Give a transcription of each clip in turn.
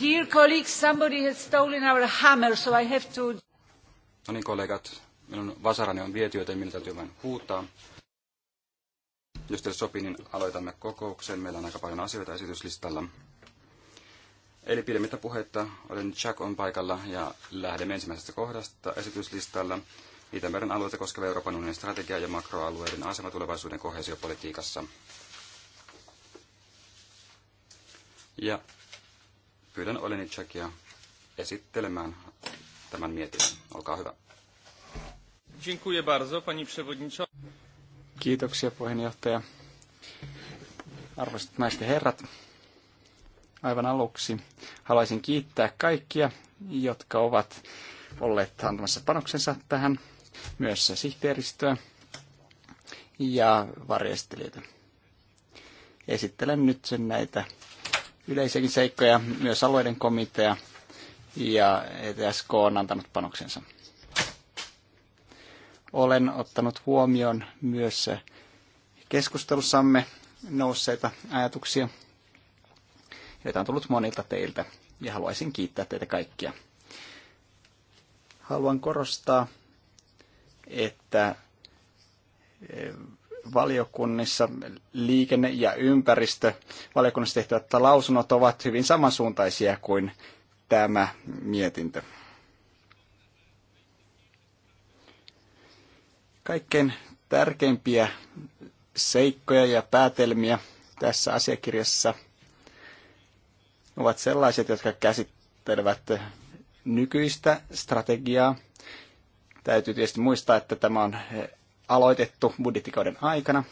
Dear colleagues, somebody has stolen our hammer, so I have to... No niin, kollegat, minun vasarani on viety, joten minun täytyy vain huutaa. Jos teille sopii, niin aloitamme kokouksen. Meillä on aika paljon asioita esityslistalla. Eli pidemmittä puhetta, olen Jack on paikalla ja lähdemme ensimmäisestä kohdasta esityslistalla. Itämeren alueita koskeva Euroopan unionin strategia ja makroalueiden asema tulevaisuuden kohesiopolitiikassa. Ja pyydän Olenitsakia esittelemään tämän mietinnön. Olkaa hyvä. Dziękuję bardzo, pani przewodnicząca. Kiitoksia puheenjohtaja. Arvoisat naiset ja herrat, aivan aluksi haluaisin kiittää kaikkia, jotka ovat olleet antamassa panoksensa tähän, myös sihteeristöä ja varjestelijoita. Esittelen nyt sen näitä yleisiäkin seikkoja. Myös alueiden komitea ja ETSK on antanut panoksensa. Olen ottanut huomioon myös keskustelussamme nousseita ajatuksia, joita on tullut monilta teiltä, ja haluaisin kiittää teitä kaikkia. Haluan korostaa, että eh, valiokunnissa, liikenne- ja ympäristövaliokunnassa tehtävät lausunnot ovat hyvin samansuuntaisia kuin tämä mietintö. Kaikkein tärkeimpiä seikkoja ja päätelmiä tässä asiakirjassa ovat sellaiset, jotka käsittelevät nykyistä strategiaa. Täytyy tietysti muistaa, että tämä on aloitettu budjettikauden aikana.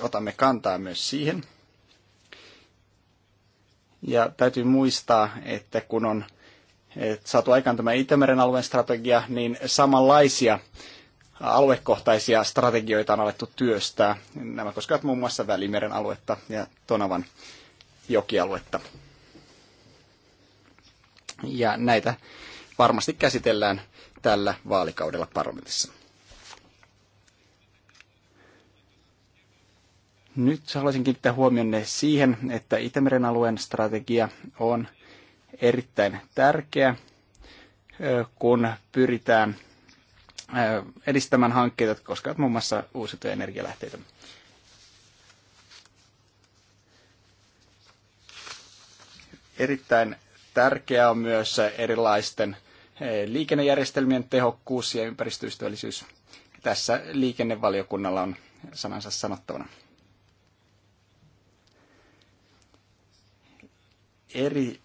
Otamme kantaa myös siihen. Ja täytyy muistaa, että kun on että eh, saatu aikaan tämä Itämeren alueen strategia, niin samanlaisia aluekohtaisia strategioita on alettu työstää. Nämä koskevat muun muassa Välimeren aluetta ja Tonavan jokialuetta. Ja näitä varmasti käsitellään tällä vaalikaudella parlamentissa. Nyt haluaisin kiinnittää huomionne siihen, että Itämeren alueen strategia on erittäin tärkeä, kun pyritään edistämään hankkeita, jotka koskevat muun muassa uusiutuvia energialähteitä. Erittäin tärkeää on myös erilaisten liikennejärjestelmien tehokkuus ja ympäristöystävällisyys. Tässä liikennevaliokunnalla on sanansa sanottavana. Eri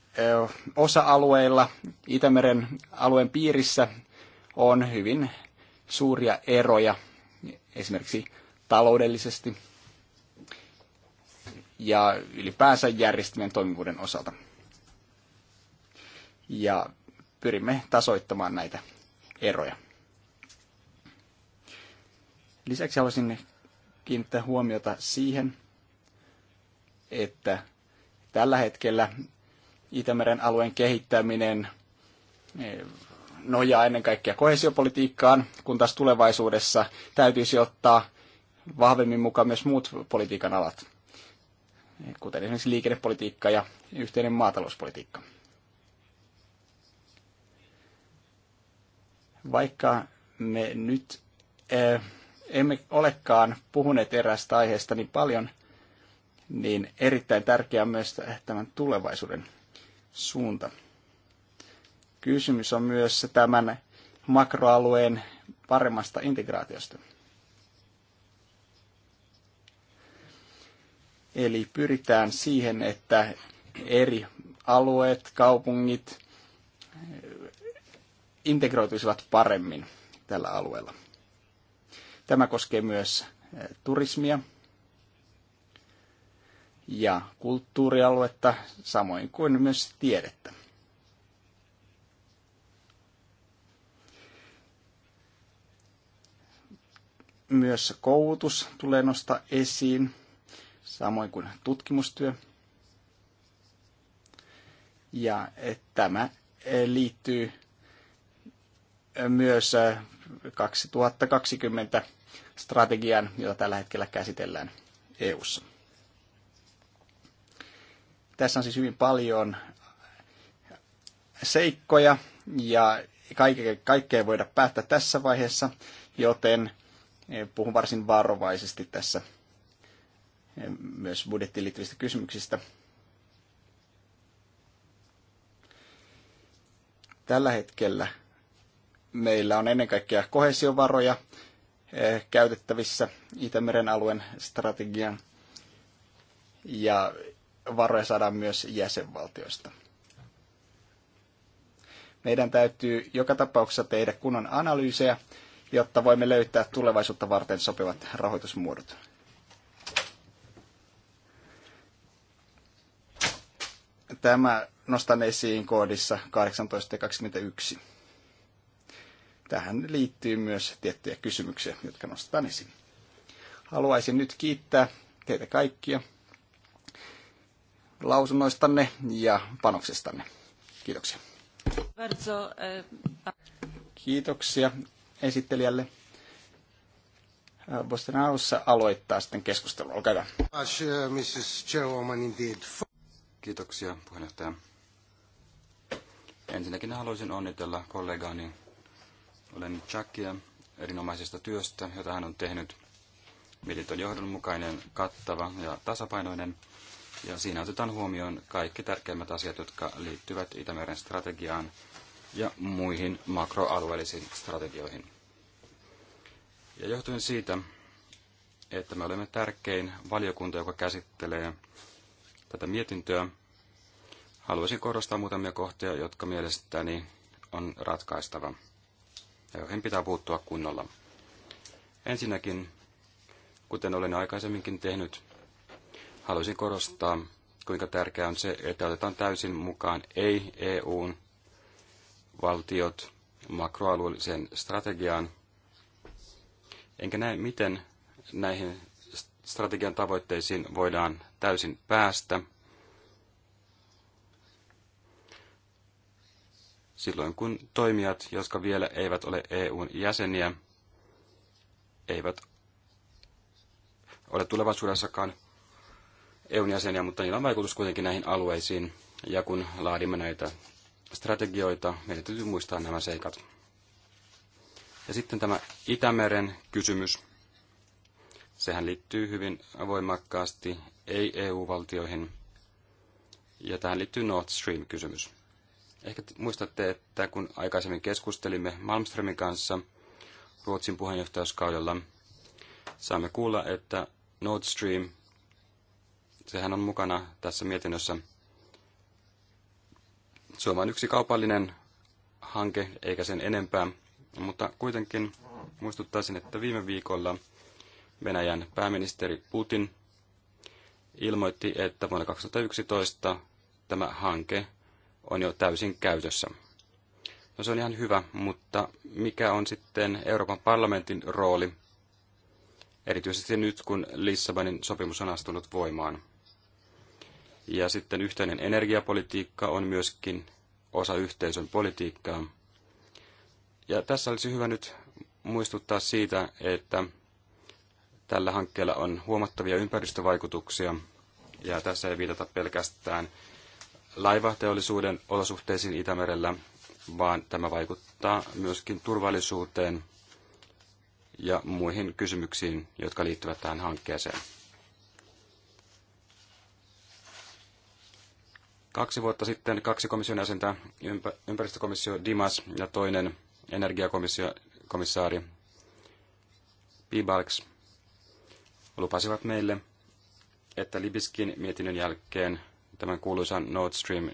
osa-alueilla Itämeren alueen piirissä on hyvin suuria eroja esimerkiksi taloudellisesti ja ylipäänsä järjestelmien toimivuuden osalta. Ja pyrimme tasoittamaan näitä eroja. Lisäksi haluaisin kiinnittää huomiota siihen, että tällä hetkellä Itämeren alueen kehittäminen eh, nojaa ennen kaikkea kohesiopolitiikkaan, kun taas tulevaisuudessa täytyisi ottaa vahvemmin mukaan myös muut politiikan alat, eh, kuten esimerkiksi liikennepolitiikka ja yhteinen maatalouspolitiikka. Vaikka me nyt eh, emme olekaan puhuneet erästä aiheesta niin paljon, niin erittäin tärkeä on myös tämän tulevaisuuden suunta. Kysymys on myös tämän makroalueen paremmasta integraatiosta. Eli pyritään siihen, että eri alueet, kaupungit, integroituisivat paremmin tällä alueella. Tämä koskee myös eh, turismia ja kulttuurialuetta, samoin kuin myös tiedettä. Myös koulutus tulee nostaa esiin, samoin kuin tutkimustyö. Ja eh, tämä eh, liittyy myös 2020 äh, strategian, jota tällä hetkellä käsitellään EU:ssa. Tässä on siis hyvin paljon seikkoja ja kaikkea, kaikkea voida päättää tässä vaiheessa, joten eh, puhun varsin varovaisesti tässä eh, myös budjettiin liittyvistä kysymyksistä. Tällä hetkellä meillä on ennen kaikkea kohesiovaroja eh, käytettävissä Itämeren alueen strategian ja varoja saadaan myös jäsenvaltioista. Meidän täytyy joka tapauksessa tehdä kunnon analyysejä, jotta voimme löytää tulevaisuutta varten sopivat rahoitusmuodot. Tämä nostan esiin koodissa 18 ja 21 tähän liittyy myös tiettyjä kysymyksiä, jotka nostetaan esiin. Haluaisin nyt kiittää teitä kaikkia lausunnoistanne ja panoksestanne. Kiitoksia. E, Kiitoksia esittelijälle. Bostonaussa aloittaa sitten keskustelu. Olkaa hyvä. E, Kiitoksia puheenjohtaja. Ensinnäkin haluaisin onnitella kollegaani olen Jackia erinomaisesta työstä, jota hän on tehnyt. Mietintö on johdonmukainen, kattava ja tasapainoinen, ja siinä otetaan huomioon kaikki tärkeimmät asiat, jotka liittyvät Itämeren strategiaan ja muihin makroalueellisiin strategioihin. Ja johtuen siitä, että me olemme tärkein valiokunta, joka käsittelee tätä mietintöä, haluaisin korostaa muutamia kohtia, jotka mielestäni on ratkaistava ja joihin pitää puuttua kunnolla. Ensinnäkin, kuten olen aikaisemminkin tehnyt, haluaisin korostaa, kuinka tärkeää on se, että otetaan täysin mukaan ei EUn valtiot makroalueelliseen strategiaan. Enkä näe, miten näihin strategian tavoitteisiin voidaan täysin päästä – silloin kun toimijat, jotka vielä eivät ole EUn jäseniä, eivät ole tulevaisuudessakaan EUn jäseniä, mutta niillä on vaikutus kuitenkin näihin alueisiin. Ja kun laadimme näitä strategioita, meidän täytyy muistaa nämä seikat. Ja sitten tämä Itämeren kysymys. Sehän liittyy hyvin voimakkaasti ei-EU-valtioihin. Ja tähän liittyy Nord Stream-kysymys. Ehkä muistatte, että kun aikaisemmin keskustelimme Malmströmin kanssa Ruotsin puheenjohtajuuskaudella, saamme kuulla, että Nord Stream, sehän on mukana tässä mietinnössä, Suomi on yksi kaupallinen hanke, eikä sen enempää, mutta kuitenkin muistuttaisin, että viime viikolla Venäjän pääministeri Putin ilmoitti, että vuonna 2011 tämä hanke – on jo täysin käytössä. No se on ihan hyvä, mutta mikä on sitten Euroopan parlamentin rooli, erityisesti nyt kun Lissabonin sopimus on astunut voimaan? Ja sitten yhteinen energiapolitiikka on myöskin osa yhteisön politiikkaa. Ja tässä olisi hyvä nyt muistuttaa siitä, että tällä hankkeella on huomattavia ympäristövaikutuksia, ja tässä ei viitata pelkästään laivateollisuuden olosuhteisiin Itämerellä, vaan tämä vaikuttaa myöskin turvallisuuteen ja muihin kysymyksiin, jotka liittyvät tähän hankkeeseen. Kaksi vuotta sitten kaksi komission jäsentä, ympäristökomissio Dimas ja toinen energiakomissaari Pibalks, lupasivat meille, että Libiskin mietinnön jälkeen tämän kuuluisan Nord Stream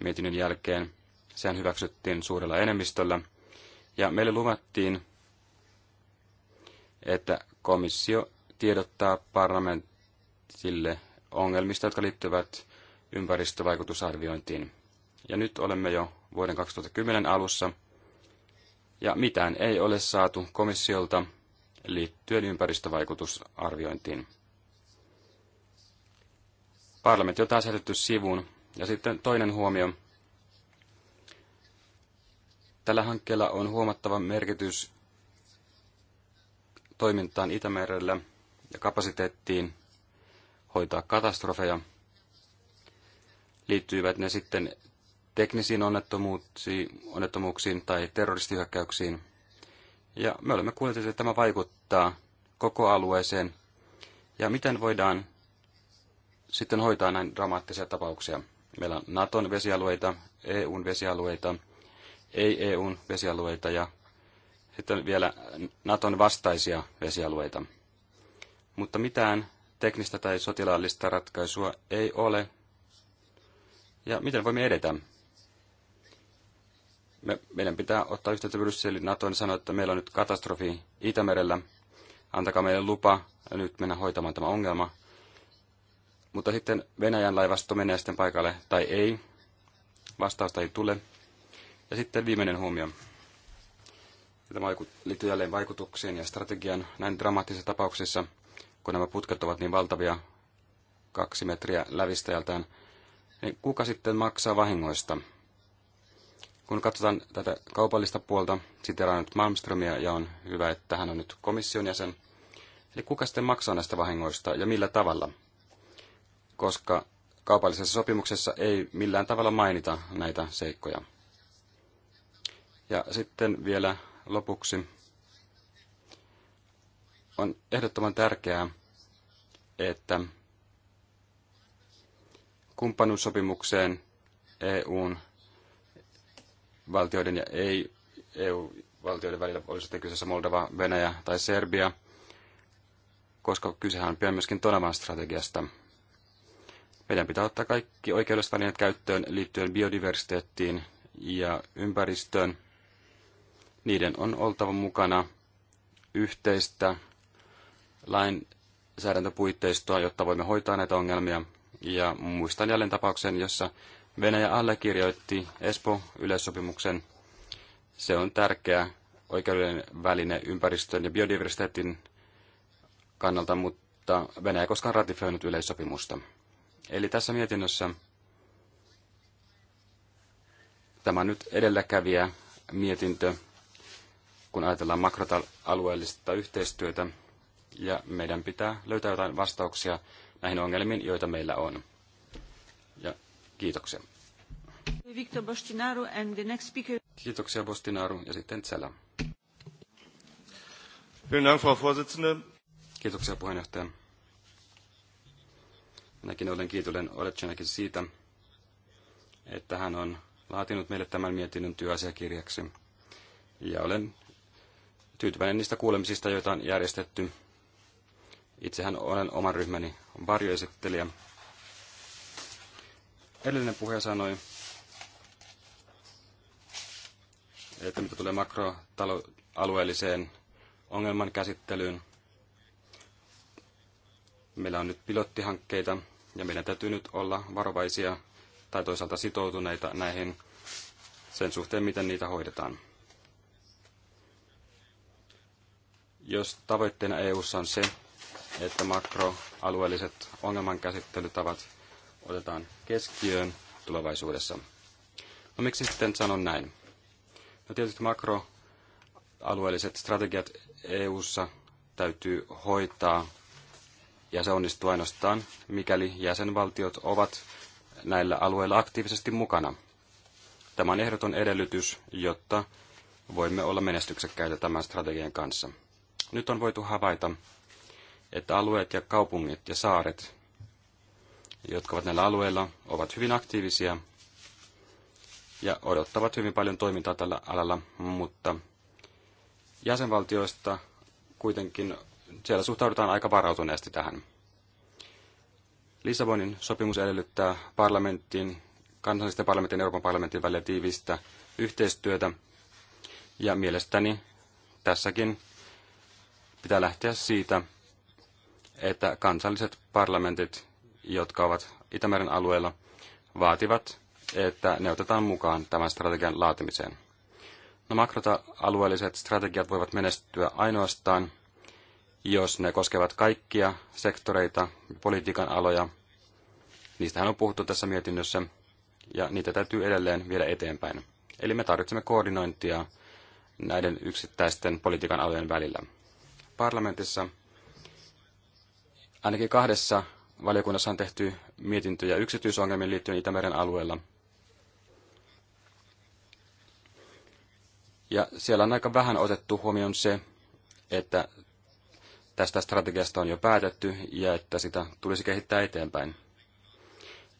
mietinnön jälkeen. Sehän hyväksyttiin suurella enemmistöllä. Ja meille luvattiin, että komissio tiedottaa parlamentille ongelmista, jotka liittyvät ympäristövaikutusarviointiin. Ja nyt olemme jo vuoden 2010 alussa, ja mitään ei ole saatu komissiolta liittyen ympäristövaikutusarviointiin parlamentti on taas jätetty sivuun. Ja sitten toinen huomio. Tällä hankkeella on huomattava merkitys toimintaan Itämerellä ja kapasiteettiin hoitaa katastrofeja. Liittyivät ne sitten teknisiin onnettomuuksiin, onnettomuuksiin tai terroristihyökkäyksiin. Ja me olemme kuulleet, että tämä vaikuttaa koko alueeseen. Ja miten voidaan sitten hoitaa näin dramaattisia tapauksia. Meillä on Naton vesialueita, EUn vesialueita, ei EUn vesialueita ja sitten vielä Naton vastaisia vesialueita. Mutta mitään teknistä tai sotilaallista ratkaisua ei ole. Ja miten voimme edetä? Me, meidän pitää ottaa yhteyttä Brysseliin NATO:n ja sanoa, että meillä on nyt katastrofi Itämerellä. Antakaa meille lupa nyt mennä hoitamaan tämä ongelma. Mutta sitten Venäjän laivasto menee sitten paikalle tai ei. Vastausta ei tule. Ja sitten viimeinen huomio. Tämä liittyy jälleen vaikutuksiin ja strategian näin dramaattisissa tapauksissa, kun nämä putket ovat niin valtavia, kaksi metriä lävistäjältään, niin kuka sitten maksaa vahingoista? Kun katsotaan tätä kaupallista puolta, siteraan nyt Malmströmiä ja on hyvä, että hän on nyt komission jäsen. Eli kuka sitten maksaa näistä vahingoista ja millä tavalla? koska kaupallisessa sopimuksessa ei millään tavalla mainita näitä seikkoja. Ja sitten vielä lopuksi on ehdottoman tärkeää, että kumppanuussopimukseen EUn valtioiden ja ei EU-valtioiden välillä olisi sitten kyseessä Moldova, Venäjä tai Serbia, koska kysehän on pian myöskin Tonavan strategiasta – meidän pitää ottaa kaikki oikeudelliset välineet käyttöön liittyen biodiversiteettiin ja ympäristöön. Niiden on oltava mukana yhteistä lainsäädäntöpuitteistoa, jotta voimme hoitaa näitä ongelmia. Ja muistan jälleen tapauksen, jossa Venäjä allekirjoitti espo yleissopimuksen Se on tärkeä oikeudellinen väline ympäristön ja biodiversiteetin kannalta, mutta Venäjä ei koskaan ratifioinut yleissopimusta. Eli tässä mietinnössä tämä nyt edelläkävijä mietintö, kun ajatellaan makroalueellista yhteistyötä, ja meidän pitää löytää jotain vastauksia näihin ongelmiin, joita meillä on. Ja kiitoksia. Victor Bostinaru and the next speaker. Kiitoksia Bostinaru ja sitten Tsela. Vielen Dank, Frau Vorsitzende. Kiitoksia puheenjohtaja. Minäkin olen kiitollinen Oletsenäkin siitä, että hän on laatinut meille tämän mietinnön työasiakirjaksi. Ja olen tyytyväinen niistä kuulemisista, joita on järjestetty. Itsehän olen oman ryhmäni varjoesittelijä. Edellinen puhuja sanoi, että mitä tulee makroalueelliseen ongelman käsittelyyn, Meillä on nyt pilottihankkeita ja meidän täytyy nyt olla varovaisia tai toisaalta sitoutuneita näihin sen suhteen, miten niitä hoidetaan. Jos tavoitteena EU:ssa on se, että makroalueelliset ongelmankäsittelytavat otetaan keskiöön tulevaisuudessa. No miksi sitten sanon näin? No tietysti makroalueelliset strategiat EU:ssa täytyy hoitaa ja se onnistuu ainoastaan, mikäli jäsenvaltiot ovat näillä alueilla aktiivisesti mukana. Tämä on ehdoton edellytys, jotta voimme olla menestyksekkäitä tämän strategian kanssa. Nyt on voitu havaita, että alueet ja kaupungit ja saaret, jotka ovat näillä alueilla, ovat hyvin aktiivisia ja odottavat hyvin paljon toimintaa tällä alalla, mutta jäsenvaltioista kuitenkin siellä suhtaudutaan aika varautuneesti tähän. Lissabonin sopimus edellyttää parlamenttiin, kansallisten parlamentin ja Euroopan parlamentin välillä tiivistä yhteistyötä. Ja mielestäni tässäkin pitää lähteä siitä, että kansalliset parlamentit, jotka ovat Itämeren alueella, vaativat, että ne otetaan mukaan tämän strategian laatimiseen. No makrota-alueelliset strategiat voivat menestyä ainoastaan, jos ne koskevat kaikkia sektoreita, politiikan aloja. Niistähän on puhuttu tässä mietinnössä, ja niitä täytyy edelleen viedä eteenpäin. Eli me tarvitsemme koordinointia näiden yksittäisten politiikan alojen välillä. Parlamentissa ainakin kahdessa valiokunnassa on tehty mietintöjä yksityisongelmiin liittyen Itämeren alueella. Ja siellä on aika vähän otettu huomioon se, että tästä strategiasta on jo päätetty ja että sitä tulisi kehittää eteenpäin.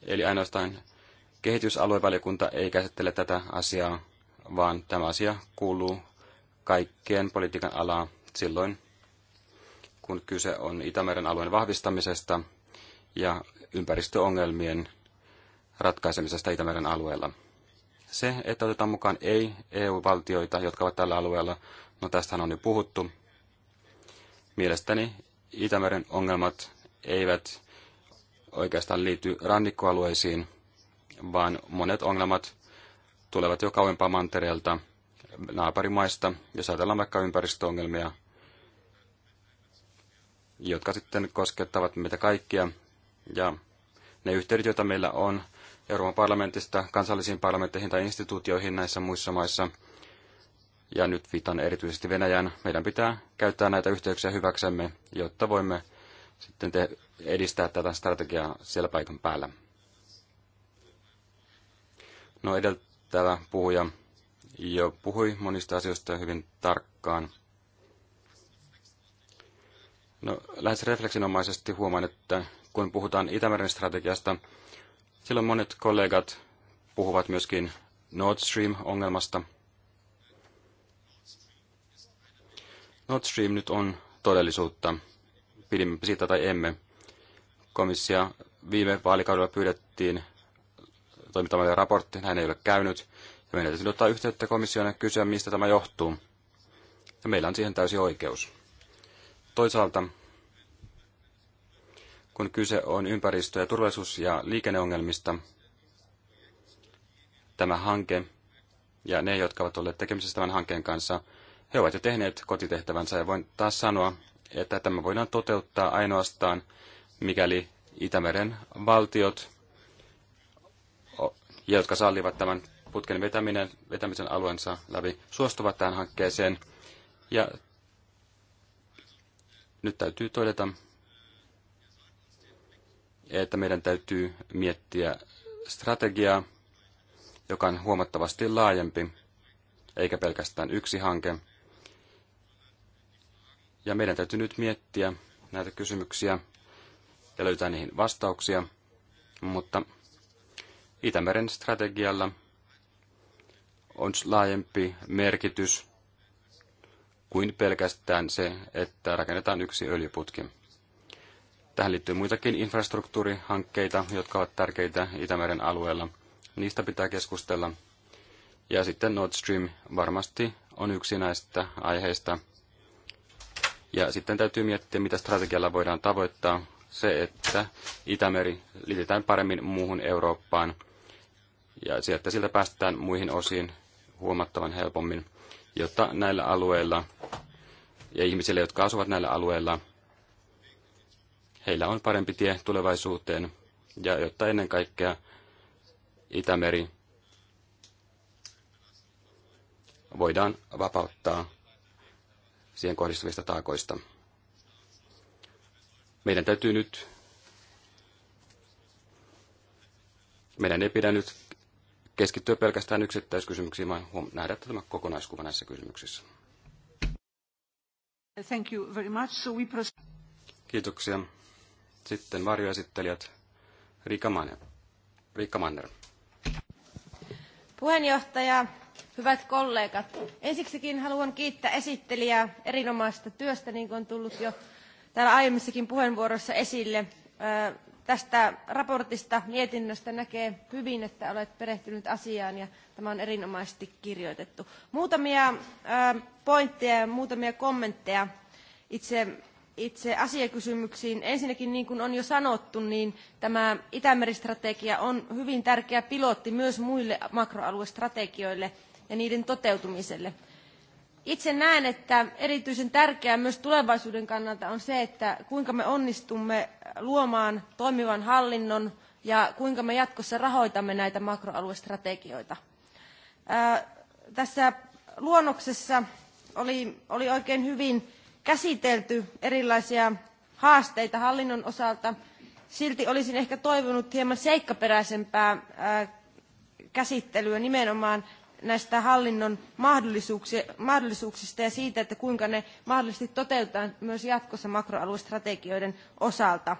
Eli ainoastaan kehitysaluevaliokunta ei käsittele tätä asiaa, vaan tämä asia kuuluu kaikkien politiikan alaa silloin, kun kyse on Itämeren alueen vahvistamisesta ja ympäristöongelmien ratkaisemisesta Itämeren alueella. Se, että otetaan mukaan ei-EU-valtioita, jotka ovat tällä alueella, no tästähän on jo puhuttu, Mielestäni Itämeren ongelmat eivät oikeastaan liity rannikkoalueisiin, vaan monet ongelmat tulevat jo kauempaa mantereelta naapurimaista, jos ajatellaan vaikka ympäristöongelmia, jotka sitten koskettavat meitä kaikkia. Ja ne yhteydet, joita meillä on Euroopan parlamentista kansallisiin parlamentteihin tai instituutioihin näissä muissa maissa – ja nyt viitan erityisesti Venäjään. Meidän pitää käyttää näitä yhteyksiä hyväksemme, jotta voimme sitten te- edistää tätä strategiaa siellä paikan päällä. No edeltävä puhuja jo puhui monista asioista hyvin tarkkaan. No, lähes refleksinomaisesti huomaan, että kun puhutaan Itämeren strategiasta, silloin monet kollegat puhuvat myöskin Nord Stream-ongelmasta – Nord Stream nyt on todellisuutta, pidimme sitä tai emme. Komissia viime vaalikaudella pyydettiin toimittamaan raportti, näin ei ole käynyt. Ja meidän täytyy ottaa yhteyttä komissioon ja kysyä, mistä tämä johtuu. Ja meillä on siihen täysi oikeus. Toisaalta, kun kyse on ympäristö- ja turvallisuus- ja liikenneongelmista, tämä hanke ja ne, jotka ovat olleet tekemisissä tämän hankkeen kanssa, he ovat jo tehneet kotitehtävänsä ja voin taas sanoa, että tämä voidaan toteuttaa ainoastaan, mikäli Itämeren valtiot, jotka sallivat tämän putken vetäminen, vetämisen alueensa läpi, suostuvat tähän hankkeeseen. Ja nyt täytyy todeta, että meidän täytyy miettiä strategiaa, joka on huomattavasti laajempi, eikä pelkästään yksi hanke, ja meidän täytyy nyt miettiä näitä kysymyksiä ja löytää niihin vastauksia, mutta Itämeren strategialla on laajempi merkitys kuin pelkästään se, että rakennetaan yksi öljyputki. Tähän liittyy muitakin infrastruktuurihankkeita, jotka ovat tärkeitä Itämeren alueella. Niistä pitää keskustella. Ja sitten Nord Stream varmasti on yksi näistä aiheista, ja sitten täytyy miettiä, mitä strategialla voidaan tavoittaa. Se, että Itämeri liitetään paremmin muuhun Eurooppaan ja sieltä siltä päästään muihin osiin huomattavan helpommin, jotta näillä alueilla ja ihmisillä, jotka asuvat näillä alueilla, heillä on parempi tie tulevaisuuteen ja jotta ennen kaikkea Itämeri voidaan vapauttaa siihen kohdistuvista taakoista. Meidän täytyy nyt, meidän ei pidä nyt keskittyä pelkästään yksittäiskysymyksiin, vaan nähdä tämä kokonaiskuva näissä kysymyksissä. Thank you very much. So we Kiitoksia. Sitten varjoesittelijät Riikka Manner. Puheenjohtaja, Hyvät kollegat, ensiksikin haluan kiittää esittelijää erinomaisesta työstä, niin kuin on tullut jo täällä aiemmissakin puheenvuoroissa esille. Tästä raportista, mietinnöstä näkee hyvin, että olet perehtynyt asiaan ja tämä on erinomaisesti kirjoitettu. Muutamia pointteja ja muutamia kommentteja itse itse asiakysymyksiin. Ensinnäkin, niin kuin on jo sanottu, niin tämä Itämeristrategia on hyvin tärkeä pilotti myös muille makroaluestrategioille – ja niiden toteutumiselle. Itse näen, että erityisen tärkeää myös tulevaisuuden kannalta on se, että kuinka me onnistumme luomaan toimivan hallinnon ja kuinka me jatkossa rahoitamme näitä makroaluestrategioita. Ää, tässä luonnoksessa oli, oli oikein hyvin käsitelty erilaisia haasteita hallinnon osalta. Silti olisin ehkä toivonut hieman seikkaperäisempää ää, käsittelyä nimenomaan näistä hallinnon mahdollisuuksista ja siitä, että kuinka ne mahdollisesti toteutetaan myös jatkossa makroaluestrategioiden osalta.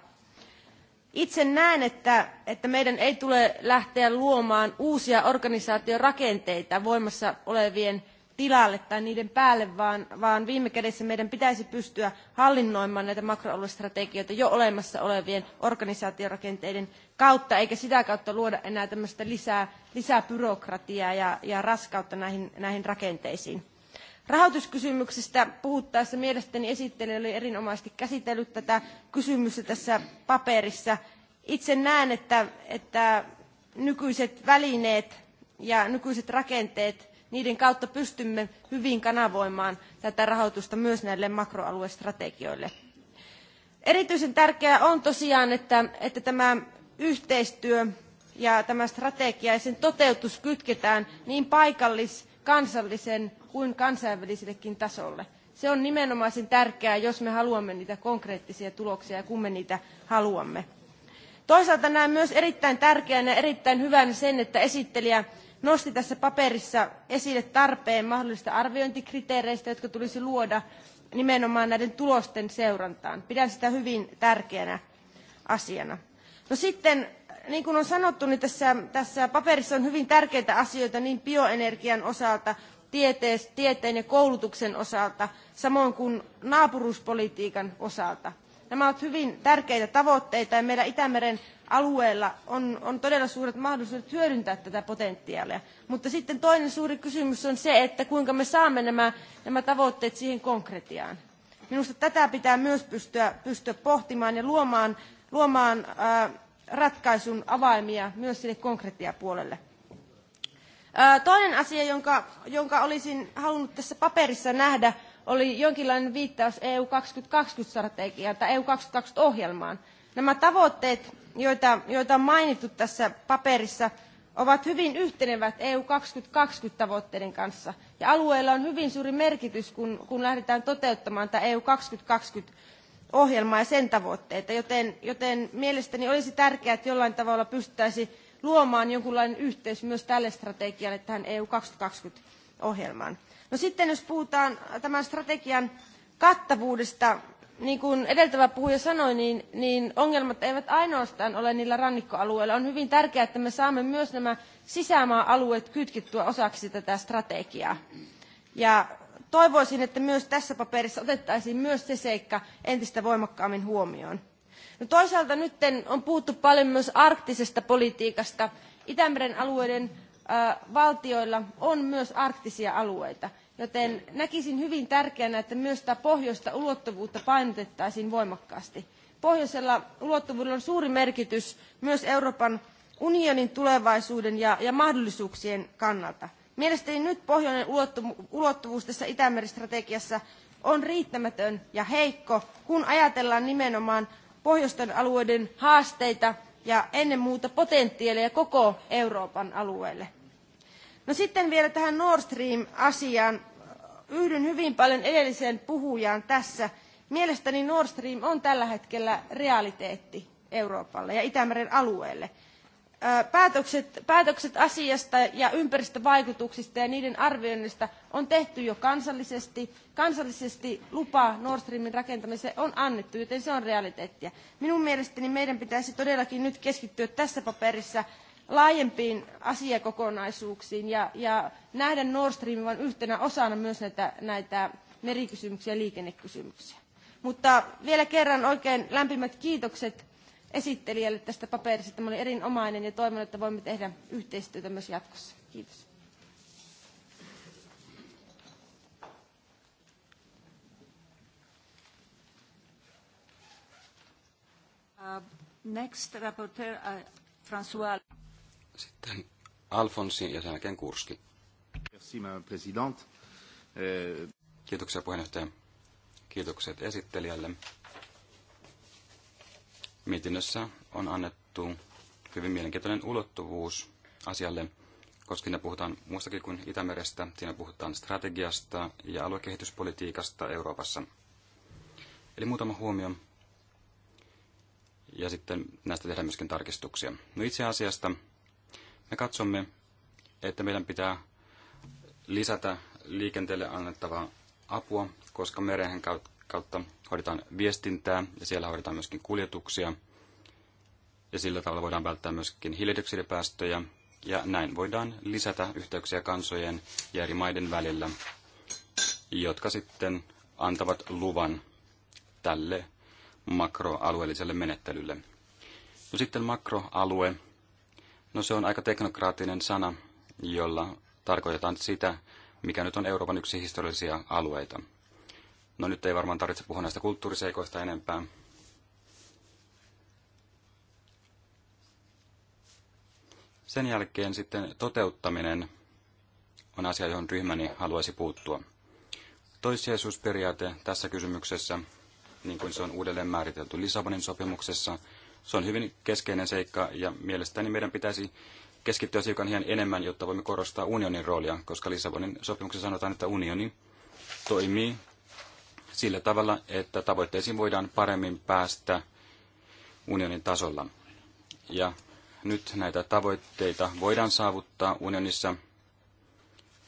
Itse näen, että, että meidän ei tule lähteä luomaan uusia organisaatiorakenteita voimassa olevien tilalle tai niiden päälle, vaan, vaan viime kädessä meidän pitäisi pystyä hallinnoimaan näitä makroaluestrategioita jo olemassa olevien organisaatiorakenteiden kautta, eikä sitä kautta luoda enää tämmöistä lisää, lisää byrokratiaa ja, ja raskautta näihin, näihin rakenteisiin. Rahoituskysymyksistä puhuttaessa mielestäni esittelijä oli erinomaisesti käsitellyt tätä kysymystä tässä paperissa. Itse näen, että, että nykyiset välineet ja nykyiset rakenteet niiden kautta pystymme hyvin kanavoimaan tätä rahoitusta myös näille makroaluestrategioille. Erityisen tärkeää on tosiaan, että, että tämä yhteistyö ja tämä strategia ja sen toteutus kytketään niin paikallis, kansallisen kuin kansainvälisellekin tasolle. Se on nimenomaisen tärkeää, jos me haluamme niitä konkreettisia tuloksia ja kun me niitä haluamme. Toisaalta näen myös erittäin tärkeänä ja erittäin hyvänä sen, että esittelijä nosti tässä paperissa esille tarpeen mahdollisista arviointikriteereistä, jotka tulisi luoda nimenomaan näiden tulosten seurantaan. Pidän sitä hyvin tärkeänä asiana. No sitten, niin kuin on sanottu, niin tässä, tässä paperissa on hyvin tärkeitä asioita niin bioenergian osalta, tieteen ja koulutuksen osalta, samoin kuin naapuruuspolitiikan osalta. Nämä ovat hyvin tärkeitä tavoitteita ja meidän Itämeren alueella on, on todella suuret mahdollisuudet hyödyntää tätä potentiaalia. Mutta sitten toinen suuri kysymys on se, että kuinka me saamme nämä, nämä tavoitteet siihen konkretiaan. Minusta tätä pitää myös pystyä, pystyä pohtimaan ja luomaan, luomaan ää, äh, ratkaisun avaimia myös sinne konkretiapuolelle. Ää, äh, toinen asia, jonka, jonka olisin halunnut tässä paperissa nähdä, oli jonkinlainen viittaus EU 2020-strategiaan tai EU 2020-ohjelmaan. Nämä tavoitteet, joita, joita on mainittu tässä paperissa, ovat hyvin yhtenevät EU 2020-tavoitteiden kanssa. Ja alueella on hyvin suuri merkitys, kun, kun lähdetään toteuttamaan tämä EU 2020-ohjelmaa ja sen tavoitteita. Joten, joten mielestäni olisi tärkeää, että jollain tavalla pystyttäisiin luomaan jonkinlainen yhteys myös tälle strategialle tähän EU 2020-ohjelmaan. No sitten jos puhutaan tämän strategian kattavuudesta, niin kuin edeltävä puhuja sanoi, niin, niin ongelmat eivät ainoastaan ole niillä rannikkoalueilla. On hyvin tärkeää, että me saamme myös nämä sisämaa-alueet kytkittyä osaksi tätä strategiaa. Ja toivoisin, että myös tässä paperissa otettaisiin myös se seikka entistä voimakkaammin huomioon. No toisaalta nyt on puhuttu paljon myös arktisesta politiikasta. Itämeren alueiden ä, valtioilla on myös arktisia alueita joten näkisin hyvin tärkeänä, että myös tätä pohjoista ulottuvuutta painotettaisiin voimakkaasti. Pohjoisella ulottuvuudella on suuri merkitys myös Euroopan unionin tulevaisuuden ja, ja mahdollisuuksien kannalta. Mielestäni nyt pohjoinen ulottuvuus tässä Itämeri-strategiassa on riittämätön ja heikko, kun ajatellaan nimenomaan pohjoisten alueiden haasteita ja ennen muuta potentiaalia koko Euroopan alueelle. No sitten vielä tähän Nord Stream-asiaan. Yhdyn hyvin paljon edelliseen puhujaan tässä. Mielestäni Nord Stream on tällä hetkellä realiteetti Euroopalle ja Itämeren alueelle. Päätökset, päätökset asiasta ja ympäristövaikutuksista ja niiden arvioinnista on tehty jo kansallisesti. Kansallisesti lupa Nord Streamin rakentamiseen on annettu, joten se on realiteettia. Minun mielestäni meidän pitäisi todellakin nyt keskittyä tässä paperissa laajempiin asiakokonaisuuksiin ja, ja nähdä Nord Streamin vain yhtenä osana myös näitä, näitä merikysymyksiä ja liikennekysymyksiä. Mutta vielä kerran oikein lämpimät kiitokset esittelijälle tästä paperista. Tämä oli erinomainen ja toivon, että voimme tehdä yhteistyötä myös jatkossa. Kiitos. Uh, next rapporteur, uh, François. Sitten Alfonsi ja sen jälkeen Kurski. Euh, Kiitoksia puheenjohtaja. Kiitokset esittelijälle. Mietinnössä on annettu hyvin mielenkiintoinen ulottuvuus asialle, koska siinä puhutaan muustakin kuin Itämerestä. Siinä puhutaan strategiasta ja aluekehityspolitiikasta Euroopassa. Eli muutama huomio. Ja sitten näistä tehdään myöskin tarkistuksia. No itse asiasta me katsomme, että meidän pitää lisätä liikenteelle annettavaa apua, koska merehän kautta hoidetaan viestintää ja siellä hoidetaan myöskin kuljetuksia. Ja sillä tavalla voidaan välttää myöskin hiilidioksidipäästöjä ja näin voidaan lisätä yhteyksiä kansojen ja eri maiden välillä, jotka sitten antavat luvan tälle makroalueelliselle menettelylle. No sitten makroalue No se on aika teknokraattinen sana, jolla tarkoitetaan sitä, mikä nyt on Euroopan yksi historiallisia alueita. No nyt ei varmaan tarvitse puhua näistä kulttuuriseikoista enempää. Sen jälkeen sitten toteuttaminen on asia, johon ryhmäni haluaisi puuttua. Toissijaisuusperiaate tässä kysymyksessä, niin kuin se on uudelleen määritelty Lissabonin sopimuksessa se on hyvin keskeinen seikka ja mielestäni meidän pitäisi keskittyä siukan hieman enemmän, jotta voimme korostaa unionin roolia, koska Lissabonin sopimuksessa sanotaan, että unioni toimii sillä tavalla, että tavoitteisiin voidaan paremmin päästä unionin tasolla. Ja nyt näitä tavoitteita voidaan saavuttaa unionissa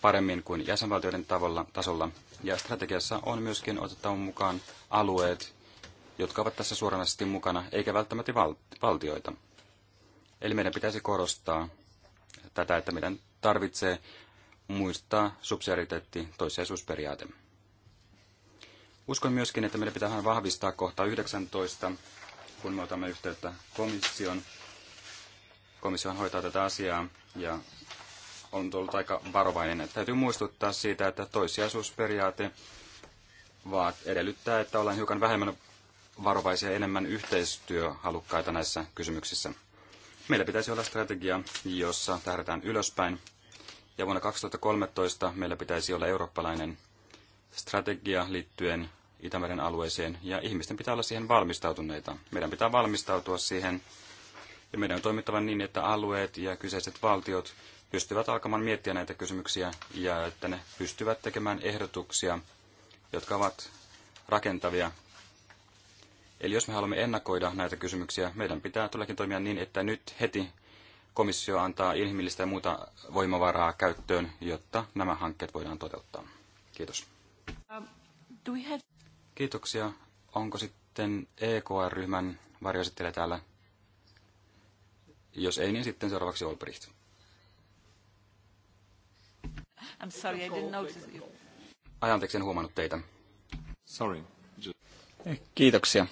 paremmin kuin jäsenvaltioiden tavalla, tasolla. Ja strategiassa on myöskin otettava mukaan alueet, jotka ovat tässä suoranaisesti mukana, eikä välttämättä valtioita. Eli meidän pitäisi korostaa tätä, että meidän tarvitsee muistaa subsidiariteetti toissijaisuusperiaate. Uskon myöskin, että meidän pitää vahvistaa kohta 19, kun me otamme yhteyttä komission. Komissio hoitaa tätä asiaa ja on tullut aika varovainen. Täytyy muistuttaa siitä, että toissijaisuusperiaate vaat edellyttää, että ollaan hiukan vähemmän varovaisia enemmän yhteistyöhalukkaita näissä kysymyksissä. Meillä pitäisi olla strategia, jossa tähdätään ylöspäin. Ja vuonna 2013 meillä pitäisi olla eurooppalainen strategia liittyen Itämeren alueeseen, ja ihmisten pitää olla siihen valmistautuneita. Meidän pitää valmistautua siihen, ja meidän on toimittava niin, että alueet ja kyseiset valtiot pystyvät alkamaan miettiä näitä kysymyksiä, ja että ne pystyvät tekemään ehdotuksia, jotka ovat rakentavia Eli jos me haluamme ennakoida näitä kysymyksiä, meidän pitää todellakin toimia niin, että nyt heti komissio antaa inhimillistä ja muuta voimavaraa käyttöön, jotta nämä hankkeet voidaan toteuttaa. Kiitos. Kiitoksia. Onko sitten EKR-ryhmän varjoesittelijä täällä? Jos ei, niin sitten seuraavaksi Olbricht. I'm sorry, I didn't notice you. Ajanteeksi en huomannut teitä. Sorry. Kiitoksia.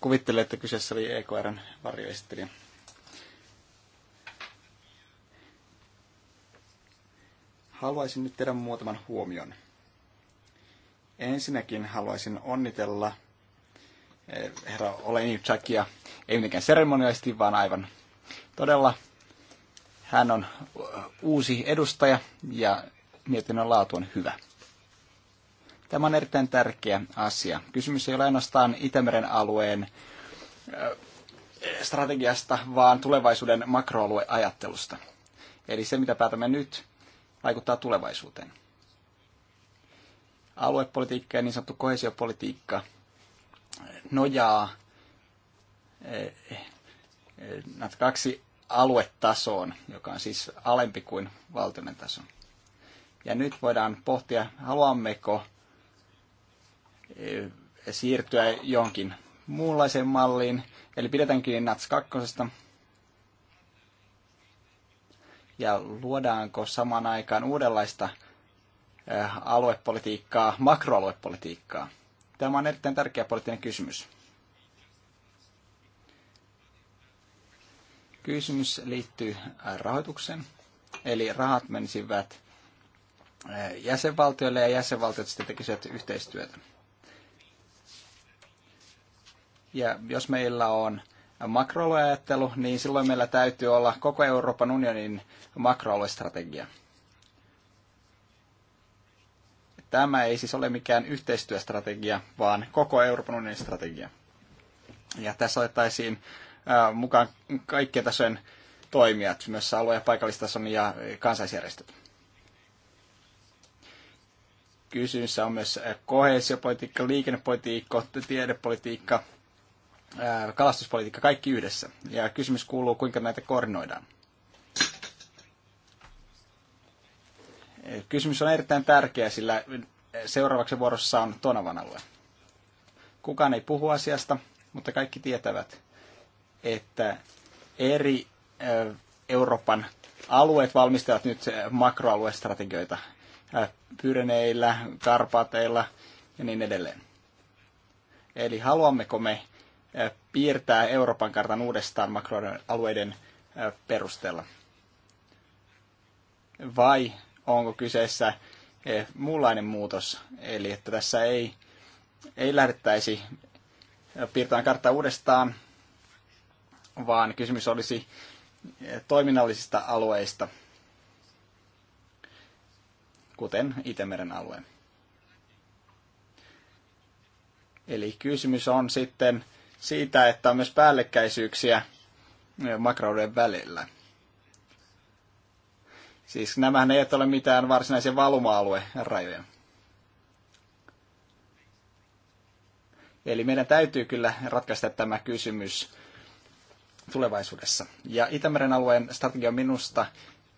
Kuvittelen, että kyseessä oli EKRn varjoesittelijä. Haluaisin nyt tehdä muutaman huomion. Ensinnäkin haluaisin onnitella eh, herra Oleni Jackia, ei mitenkään seremoniallisesti, vaan aivan todella. Hän on eh, uusi edustaja ja mietinnön laatu on hyvä. Tämä on erittäin tärkeä asia. Kysymys ei ole ainoastaan Itämeren alueen äh, strategiasta, vaan tulevaisuuden makroalueajattelusta. Eli se, mitä päätämme nyt, vaikuttaa tulevaisuuteen. Aluepolitiikka ja niin sanottu kohesiopolitiikka äh, nojaa äh, näitä kaksi aluetasoon, joka on siis alempi kuin valtioiden taso. Ja nyt voidaan pohtia, haluammeko Eh, siirtyä johonkin muunlaiseen malliin. Eli pidetään kiinni NATS 2. Ja luodaanko samaan aikaan uudenlaista eh, aluepolitiikkaa, makroaluepolitiikkaa? Tämä on erittäin tärkeä poliittinen kysymys. Kysymys liittyy eh, rahoitukseen. Eli rahat menisivät jäsenvaltioille ja jäsenvaltiot sitten tekisivät yhteistyötä. Ja jos meillä on makroalueajattelu, niin silloin meillä täytyy olla koko Euroopan unionin makroaluestrategia. Tämä ei siis ole mikään yhteistyöstrategia, vaan koko Euroopan unionin strategia. Ja tässä otettaisiin mukaan kaikkien tasojen toimijat, myös alue- ja paikallistason ja kansaisjärjestöt. Kysymyssä on myös kohesiopolitiikka, liikennepolitiikka, tiedepolitiikka – kalastuspolitiikka kaikki yhdessä. Ja kysymys kuuluu, kuinka näitä koordinoidaan. Kysymys on erittäin tärkeä, sillä seuraavaksi vuorossa on Tonavan alue. Kukaan ei puhu asiasta, mutta kaikki tietävät, että eri Euroopan alueet valmistavat nyt makroaluestrategioita Pyreneillä, Karpaateilla ja niin edelleen. Eli haluammeko me piirtää Euroopan kartan uudestaan makroalueiden perusteella? Vai onko kyseessä muunlainen muutos, eli että tässä ei, ei lähdettäisi piirtämään karttaa uudestaan, vaan kysymys olisi toiminnallisista alueista, kuten Itämeren alue. Eli kysymys on sitten siitä, että on myös päällekkäisyyksiä eh, makrouden välillä. Siis nämähän eivät ole mitään varsinaisia valuma-aluerajoja. Eli meidän täytyy kyllä ratkaista tämä kysymys tulevaisuudessa. Ja Itämeren alueen strategia on minusta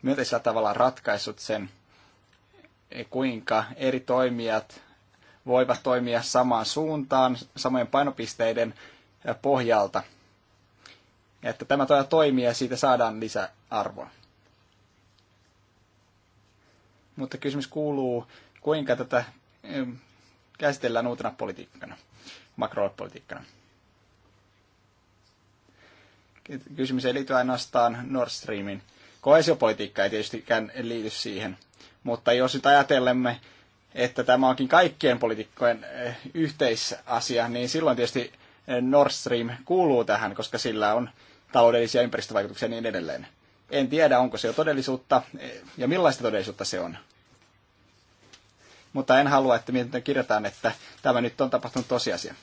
myönteisellä tavalla ratkaissut sen, eh, kuinka eri toimijat voivat toimia samaan suuntaan, samojen painopisteiden pohjalta. Että tämä todella toimii ja siitä saadaan lisäarvoa. Mutta kysymys kuuluu, kuinka tätä käsitellään uutena politiikkana, makropolitiikkana. Kysymys ei liity ainoastaan Nord Streamin. Koesiopolitiikka ei tietystikään liity siihen. Mutta jos nyt ajatellemme, että tämä onkin kaikkien poliitikkojen yhteisasia, niin silloin tietysti Nord Stream kuuluu tähän, koska sillä on taloudellisia ympäristövaikutuksia ja niin edelleen. En tiedä, onko se jo todellisuutta ja millaista todellisuutta se on. Mutta en halua, että miten kirjataan, että tämä nyt on tapahtunut tosiasia.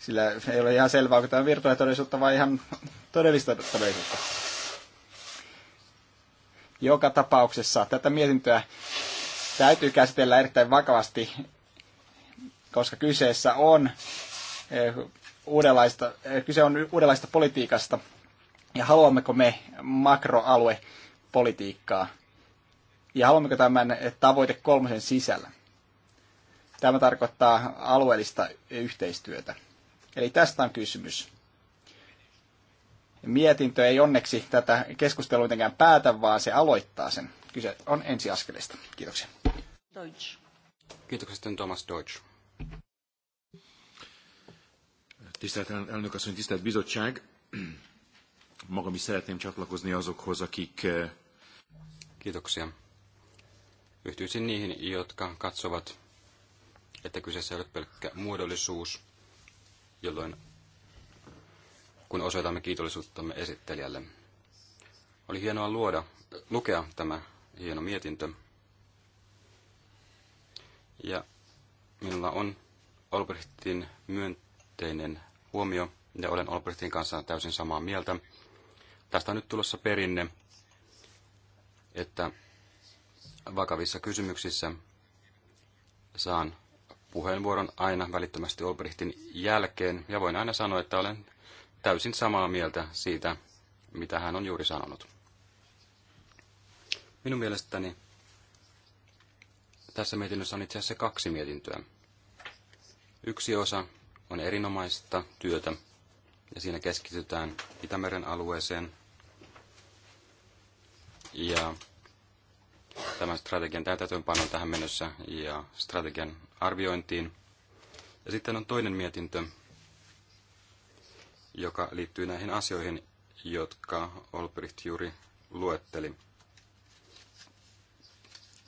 Sillä ei ole ihan selvää, onko tämä virtuaalitodellisuutta vai ihan todellista todellisuutta. Joka tapauksessa tätä mietintöä täytyy käsitellä erittäin vakavasti koska kyseessä on eh, uudenlaista, eh, kyse on uudenlaista politiikasta ja haluammeko me makroaluepolitiikkaa ja haluammeko tämän tavoite kolmosen sisällä. Tämä tarkoittaa alueellista yhteistyötä. Eli tästä on kysymys. Mietintö ei onneksi tätä keskustelua mitenkään päätä, vaan se aloittaa sen. Kyse on ensiaskeleista. Kiitoksia. Deutsch. Kiitoksia Thomas Deutsch. Tisztelt elnök asszony, tisztelt bizottság! Magam is szeretném csatlakozni azokhoz, akik... Eh, Kiitoksia. Yhtyisin niihin, jotka katsovat, että kyseessä ei ole pelkkä muodollisuus, jolloin kun osoitamme kiitollisuuttamme esittelijälle. Oli hienoa luoda, lukea tämä hieno mietintö. Ja Minulla on Olbrichtin myönteinen huomio ja olen Olbrichtin kanssa täysin samaa mieltä. Tästä on nyt tulossa perinne, että vakavissa kysymyksissä saan puheenvuoron aina välittömästi Olbrichtin jälkeen ja voin aina sanoa, että olen täysin samaa mieltä siitä, mitä hän on juuri sanonut. Minun mielestäni tässä mietinnössä on itse asiassa kaksi mietintöä. Yksi osa on erinomaista työtä, ja siinä keskitytään Itämeren alueeseen ja tämän strategian täytäntöönpano tähän mennessä ja strategian arviointiin. Ja sitten on toinen mietintö, joka liittyy näihin asioihin, jotka Olbricht juuri luetteli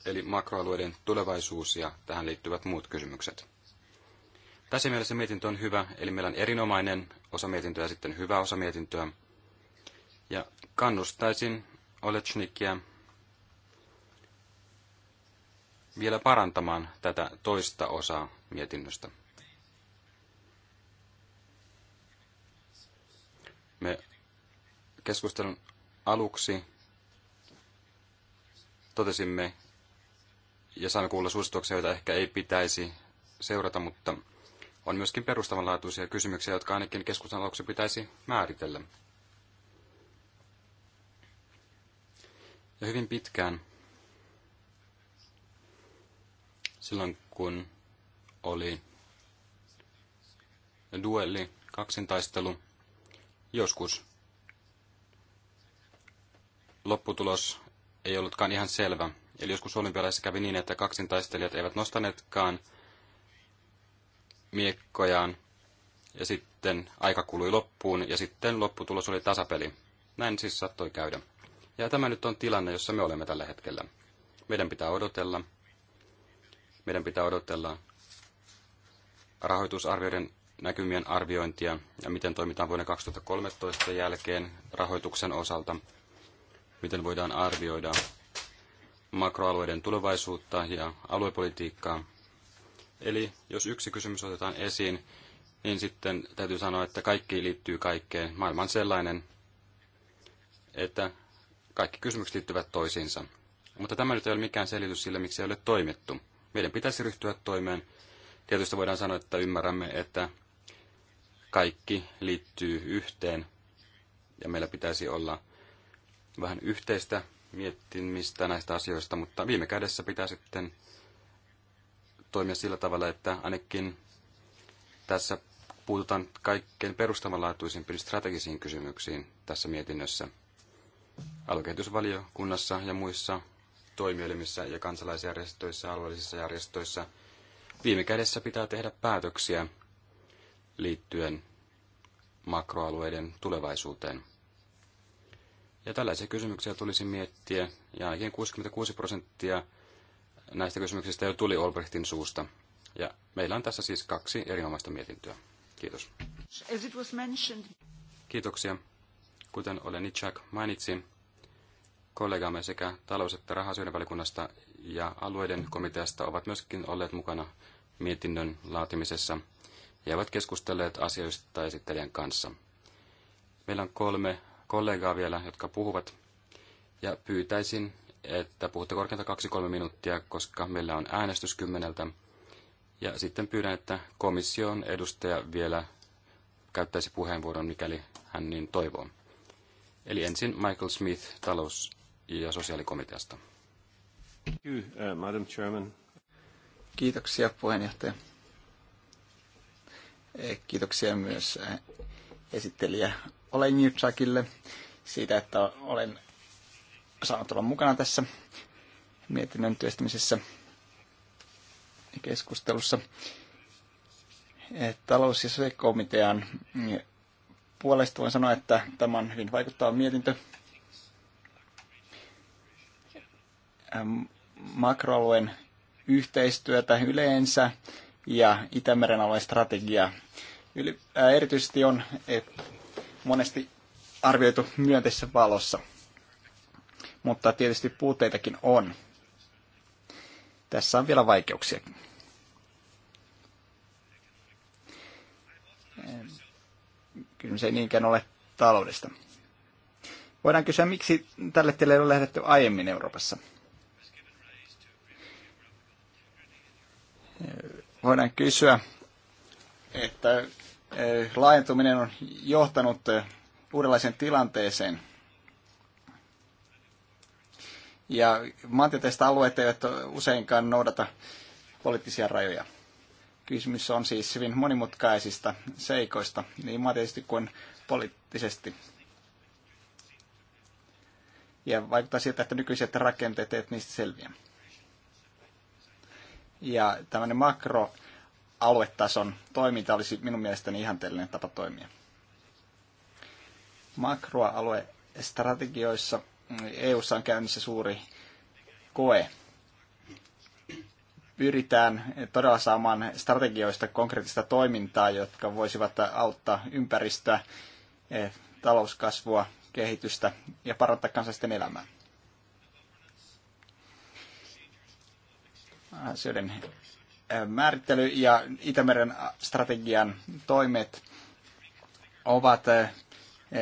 eli makroalueiden tulevaisuus ja tähän liittyvät muut kysymykset. Tässä mielessä mietintö on hyvä, eli meillä on erinomainen osa mietintöä ja sitten hyvä osa mietintöä. Ja kannustaisin Olechnikia vielä parantamaan tätä toista osaa mietinnöstä. Me keskustelun aluksi totesimme, ja saamme kuulla suosituksia, joita ehkä ei pitäisi seurata, mutta on myöskin perustavanlaatuisia kysymyksiä, jotka ainakin keskustan aluksi pitäisi määritellä. Ja hyvin pitkään, silloin kun oli duelli, kaksintaistelu, joskus lopputulos ei ollutkaan ihan selvä, Eli joskus olympialaisissa kävi niin, että kaksintaistelijat eivät nostaneetkaan miekkojaan, ja sitten aika kului loppuun, ja sitten lopputulos oli tasapeli. Näin siis sattoi käydä. Ja tämä nyt on tilanne, jossa me olemme tällä hetkellä. Meidän pitää odotella. Meidän pitää odotella rahoitusarvioiden näkymien arviointia ja miten toimitaan vuoden 2013 jälkeen rahoituksen osalta, miten voidaan arvioida makroalueiden tulevaisuutta ja aluepolitiikkaa. Eli jos yksi kysymys otetaan esiin, niin sitten täytyy sanoa, että kaikki liittyy kaikkeen. Maailma on sellainen, että kaikki kysymykset liittyvät toisiinsa. Mutta tämä nyt ei ole mikään selitys sille, miksi ei ole toimittu. Meidän pitäisi ryhtyä toimeen. Tietysti voidaan sanoa, että ymmärrämme, että kaikki liittyy yhteen ja meillä pitäisi olla vähän yhteistä miettimistä näistä asioista, mutta viime kädessä pitää sitten toimia sillä tavalla, että ainakin tässä puututaan kaikkein perustavanlaatuisimpiin strategisiin kysymyksiin tässä mietinnössä aluekehitysvaliokunnassa ja muissa toimielimissä ja kansalaisjärjestöissä, alueellisissa järjestöissä. Viime kädessä pitää tehdä päätöksiä liittyen makroalueiden tulevaisuuteen. Ja tällaisia kysymyksiä tulisi miettiä, ja ainakin 66 prosenttia näistä kysymyksistä jo tuli Olbrechtin suusta. Ja meillä on tässä siis kaksi erinomaista mietintöä. Kiitos. Kiitoksia. Kuten olen Itchak mainitsi, kollegamme sekä talous- että rahasyiden valikunnasta ja alueiden komiteasta ovat myöskin olleet mukana mietinnön laatimisessa ja ovat keskustelleet asioista esittelijän kanssa. Meillä on kolme kollegaa vielä, jotka puhuvat. Ja pyytäisin, että puhutte korkeinta 2-3 minuuttia, koska meillä on äänestys kymmeneltä. Ja sitten pyydän, että komission edustaja vielä käyttäisi puheenvuoron, mikäli hän niin toivoo. Eli ensin Michael Smith talous- ja sosiaalikomiteasta. Uh, kiitoksia puheenjohtaja. Eh, kiitoksia myös eh, esittelijä olen Jutsakille siitä, että olen saanut olla mukana tässä mietinnön työstämisessä ja keskustelussa. Talous- ja sosiaalikomitean puolesta voin sanoa, että tämä on hyvin vaikuttava mietintö. Makroalueen yhteistyötä yleensä ja Itämeren alueen strategiaa. Yli, ää, äh, erityisesti on monesti arvioitu myönteisessä valossa, mutta tietysti puutteitakin on. Tässä on vielä vaikeuksia. se ei niinkään ole taloudesta. Voidaan kysyä, miksi tälle tielle ei ole lähdetty aiemmin Euroopassa. Voidaan kysyä, että Eh, laajentuminen on johtanut eh, uudenlaiseen tilanteeseen. Ja maantieteistä alueet eivät useinkaan noudata poliittisia rajoja. Kysymys on siis hyvin monimutkaisista seikoista, niin maantieteisesti kuin poliittisesti. Ja vaikuttaa siltä, että nykyiset rakenteet eivät niistä selviä. Ja tämmöinen makro aluetason toiminta olisi minun mielestäni ihanteellinen tapa toimia. strategioissa EU:ssa on käynnissä suuri koe. Pyritään todella saamaan strategioista konkreettista toimintaa, jotka voisivat auttaa ympäristöä, talouskasvua, kehitystä ja parantaa kansalaisten elämää. Asioiden määrittely ja Itämeren strategian toimet ovat eh,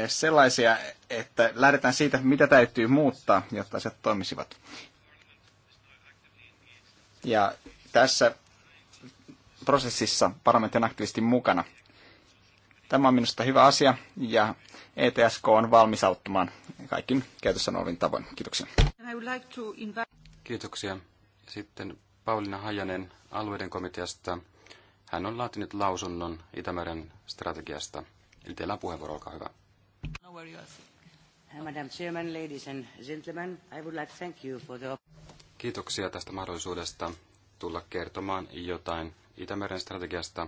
sellaisia, että lähdetään siitä, mitä täytyy muuttaa, jotta se toimisivat. Ja tässä prosessissa parlamentti on aktiivisesti mukana. Tämä on minusta hyvä asia ja ETSK on valmis auttamaan kaikin käytössä olevin tavoin. Kiitoksia. Kiitoksia. Sitten Pauliina Hajanen alueiden komiteasta. Hän on laatinut lausunnon Itämeren strategiasta. Eli teillä on puheenvuoro, olkaa hyvä. Uh, Madam Chairman, ladies and gentlemen, I would like thank you for the... Kiitoksia tästä mahdollisuudesta tulla kertomaan jotain Itämeren strategiasta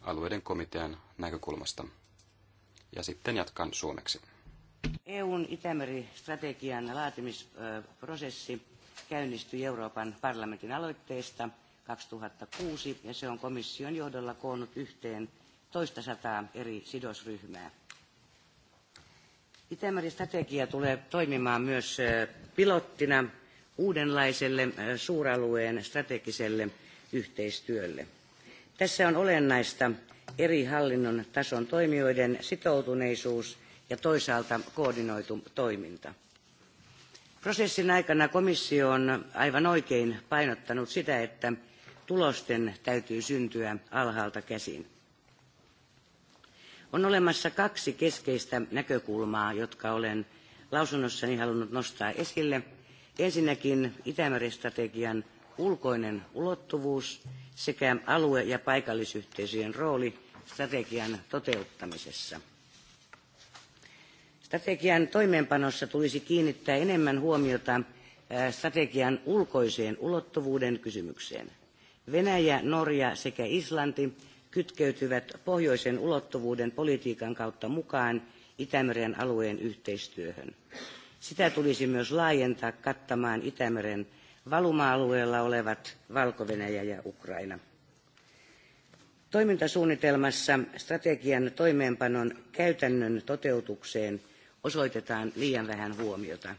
alueiden komitean näkökulmasta. Ja sitten jatkan suomeksi. EUn Itämeri-strategian laatimisprosessi käynnistyi Euroopan parlamentin aloitteesta 2006 ja se on komission johdolla koonnut yhteen toistasataa eri sidosryhmää. Itämeri-strategia tulee toimimaan myös pilottina uudenlaiselle suuralueen strategiselle yhteistyölle. Tässä on olennaista eri hallinnon tason toimijoiden sitoutuneisuus ja toisaalta koordinoitu toiminta. Prosessin aikana komissio on aivan oikein painottanut sitä, että tulosten täytyy syntyä alhaalta käsin. On olemassa kaksi keskeistä näkökulmaa, jotka olen lausunnossani halunnut nostaa esille. Ensinnäkin Itämeri-strategian ulkoinen ulottuvuus sekä alue- ja paikallisyhteisöjen rooli strategian toteuttamisessa. Strategian toimeenpanossa tulisi kiinnittää enemmän huomiota äh, strategian ulkoiseen ulottuvuuden kysymykseen. Venäjä, Norja sekä Islanti kytkeytyvät pohjoisen ulottuvuuden politiikan kautta mukaan Itämeren alueen yhteistyöhön. Sitä tulisi myös laajentaa kattamaan Itämeren valuma-alueella olevat valko ja Ukraina. Toimintasuunnitelmassa strategian toimeenpanon käytännön toteutukseen osoitetaan liian vähän huomiota.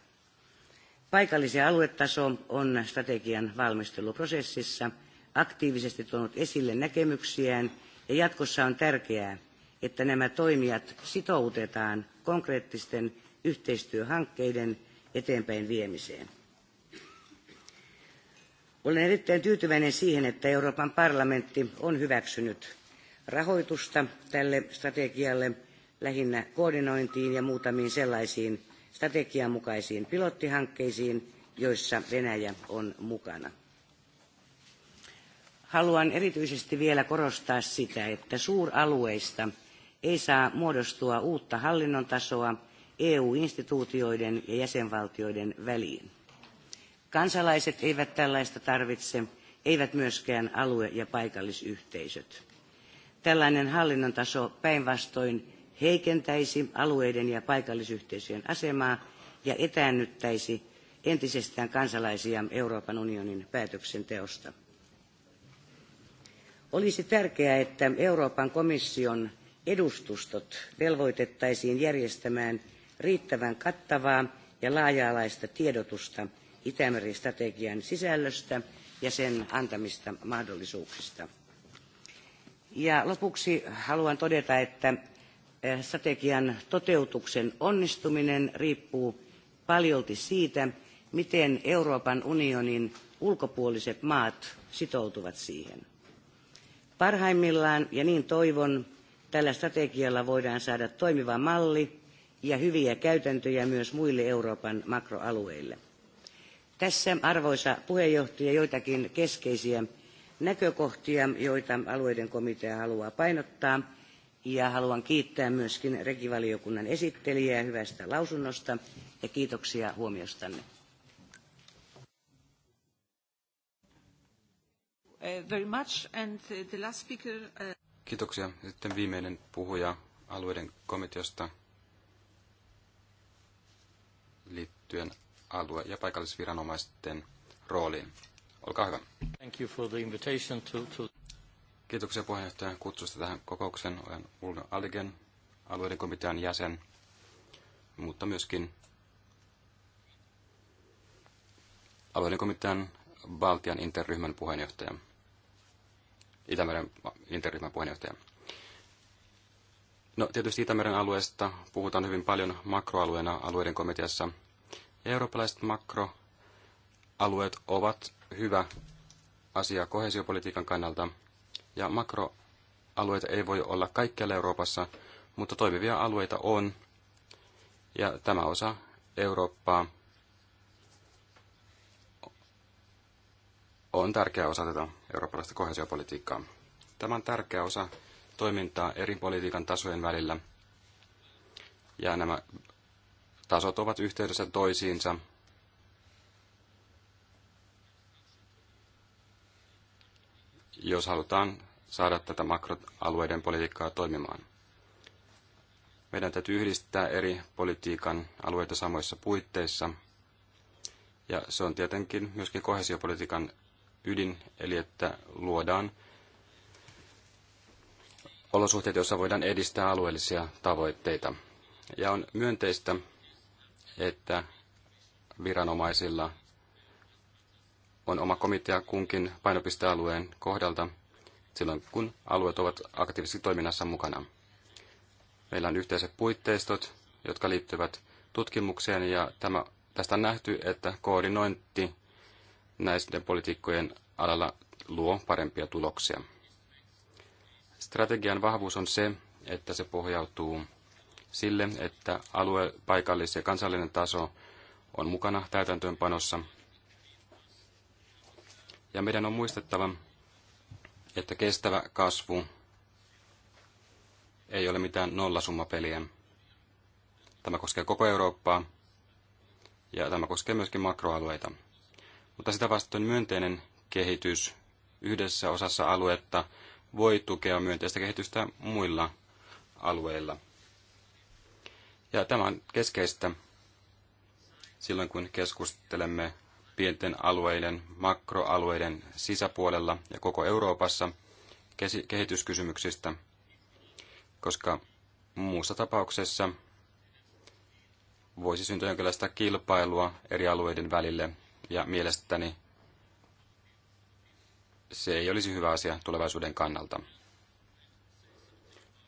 Paikallis- ja aluetaso on strategian valmisteluprosessissa aktiivisesti tuonut esille näkemyksiään ja jatkossa on tärkeää, että nämä toimijat sitoutetaan konkreettisten yhteistyöhankkeiden eteenpäin viemiseen. Olen erittäin tyytyväinen siihen, että Euroopan parlamentti on hyväksynyt rahoitusta tälle strategialle – lähinnä koordinointiin ja muutamiin sellaisiin strategian mukaisiin pilottihankkeisiin, joissa Venäjä on mukana. Haluan erityisesti vielä korostaa sitä, että suuralueista ei saa muodostua uutta hallinnon tasoa EU-instituutioiden ja jäsenvaltioiden väliin. Kansalaiset eivät tällaista tarvitse, eivät myöskään alue- ja paikallisyhteisöt. Tällainen hallinnon taso päinvastoin heikentäisi alueiden ja paikallisyhteisöjen asemaa ja etäännyttäisi entisestään kansalaisia Euroopan unionin päätöksenteosta. Olisi tärkeää, että Euroopan komission edustustot velvoitettaisiin järjestämään riittävän kattavaa ja laaja-alaista tiedotusta Itämeri-strategian sisällöstä ja sen antamista mahdollisuuksista. Ja lopuksi haluan todeta, että Eh, strategian toteutuksen onnistuminen riippuu paljolti siitä, miten Euroopan unionin ulkopuoliset maat sitoutuvat siihen. Parhaimmillaan, ja niin toivon, tällä strategialla voidaan saada toimiva malli ja hyviä käytäntöjä myös muille Euroopan makroalueille. Tässä, arvoisa puheenjohtaja, joitakin keskeisiä näkökohtia, joita alueiden komitea haluaa painottaa ja haluan kiittää myöskin regivaliokunnan esittelijää hyvästä lausunnosta ja kiitoksia huomiostanne. Uh, uh, uh, kiitoksia. Sitten viimeinen puhuja alueiden komiteasta liittyen alue- ja paikallisviranomaisten rooliin. Olkaa hyvä. Thank you for the invitation to, to... Kiitoksia puheenjohtajan kutsusta tähän kokoukseen. Olen Ulno Aligen, alueiden komitean jäsen, mutta myöskin alueiden komitean Baltian interryhmän puheenjohtaja, Itämeren interryhmän puheenjohtaja. No, tietysti Itämeren alueesta puhutaan hyvin paljon makroalueena alueiden komiteassa. Eurooppalaiset makroalueet ovat hyvä asia kohesiopolitiikan kannalta – ja makroalueita ei voi olla kaikkialla Euroopassa, mutta toimivia alueita on, ja tämä osa Eurooppaa on tärkeä osa tätä eurooppalaista kohesiopolitiikkaa. Tämä on tärkeä osa toimintaa eri politiikan tasojen välillä, ja nämä tasot ovat yhteydessä toisiinsa – jos halutaan saada tätä makroalueiden politiikkaa toimimaan. Meidän täytyy yhdistää eri politiikan alueita samoissa puitteissa. Ja se on tietenkin myöskin kohesiopolitiikan ydin, eli että luodaan olosuhteet, joissa voidaan edistää alueellisia tavoitteita. Ja on myönteistä, että viranomaisilla on oma komitea kunkin painopistealueen kohdalta silloin, kun alueet ovat aktiivisesti toiminnassa mukana. Meillä on yhteiset puitteistot, jotka liittyvät tutkimukseen, ja tämä, tästä on nähty, että koordinointi näiden politiikkojen alalla luo parempia tuloksia. Strategian vahvuus on se, että se pohjautuu sille, että alue, paikallis- ja kansallinen taso on mukana täytäntöönpanossa ja meidän on muistettava, että kestävä kasvu ei ole mitään nollasummapeliä. Tämä koskee koko Eurooppaa ja tämä koskee myöskin makroalueita. Mutta sitä vastoin myönteinen kehitys yhdessä osassa aluetta voi tukea myönteistä kehitystä muilla alueilla. Ja tämä on keskeistä silloin, kun keskustelemme pienten alueiden, makroalueiden sisäpuolella ja koko Euroopassa kehityskysymyksistä, koska muussa tapauksessa voisi syntyä jonkinlaista kilpailua eri alueiden välille, ja mielestäni se ei olisi hyvä asia tulevaisuuden kannalta.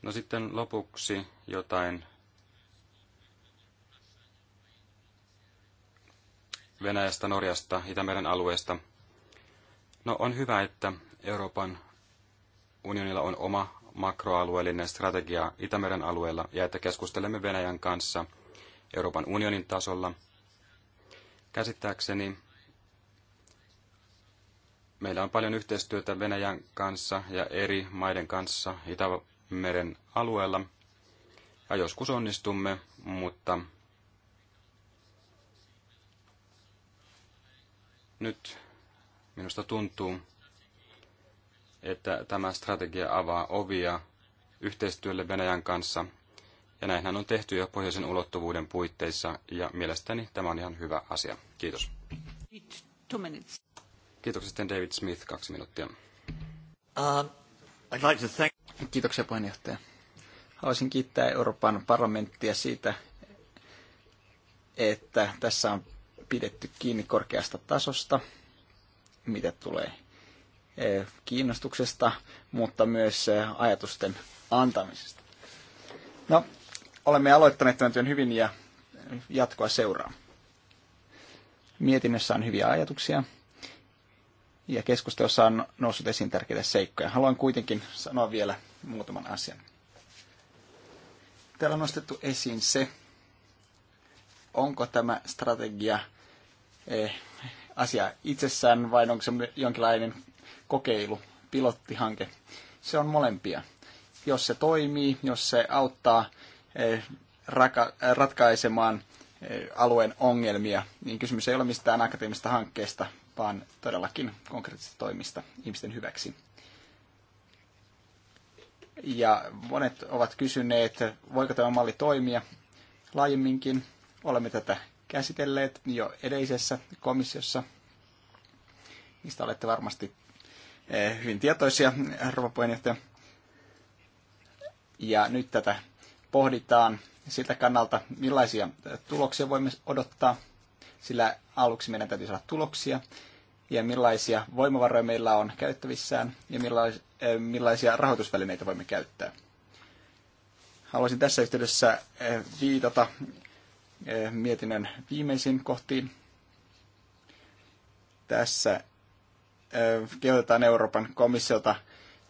No sitten lopuksi jotain Venäjästä, Norjasta, Itämeren alueesta. No on hyvä, että Euroopan unionilla on oma makroalueellinen strategia Itämeren alueella ja että keskustelemme Venäjän kanssa Euroopan unionin tasolla. Käsittääkseni meillä on paljon yhteistyötä Venäjän kanssa ja eri maiden kanssa Itämeren alueella. Ja joskus onnistumme, mutta Nyt minusta tuntuu, että tämä strategia avaa ovia yhteistyölle Venäjän kanssa, ja näinhän on tehty jo pohjoisen ulottuvuuden puitteissa, ja mielestäni tämä on ihan hyvä asia. Kiitos. Kiitoksia sitten David Smith, kaksi minuuttia. Uh, I'd like to thank... Kiitoksia puheenjohtaja. Haluaisin kiittää Euroopan parlamenttia siitä, että tässä on pidetty kiinni korkeasta tasosta, mitä tulee eh, kiinnostuksesta, mutta myös eh, ajatusten antamisesta. No, olemme aloittaneet tämän työn hyvin ja jatkoa seuraa. Mietinnössä on hyviä ajatuksia ja keskustelussa on noussut esiin tärkeitä seikkoja. Haluan kuitenkin sanoa vielä muutaman asian. Täällä on nostettu esiin se, onko tämä strategia eh, asia itsessään vai onko se jonkinlainen kokeilu, pilottihanke. Se on molempia. Jos se toimii, jos se auttaa eh, ratkaisemaan eh, alueen ongelmia, niin kysymys ei ole mistään akateemisesta hankkeesta, vaan todellakin konkreettisista toimista ihmisten hyväksi. Ja monet ovat kysyneet, voiko tämä malli toimia laajemminkin Olemme tätä käsitelleet jo edellisessä komissiossa, mistä olette varmasti eh, hyvin tietoisia, rouva puheenjohtaja. Ja nyt tätä pohditaan siltä kannalta, millaisia tuloksia voimme odottaa, sillä aluksi meidän täytyy saada tuloksia, ja millaisia voimavaroja meillä on käyttävissään, ja eh, millaisia rahoitusvälineitä voimme käyttää. Haluaisin tässä yhteydessä eh, viitata Eh, mietinnän viimeisiin kohtiin. Tässä eh, kehotetaan Euroopan komissiota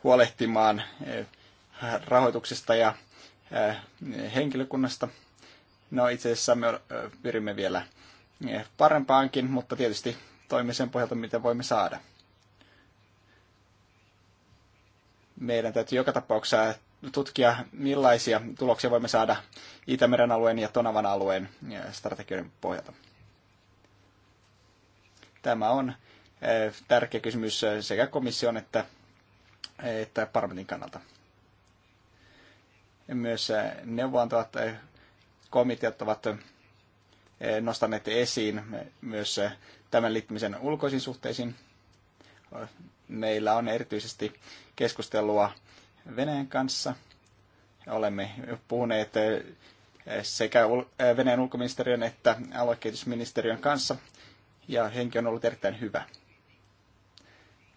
huolehtimaan eh, rahoituksesta ja henkilökunnasta. No itse asiassa me pyrimme vielä parempaankin, mutta tietysti toimii sen pohjalta, mitä voimme saada. Meidän täytyy joka tapauksessa tutkia, millaisia tuloksia voimme saada Itämeren alueen ja Tonavan alueen eh, strategioiden pohjalta. Tämä on eh, tärkeä kysymys eh, sekä komission että, että parlamentin kannalta. Myös neuvontavat komiteat ovat nostaneet esiin myös tämän liittymisen ulkoisiin suhteisiin. Meillä on erityisesti keskustelua veneen kanssa. Olemme puhuneet eh, sekä eh, Venäjän ulkoministeriön että aluekehitysministeriön kanssa, ja henki on ollut erittäin hyvä.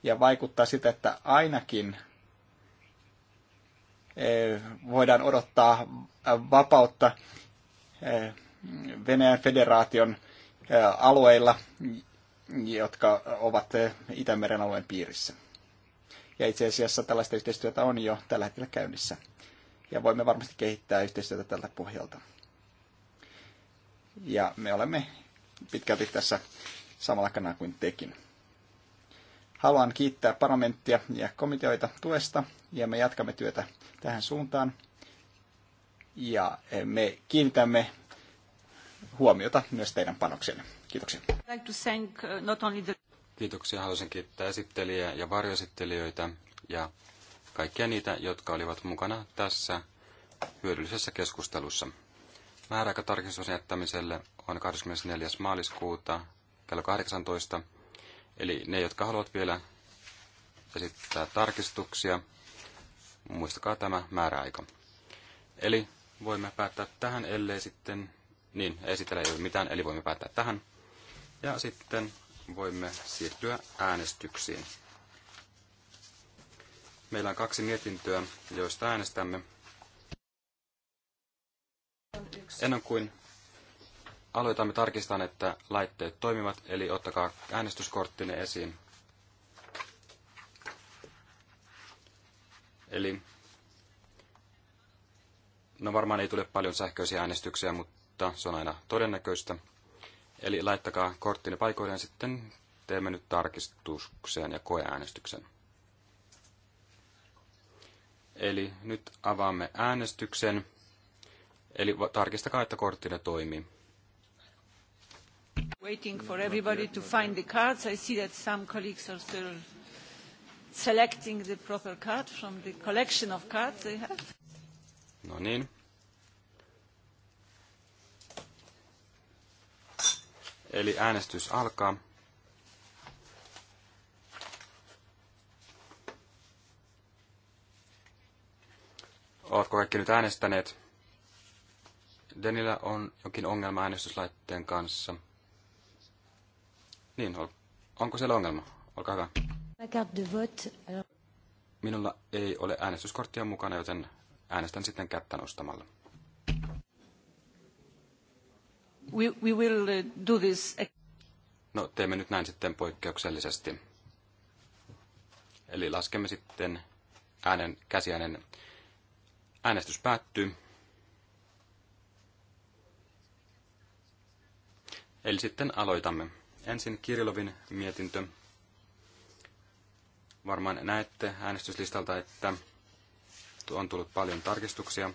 Ja vaikuttaa sitä, että ainakin eh, voidaan odottaa vapautta Venäjän federaation alueilla, jotka ovat Itämeren alueen piirissä. Ja itse asiassa tällaista yhteistyötä on jo tällä hetkellä käynnissä. Ja voimme varmasti kehittää yhteistyötä tältä pohjalta. Ja me olemme pitkälti tässä samalla kanaa kuin tekin. Haluan kiittää parlamenttia ja komiteoita tuesta ja me jatkamme työtä tähän suuntaan. Ja me kiinnitämme huomiota myös teidän panoksenne. Kiitoksia. Uh, Kiitoksia. Haluaisin kiittää esittelijää ja varjoesittelijöitä ja kaikkia niitä, jotka olivat mukana tässä hyödyllisessä keskustelussa. tarkistuksen jättämiselle on 24. maaliskuuta kello 18. Eli ne, jotka haluavat vielä esittää tarkistuksia, muistakaa tämä määräaika. Eli voimme päättää tähän, ellei sitten, niin esitellä ei ole mitään, eli voimme päättää tähän. Ja sitten voimme siirtyä äänestyksiin. Meillä on kaksi mietintöä, joista äänestämme. Ennen kuin aloitamme, tarkistan, että laitteet toimivat, eli ottakaa äänestyskorttinne esiin. Eli no varmaan ei tule paljon sähköisiä äänestyksiä, mutta se on aina todennäköistä. Eli laittakaa korttinne paikoilleen sitten teemme nyt tarkistukseen ja koeäänestyksen. Eli nyt avaamme äänestyksen. Eli tarkistakaa, että korttinne toimii. Waiting for everybody to find the cards. I see that some colleagues are still selecting the proper card from the collection of cards they have. No niin. Eli äänestys alkaa. Oletko kaikki nyt äänestäneet? Denillä on jokin ongelma äänestyslaitteen kanssa. Niin, onko siellä ongelma? Olkaa hyvä. Minulla ei ole äänestyskorttia mukana, joten äänestän sitten kättä nostamalla. We, will uh, do this. No, teemme nyt näin sitten poikkeuksellisesti. Eli laskemme sitten äänen, käsiäänen. Äänestys päättyy. Eli sitten aloitamme. Ensin Kirilovin mietintö. Varmaan näette äänestyslistalta, että on tullut paljon tarkistuksia.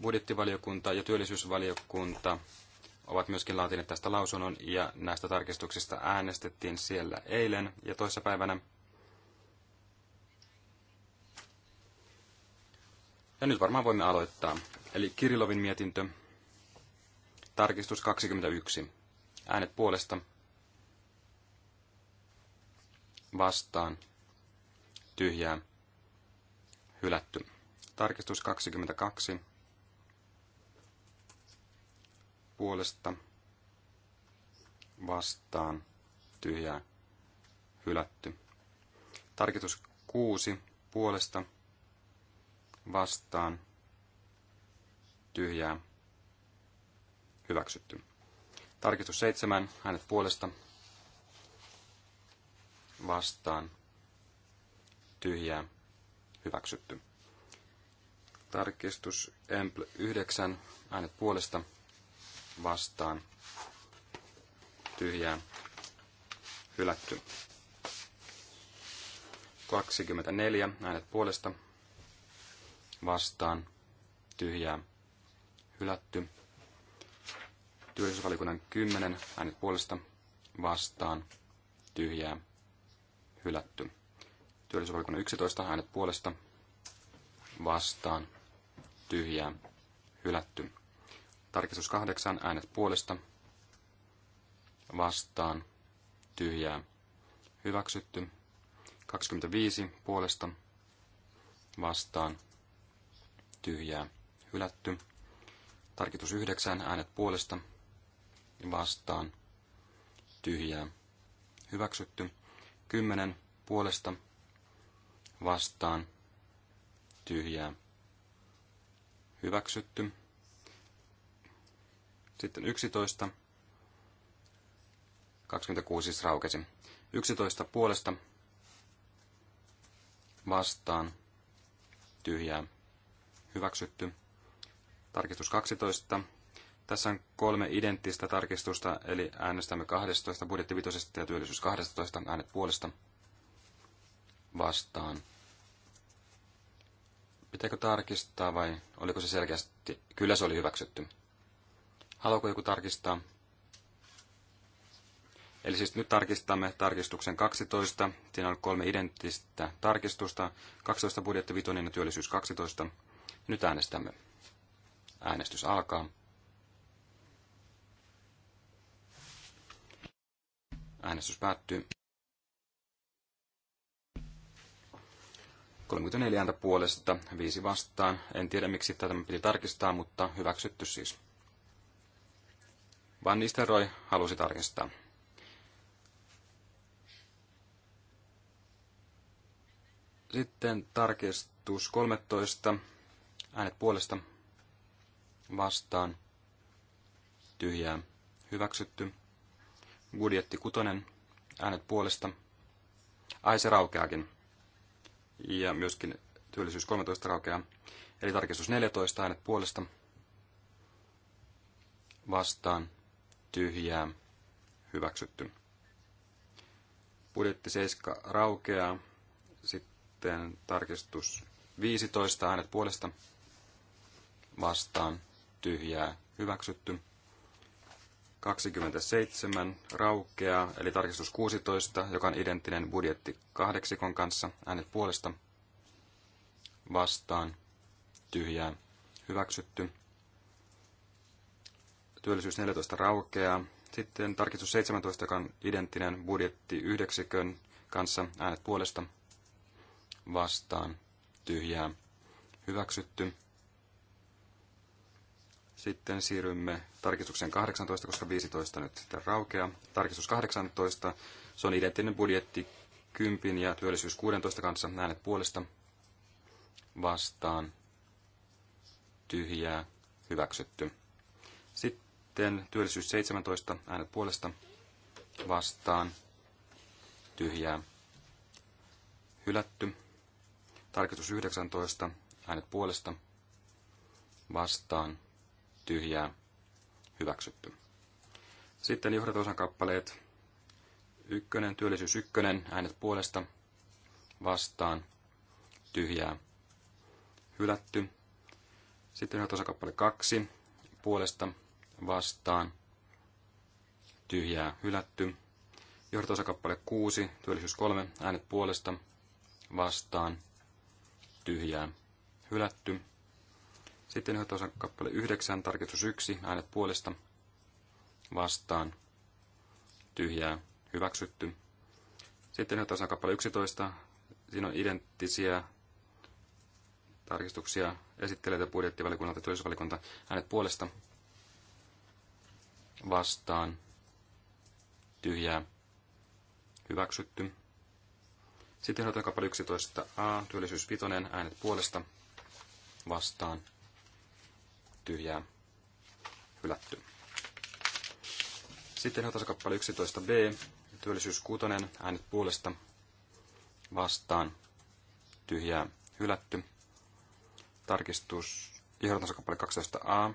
Budjettivaliokunta ja työllisyysvaliokunta ovat myöskin laatineet tästä lausunnon ja näistä tarkistuksista äänestettiin siellä eilen ja toissapäivänä. Ja nyt varmaan voimme aloittaa. Eli Kirilovin mietintö, tarkistus 21. Äänet puolesta, vastaan, tyhjää, hylätty. Tarkistus 22 puolesta vastaan tyhjää hylätty. tarkitus kuusi puolesta vastaan tyhjää hyväksytty. Tarkistus seitsemän hänet puolesta vastaan tyhjää hyväksytty. Tarkistus Empl 9 äänet puolesta vastaan tyhjää hylätty. 24 äänet puolesta vastaan tyhjää hylätty. Työllisyysvalikunnan 10 äänet puolesta vastaan tyhjää hylätty. Työllisyysvalikunnan 11 äänet puolesta vastaan tyhjää hylätty. Tarkistus kahdeksan, äänet puolesta, vastaan, tyhjää, hyväksytty. 25 puolesta, vastaan, tyhjää, hylätty. Tarkistus yhdeksän, äänet puolesta, vastaan, tyhjää, hyväksytty. Kymmenen puolesta, vastaan, tyhjää, hyväksytty. Sitten 11. 26 siis raukesi. 11 puolesta vastaan tyhjää hyväksytty. Tarkistus 12. Tässä on kolme identtistä tarkistusta, eli äänestämme 12 budjettivitosesta ja työllisyys 12 äänet puolesta vastaan. Pitääkö tarkistaa vai oliko se selkeästi? Kyllä se oli hyväksytty. Haluaako joku tarkistaa? Eli siis nyt tarkistamme tarkistuksen 12. Siinä on kolme identtistä tarkistusta. 12 budjetti, vitonen ja työllisyys 12. Nyt äänestämme. Äänestys alkaa. Äänestys päättyy. 34 ääntä puolesta, 5 vastaan. En tiedä miksi tätä piti tarkistaa, mutta hyväksytty siis. Van Nistelrooy halusi tarkistaa. Sitten tarkistus 13. Äänet puolesta vastaan. Tyhjää. Hyväksytty. Budjetti kutonen. Äänet puolesta. Ai se raukeakin. Ja myöskin työllisyys 13 raukeaa. Eli tarkistus 14. Äänet puolesta vastaan tyhjää, hyväksytty. Budjetti 7 raukeaa, sitten tarkistus 15, äänet puolesta, vastaan, tyhjää, hyväksytty. 27 raukeaa, eli tarkistus 16, joka on identtinen budjetti kahdeksikon kanssa, äänet puolesta, vastaan, tyhjää, hyväksytty työllisyys 14 raukeaa. Sitten tarkistus 17, joka on identtinen budjettiyksikön kanssa. Äänet puolesta vastaan tyhjää hyväksytty. Sitten siirrymme tarkistukseen 18, koska 15 nyt sitten raukeaa. Tarkistus 18, se on identtinen budjetti 10 ja työllisyys 16 kanssa. Äänet puolesta vastaan tyhjää hyväksytty. Sitten sitten työllisyys 17, äänet puolesta vastaan, tyhjää, hylätty. Tarkistus 19, äänet puolesta vastaan, tyhjää, hyväksytty. Sitten johdatosan kappaleet. Ykkönen, työllisyys ykkönen, äänet puolesta, vastaan, tyhjää, hylätty. Sitten johdatosan kappale kaksi, puolesta, vastaan, tyhjää hylätty. Johdantosakappale 6, työllisyys 3, äänet puolesta, vastaan, tyhjää hylätty. Sitten johdantosakappale 9, tarkistus 1, äänet puolesta, vastaan, tyhjää hyväksytty. Sitten johdantosakappale 11, siinä on identtisiä tarkistuksia esittelee budjettivalikunnalta ja työllisyysvalikunta äänet puolesta vastaan tyhjää hyväksytty. Sitten on kappale 11a, työllisyys 5, äänet puolesta vastaan tyhjää hylätty. Sitten on kappale 11b, työllisyys 6, äänet puolesta vastaan tyhjää hylätty. Tarkistus johdantosa kappale 12a.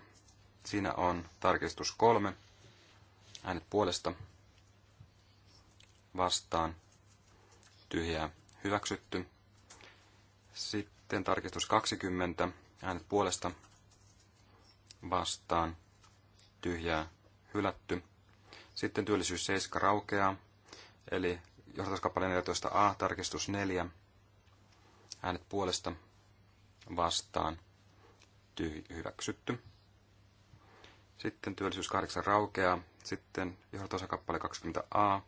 Siinä on tarkistus 3 Äänet puolesta vastaan tyhjää hyväksytty. Sitten tarkistus 20. Äänet puolesta vastaan tyhjää hylätty. Sitten työllisyys 7 raukeaa, eli johdatuskappale 14a, tarkistus 4. Äänet puolesta vastaan tyhjää hyväksytty. Sitten työllisyys 8 raukeaa, sitten osakappale 20a,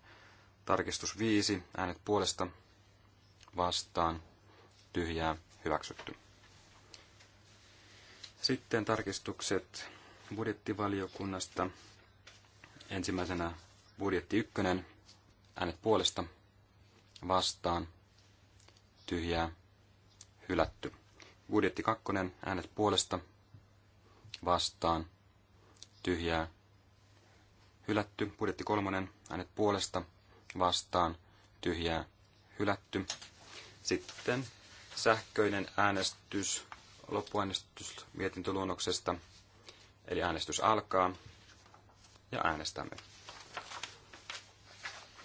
tarkistus 5, äänet puolesta, vastaan, tyhjää, hyväksytty. Sitten tarkistukset budjettivaliokunnasta. Ensimmäisenä budjetti 1, äänet puolesta, vastaan, tyhjää, hylätty. Budjetti 2, äänet puolesta, vastaan, tyhjää, hylätty. Budjetti kolmonen, äänet puolesta, vastaan, tyhjää, hylätty. Sitten sähköinen äänestys, loppuäänestys mietintöluonnoksesta, eli äänestys alkaa ja äänestämme.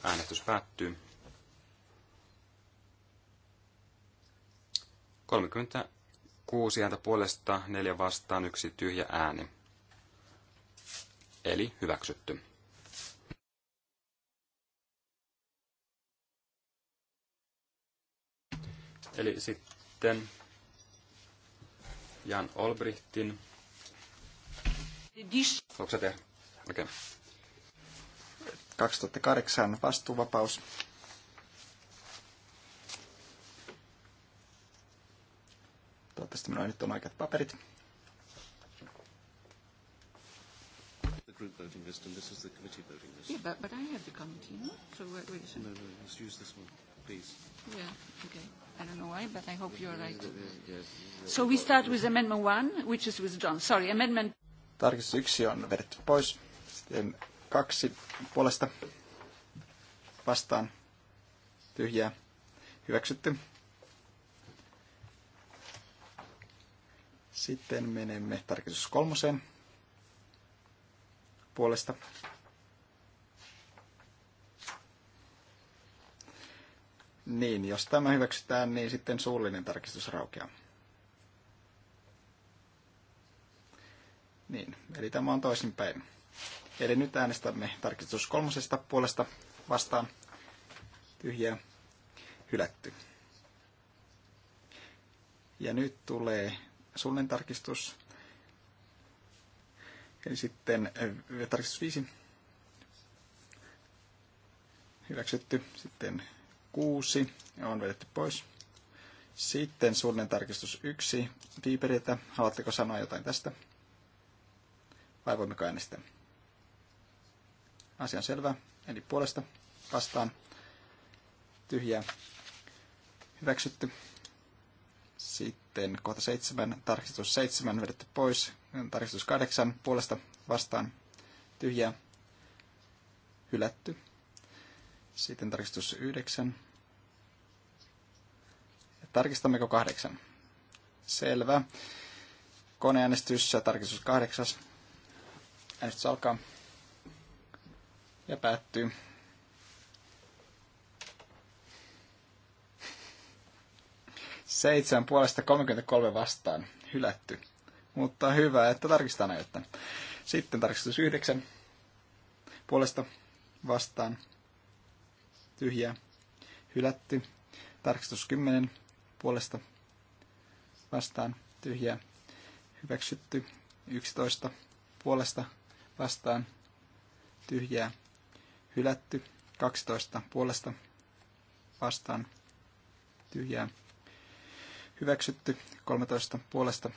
Äänestys päättyy. 36 ääntä puolesta, 4 vastaan, yksi tyhjä ääni. Eli hyväksytty. Eli sitten Jan Olbrichtin. Onko se tehdä? Okei. Okay. 2008 vastuuvapaus. Toivottavasti minulla nyt on oikeat paperit. group voting list, and this is the committee voting list. Yeah, but, but I have the committee, no? So wait, wait a second. No, no, let's use this one please. Yeah, okay. I don't know why, but I hope you're right. So we start with amendment one, which is withdrawn. Sorry, amendment... Tarkistus yksi on vedetty pois. Sitten kaksi puolesta vastaan tyhjää hyväksytty. Sitten menemme tarkistus kolmoseen puolesta Niin, jos tämä hyväksytään, niin sitten suullinen tarkistus raukeaa. Niin, eli tämä on toisinpäin. Eli nyt äänestämme tarkistus kolmosesta puolesta vastaan. Tyhjää, hylätty. Ja nyt tulee suullinen tarkistus. Eli sitten eh, tarkistus 5. Hyväksytty. Sitten 6 ja on vedetty pois. Sitten suunnilleen tarkistus 1 Piiperiltä. Haluatteko sanoa jotain tästä? Vai voimme kai äänestää? Asia on selvä. Eli puolesta vastaan tyhjää hyväksytty. Sitten kohta 7, tarkistus 7 vedetty pois. Tarkistus 8 puolesta vastaan tyhjää hylätty. Sitten tarkistus 9. Tarkistammeko 8? Selvä. Koneäänestys ja tarkistus kahdeksas. Äänestys alkaa ja päättyy. Seitsemän puolesta 33 vastaan. Hylätty. Mutta hyvä, että tarkistaa näyttää. Sitten tarkistus 9. puolesta vastaan tyhjää hylätty. Tarkistus 10 puolesta vastaan tyhjää hyväksytty. 11 puolesta vastaan tyhjää hylätty. 12 puolesta vastaan tyhjää hyväksytty. 13 puolesta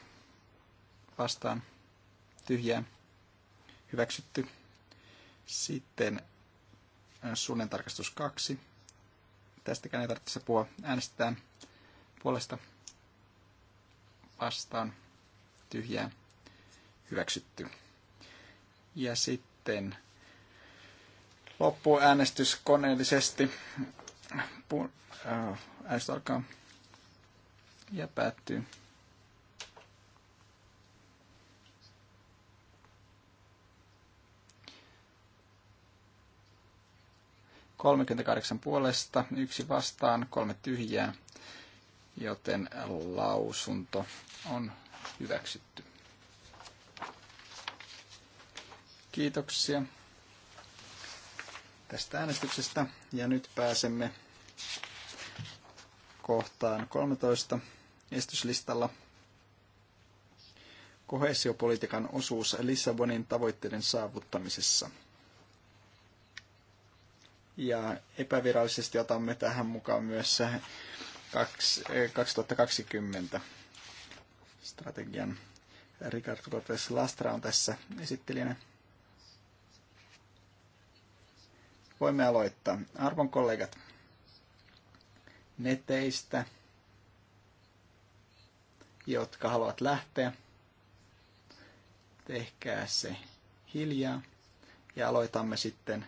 vastaan tyhjää hyväksytty. Sitten suunnan tarkastus 2. Tästäkään ei tarvitse puhua. Äänestetään puolesta vastaan tyhjää hyväksytty. Ja sitten äänestys koneellisesti. Äänestys alkaa ja päättyy. 38 puolesta, yksi vastaan, kolme tyhjää, joten lausunto on hyväksytty. Kiitoksia tästä äänestyksestä ja nyt pääsemme kohtaan 13 esityslistalla. Kohesiopolitiikan osuus Lissabonin tavoitteiden saavuttamisessa – ja epävirallisesti otamme tähän mukaan myös 2020 eh, strategian. Richard Cortes Lastra on tässä esittelijänä. Voimme aloittaa. Arvon kollegat, ne teistä, jotka haluat lähteä, tehkää se hiljaa ja aloitamme sitten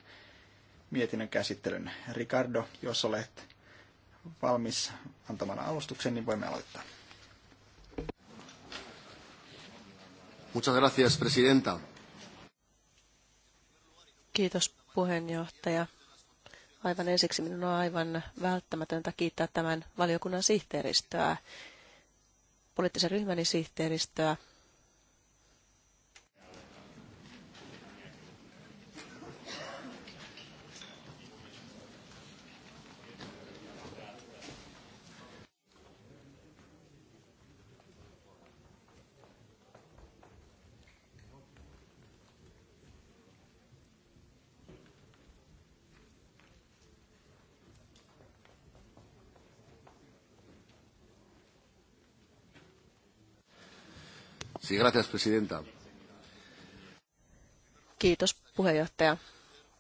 mietinnön käsittelyn. Ricardo, jos olet valmis antamaan alustuksen, niin voimme aloittaa. Muchas gracias, presidenta. Kiitos puheenjohtaja. Aivan ensiksi minun on aivan välttämätöntä kiittää tämän valiokunnan sihteeristöä, poliittisen ryhmäni sihteeristöä Sí, gracias, presidenta. Kiitos puheenjohtaja.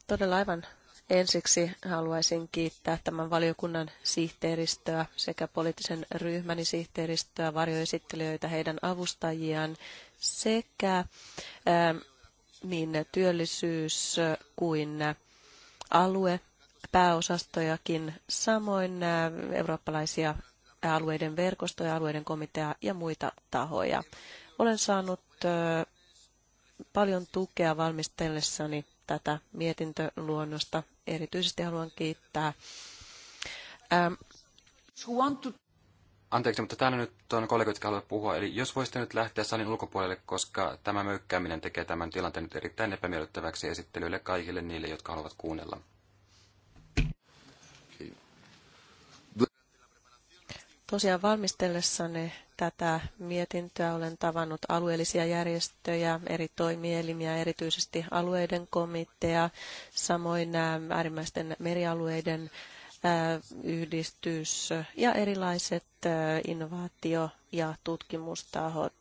Todella aivan ensiksi haluaisin kiittää tämän valiokunnan sihteeristöä sekä poliittisen ryhmäni sihteeristöä, varjoesittelijöitä, heidän avustajiaan sekä ähm, niin työllisyys kuin alue pääosastojakin, samoin äh, eurooppalaisia alueiden verkostoja, alueiden komitea ja muita tahoja. Olen saanut paljon tukea valmistellessani tätä mietintöluonnosta. Erityisesti haluan kiittää. Anteeksi, mutta täällä nyt on kollegoita, jotka haluavat puhua. Eli jos voisitte nyt lähteä salin ulkopuolelle, koska tämä möykkääminen tekee tämän tilanteen nyt erittäin epämiellyttäväksi esittelyille kaikille niille, jotka haluavat kuunnella. Tosiaan valmistellessani tätä mietintöä olen tavannut alueellisia järjestöjä, eri toimielimiä, erityisesti alueiden komitea, samoin äärimmäisten merialueiden yhdistys ja erilaiset innovaatio- ja tutkimustahot,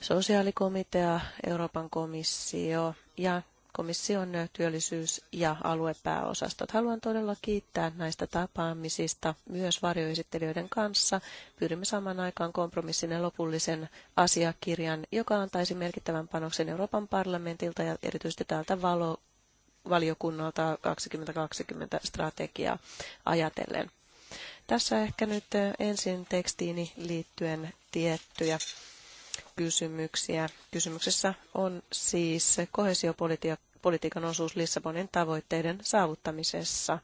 sosiaalikomitea, Euroopan komissio ja komission työllisyys- ja aluepääosastot. Haluan todella kiittää näistä tapaamisista myös varjoesittelijöiden kanssa. Pyrimme saman aikaan kompromissin ja lopullisen asiakirjan, joka antaisi merkittävän panoksen Euroopan parlamentilta ja erityisesti täältä valo valiokunnalta 2020 strategiaa ajatellen. Tässä ehkä nyt ensin tekstiini liittyen tiettyjä kysymyksiä. Kysymyksessä on siis kohesiopolitiikan osuus Lissabonin tavoitteiden saavuttamisessa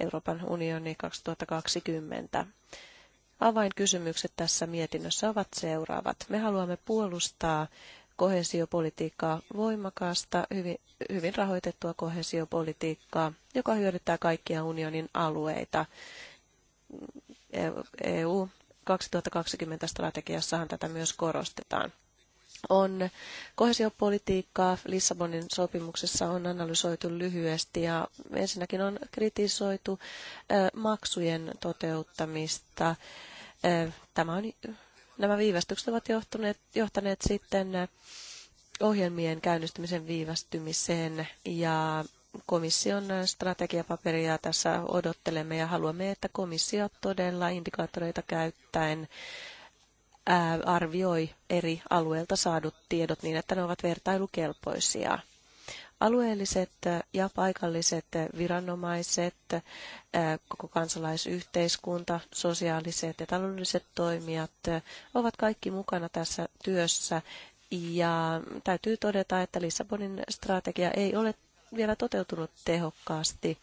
Euroopan unioni 2020. Avainkysymykset tässä mietinnössä ovat seuraavat. Me haluamme puolustaa kohesiopolitiikkaa voimakasta, hyvin, hyvin rahoitettua kohesiopolitiikkaa, joka hyödyttää kaikkia unionin alueita. EU e 2020 strategiassahan tätä myös korostetaan. On kohesiopolitiikkaa Lissabonin sopimuksessa on analysoitu lyhyesti ja ensinnäkin on kritisoitu maksujen toteuttamista. Tämä on, nämä viivästykset ovat johtuneet, johtaneet sitten ohjelmien käynnistymisen viivästymiseen ja komission äh, strategiapaperia tässä odottelemme ja haluamme, että komissio todella indikaattoreita käyttäen äh, arvioi eri alueilta saadut tiedot niin, että ne ovat vertailukelpoisia. Alueelliset äh, ja paikalliset viranomaiset, koko kansalaisyhteiskunta, sosiaaliset ja taloudelliset toimijat ovat kaikki mukana tässä työssä ja täytyy todeta, että Lissabonin strategia ei ole vielä toteutunut tehokkaasti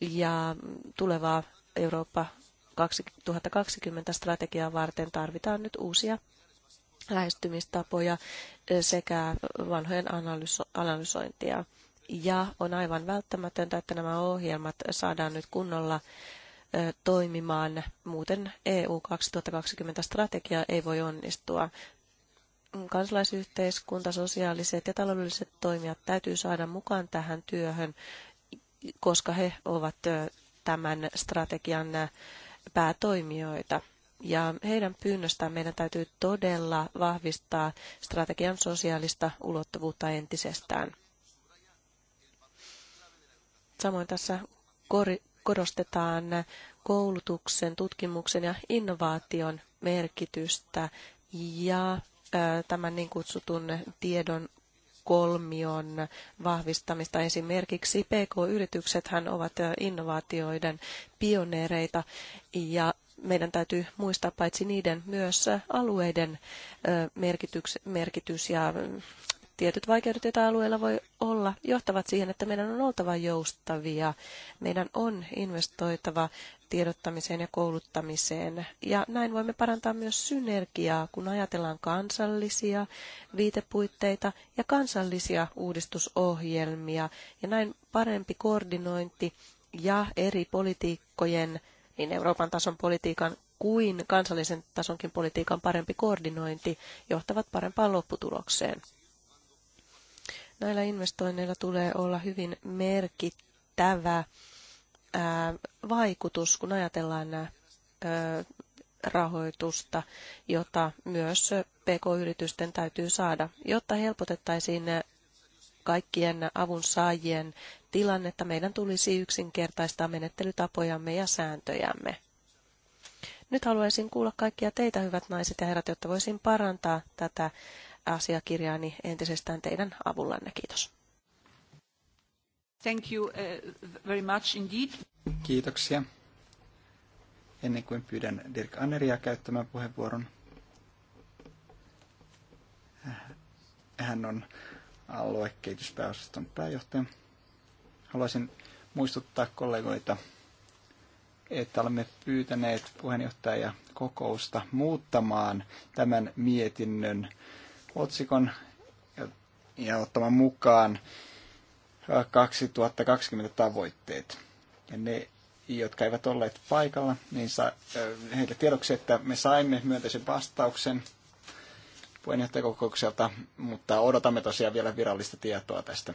ja tulevaa Eurooppa 2020 strategiaa varten tarvitaan nyt uusia lähestymistapoja sekä vanhojen analyso- analysointia. Ja on aivan välttämätöntä, että nämä ohjelmat saadaan nyt kunnolla toimimaan. Muuten EU 2020 strategia ei voi onnistua kansalaisyhteiskunta, sosiaaliset ja taloudelliset toimijat täytyy saada mukaan tähän työhön, koska he ovat tämän strategian päätoimijoita. Ja heidän pyynnöstään meidän täytyy todella vahvistaa strategian sosiaalista ulottuvuutta entisestään. Samoin tässä korostetaan koulutuksen, tutkimuksen ja innovaation merkitystä ja tämän niin kutsutun tiedon kolmion vahvistamista. Esimerkiksi PK-yritykset ovat innovaatioiden pioneereita ja meidän täytyy muistaa paitsi niiden myös alueiden merkityks, merkitys ja tietyt vaikeudet, joita alueella voi olla, johtavat siihen, että meidän on oltava joustavia. Meidän on investoitava tiedottamiseen ja kouluttamiseen. Ja näin voimme parantaa myös synergiaa, kun ajatellaan kansallisia viitepuitteita ja kansallisia uudistusohjelmia. Ja näin parempi koordinointi ja eri politiikkojen, niin Euroopan tason politiikan kuin kansallisen tasonkin politiikan parempi koordinointi johtavat parempaan lopputulokseen. Näillä investoinneilla tulee olla hyvin merkittävä vaikutus, kun ajatellaan rahoitusta, jota myös PK-yritysten täytyy saada, jotta helpotettaisiin kaikkien avun saajien tilannetta, meidän tulisi yksinkertaistaa menettelytapojamme ja sääntöjämme. Nyt haluaisin kuulla kaikkia teitä, hyvät naiset ja herrat, jotta voisin parantaa tätä asiakirjaani entisestään teidän avullanne. Kiitos. Thank you uh, very much indeed. Kiitoksia. Ennen kuin pyydän Dirk Anneria käyttämään puheenvuoron, äh, hän on aluekehityspääosaston pääjohtaja. Haluaisin muistuttaa kollegoita, että olemme pyytäneet puheenjohtaja kokousta muuttamaan tämän mietinnön otsikon ja ottamaan mukaan 2020 tavoitteet. Ja ne, jotka eivät olleet paikalla, niin sa, heille tiedoksi, että me saimme myönteisen vastauksen puheenjohtajakokoukselta, mutta odotamme tosiaan vielä virallista tietoa tästä.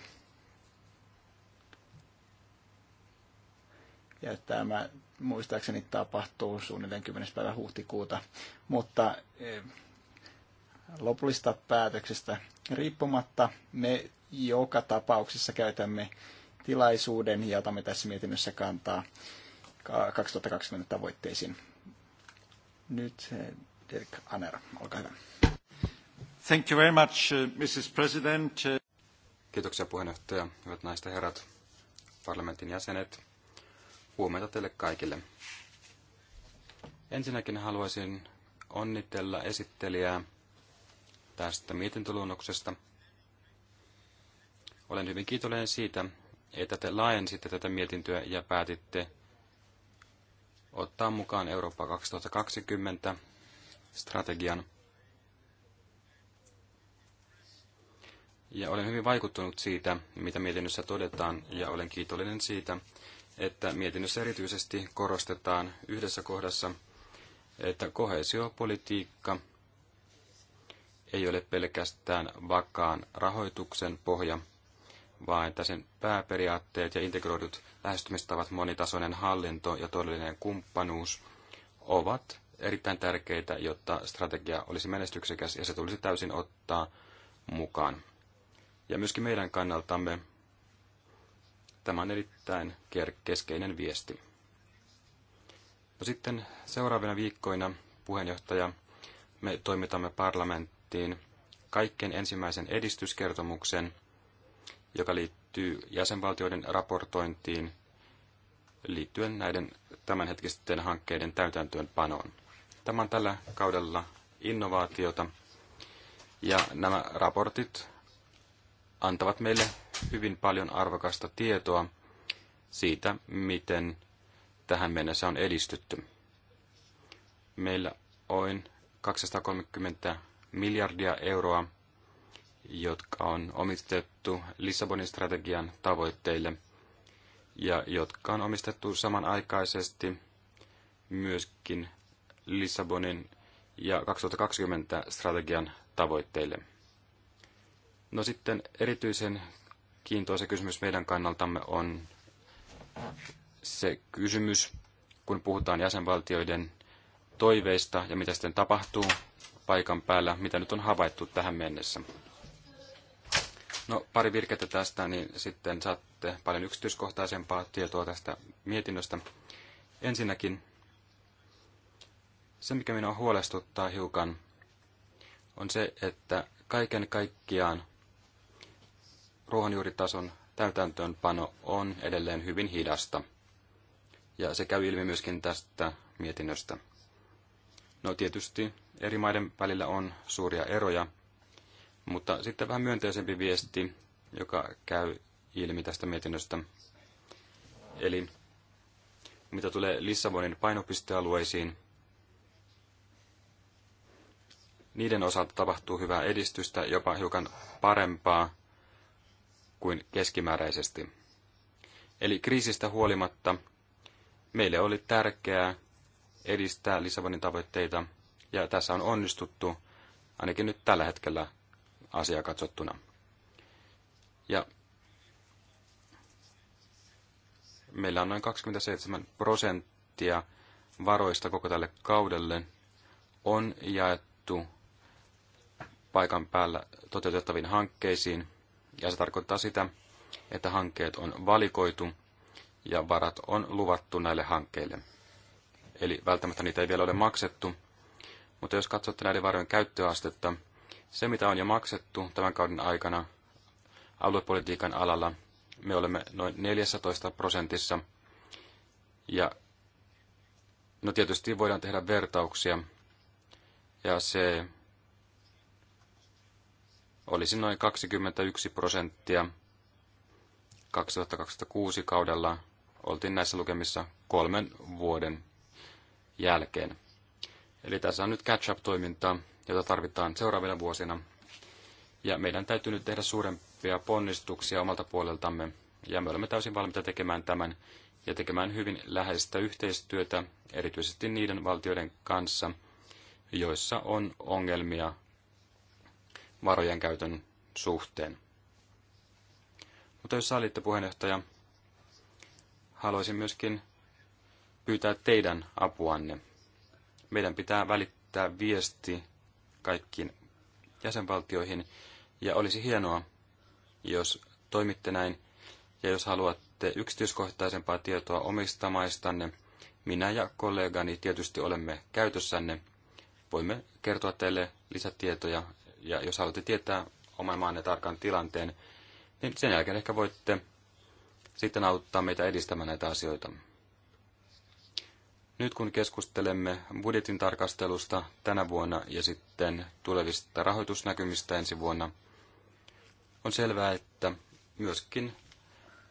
Ja tämä muistaakseni tapahtuu suunnilleen 10. päivä huhtikuuta, mutta lopullista päätöksestä riippumatta me joka tapauksessa käytämme tilaisuuden ja otamme tässä mietinnössä kantaa 2020 tavoitteisiin. Nyt eh, Dirk Aner, olkaa hyvä. Thank you very much, eh, Mrs. President. Eh, Kiitoksia puheenjohtaja, hyvät naiset ja herrat, parlamentin jäsenet. Huomenta teille kaikille. Ensinnäkin haluaisin onnitella esittelijää tästä mietintöluonnoksesta – olen hyvin kiitollinen siitä, että te laajensitte tätä mietintöä ja päätitte ottaa mukaan Eurooppa 2020 strategian. Ja olen hyvin vaikuttunut siitä, mitä mietinnössä todetaan, ja olen kiitollinen siitä, että mietinnössä erityisesti korostetaan yhdessä kohdassa, että kohesiopolitiikka ei ole pelkästään vakaan rahoituksen pohja, vaan että sen pääperiaatteet ja integroidut lähestymistavat, monitasoinen hallinto ja todellinen kumppanuus ovat erittäin tärkeitä, jotta strategia olisi menestyksekäs ja se tulisi täysin ottaa mukaan. Ja myöskin meidän kannaltamme tämä on erittäin keskeinen viesti. No sitten seuraavina viikkoina puheenjohtaja, me toimitamme parlamenttiin kaikkien ensimmäisen edistyskertomuksen – joka liittyy jäsenvaltioiden raportointiin liittyen näiden tämänhetkisten hankkeiden täytäntöönpanoon. Tämä on tällä kaudella innovaatiota ja nämä raportit antavat meille hyvin paljon arvokasta tietoa siitä, miten tähän mennessä on edistytty. Meillä on 230 miljardia euroa jotka on omistettu Lissabonin strategian tavoitteille ja jotka on omistettu samanaikaisesti myöskin Lissabonin ja 2020 strategian tavoitteille. No sitten erityisen kiintoisa kysymys meidän kannaltamme on se kysymys, kun puhutaan jäsenvaltioiden toiveista ja mitä sitten tapahtuu paikan päällä, mitä nyt on havaittu tähän mennessä. No pari virkettä tästä, niin sitten saatte paljon yksityiskohtaisempaa tietoa tästä mietinnöstä. Ensinnäkin se, mikä minua huolestuttaa hiukan, on se, että kaiken kaikkiaan ruohonjuuritason täytäntöönpano on edelleen hyvin hidasta. Ja se käy ilmi myöskin tästä mietinnöstä. No tietysti eri maiden välillä on suuria eroja, mutta sitten vähän myönteisempi viesti, joka käy ilmi tästä mietinnöstä. Eli mitä tulee Lissabonin painopistealueisiin, niiden osalta tapahtuu hyvää edistystä, jopa hiukan parempaa kuin keskimääräisesti. Eli kriisistä huolimatta meille oli tärkeää edistää Lissabonin tavoitteita, ja tässä on onnistuttu ainakin nyt tällä hetkellä asiaa katsottuna. Ja meillä on noin 27 prosenttia varoista koko tälle kaudelle on jaettu paikan päällä toteutettaviin hankkeisiin, ja se tarkoittaa sitä, että hankkeet on valikoitu ja varat on luvattu näille hankkeille. Eli välttämättä niitä ei vielä ole maksettu, mutta jos katsotte näiden varojen käyttöastetta, se, mitä on jo maksettu tämän kauden aikana aluepolitiikan alalla, me olemme noin 14 prosentissa. Ja no tietysti voidaan tehdä vertauksia. Ja se olisi noin 21 prosenttia 2026 kaudella oltiin näissä lukemissa kolmen vuoden jälkeen. Eli tässä on nyt catch-up-toimintaa, jota tarvitaan seuraavina vuosina. Ja meidän täytyy nyt tehdä suurempia ponnistuksia omalta puoleltamme, ja me olemme täysin valmiita tekemään tämän ja tekemään hyvin läheistä yhteistyötä, erityisesti niiden valtioiden kanssa, joissa on ongelmia varojen käytön suhteen. Mutta jos sallitte puheenjohtaja, haluaisin myöskin pyytää teidän apuanne. Meidän pitää välittää viesti kaikkiin jäsenvaltioihin. Ja olisi hienoa, jos toimitte näin ja jos haluatte yksityiskohtaisempaa tietoa omista maistanne, minä ja kollegani tietysti olemme käytössänne. Voimme kertoa teille lisätietoja ja jos haluatte tietää oman maanne tarkan tilanteen, niin sen jälkeen ehkä voitte sitten auttaa meitä edistämään näitä asioita. Nyt kun keskustelemme budjetin tarkastelusta tänä vuonna ja sitten tulevista rahoitusnäkymistä ensi vuonna, on selvää, että myöskin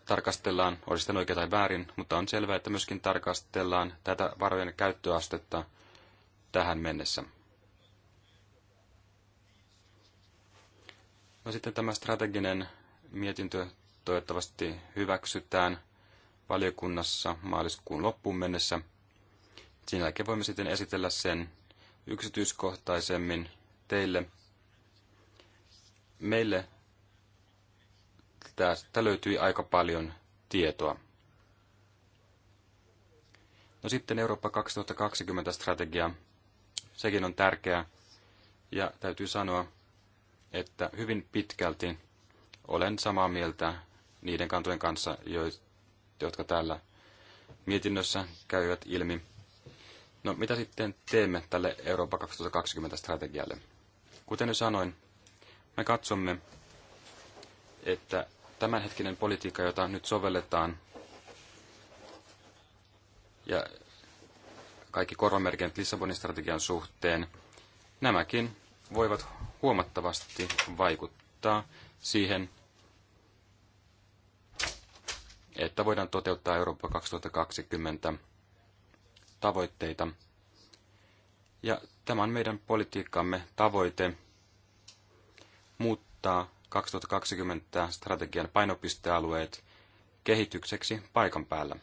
tarkastellaan, oli sitten oikein tai väärin, mutta on selvää, että myöskin tarkastellaan tätä varojen käyttöastetta tähän mennessä. No sitten tämä strateginen mietintö toivottavasti hyväksytään valiokunnassa maaliskuun loppuun mennessä – sen jälkeen voimme sitten esitellä sen yksityiskohtaisemmin teille. Meille tästä löytyi aika paljon tietoa. No sitten Eurooppa 2020 strategia. Sekin on tärkeä. Ja täytyy sanoa, että hyvin pitkälti olen samaa mieltä niiden kantojen kanssa, jotka täällä mietinnössä käyvät ilmi. No mitä sitten teemme tälle Eurooppa 2020 strategialle? Kuten jo sanoin, me katsomme, että tämänhetkinen politiikka, jota nyt sovelletaan, ja kaikki korvamerkit Lissabonin strategian suhteen, nämäkin voivat huomattavasti vaikuttaa siihen, että voidaan toteuttaa Eurooppa 2020 tavoitteita. Ja tämä on meidän politiikkamme tavoite muuttaa 2020 strategian painopistealueet kehitykseksi paikan päällä.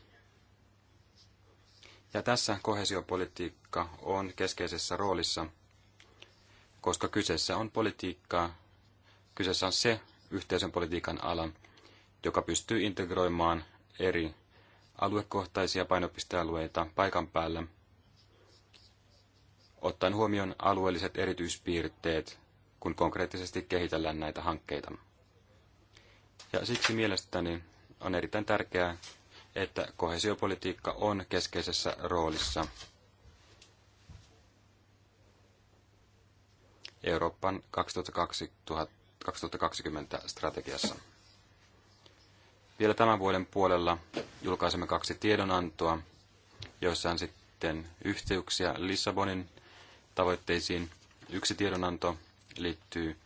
Ja tässä kohesiopolitiikka on keskeisessä roolissa, koska kyseessä on politiikkaa, kyseessä on se yhteisön politiikan ala, joka pystyy integroimaan eri aluekohtaisia painopistealueita paikan päällä, ottaen huomioon alueelliset erityispiirteet, kun konkreettisesti kehitellään näitä hankkeita. Ja siksi mielestäni on erittäin tärkeää, että kohesiopolitiikka on keskeisessä roolissa Euroopan 2020 strategiassa. Vielä tämän vuoden puolella julkaisemme kaksi tiedonantoa, joissa on sitten yhteyksiä Lissabonin tavoitteisiin. Yksi tiedonanto liittyy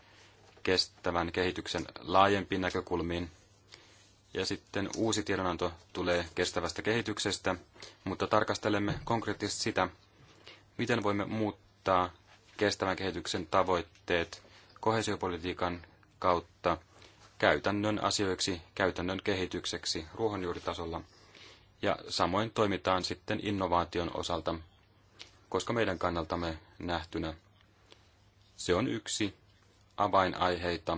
kestävän kehityksen laajempiin näkökulmiin. Ja sitten uusi tiedonanto tulee kestävästä kehityksestä, mutta tarkastelemme konkreettisesti sitä, miten voimme muuttaa kestävän kehityksen tavoitteet kohesiopolitiikan kautta – käytännön asioiksi, käytännön kehitykseksi ruohonjuuritasolla. Ja samoin toimitaan sitten innovaation osalta, koska meidän kannaltamme nähtynä se on yksi avainaiheita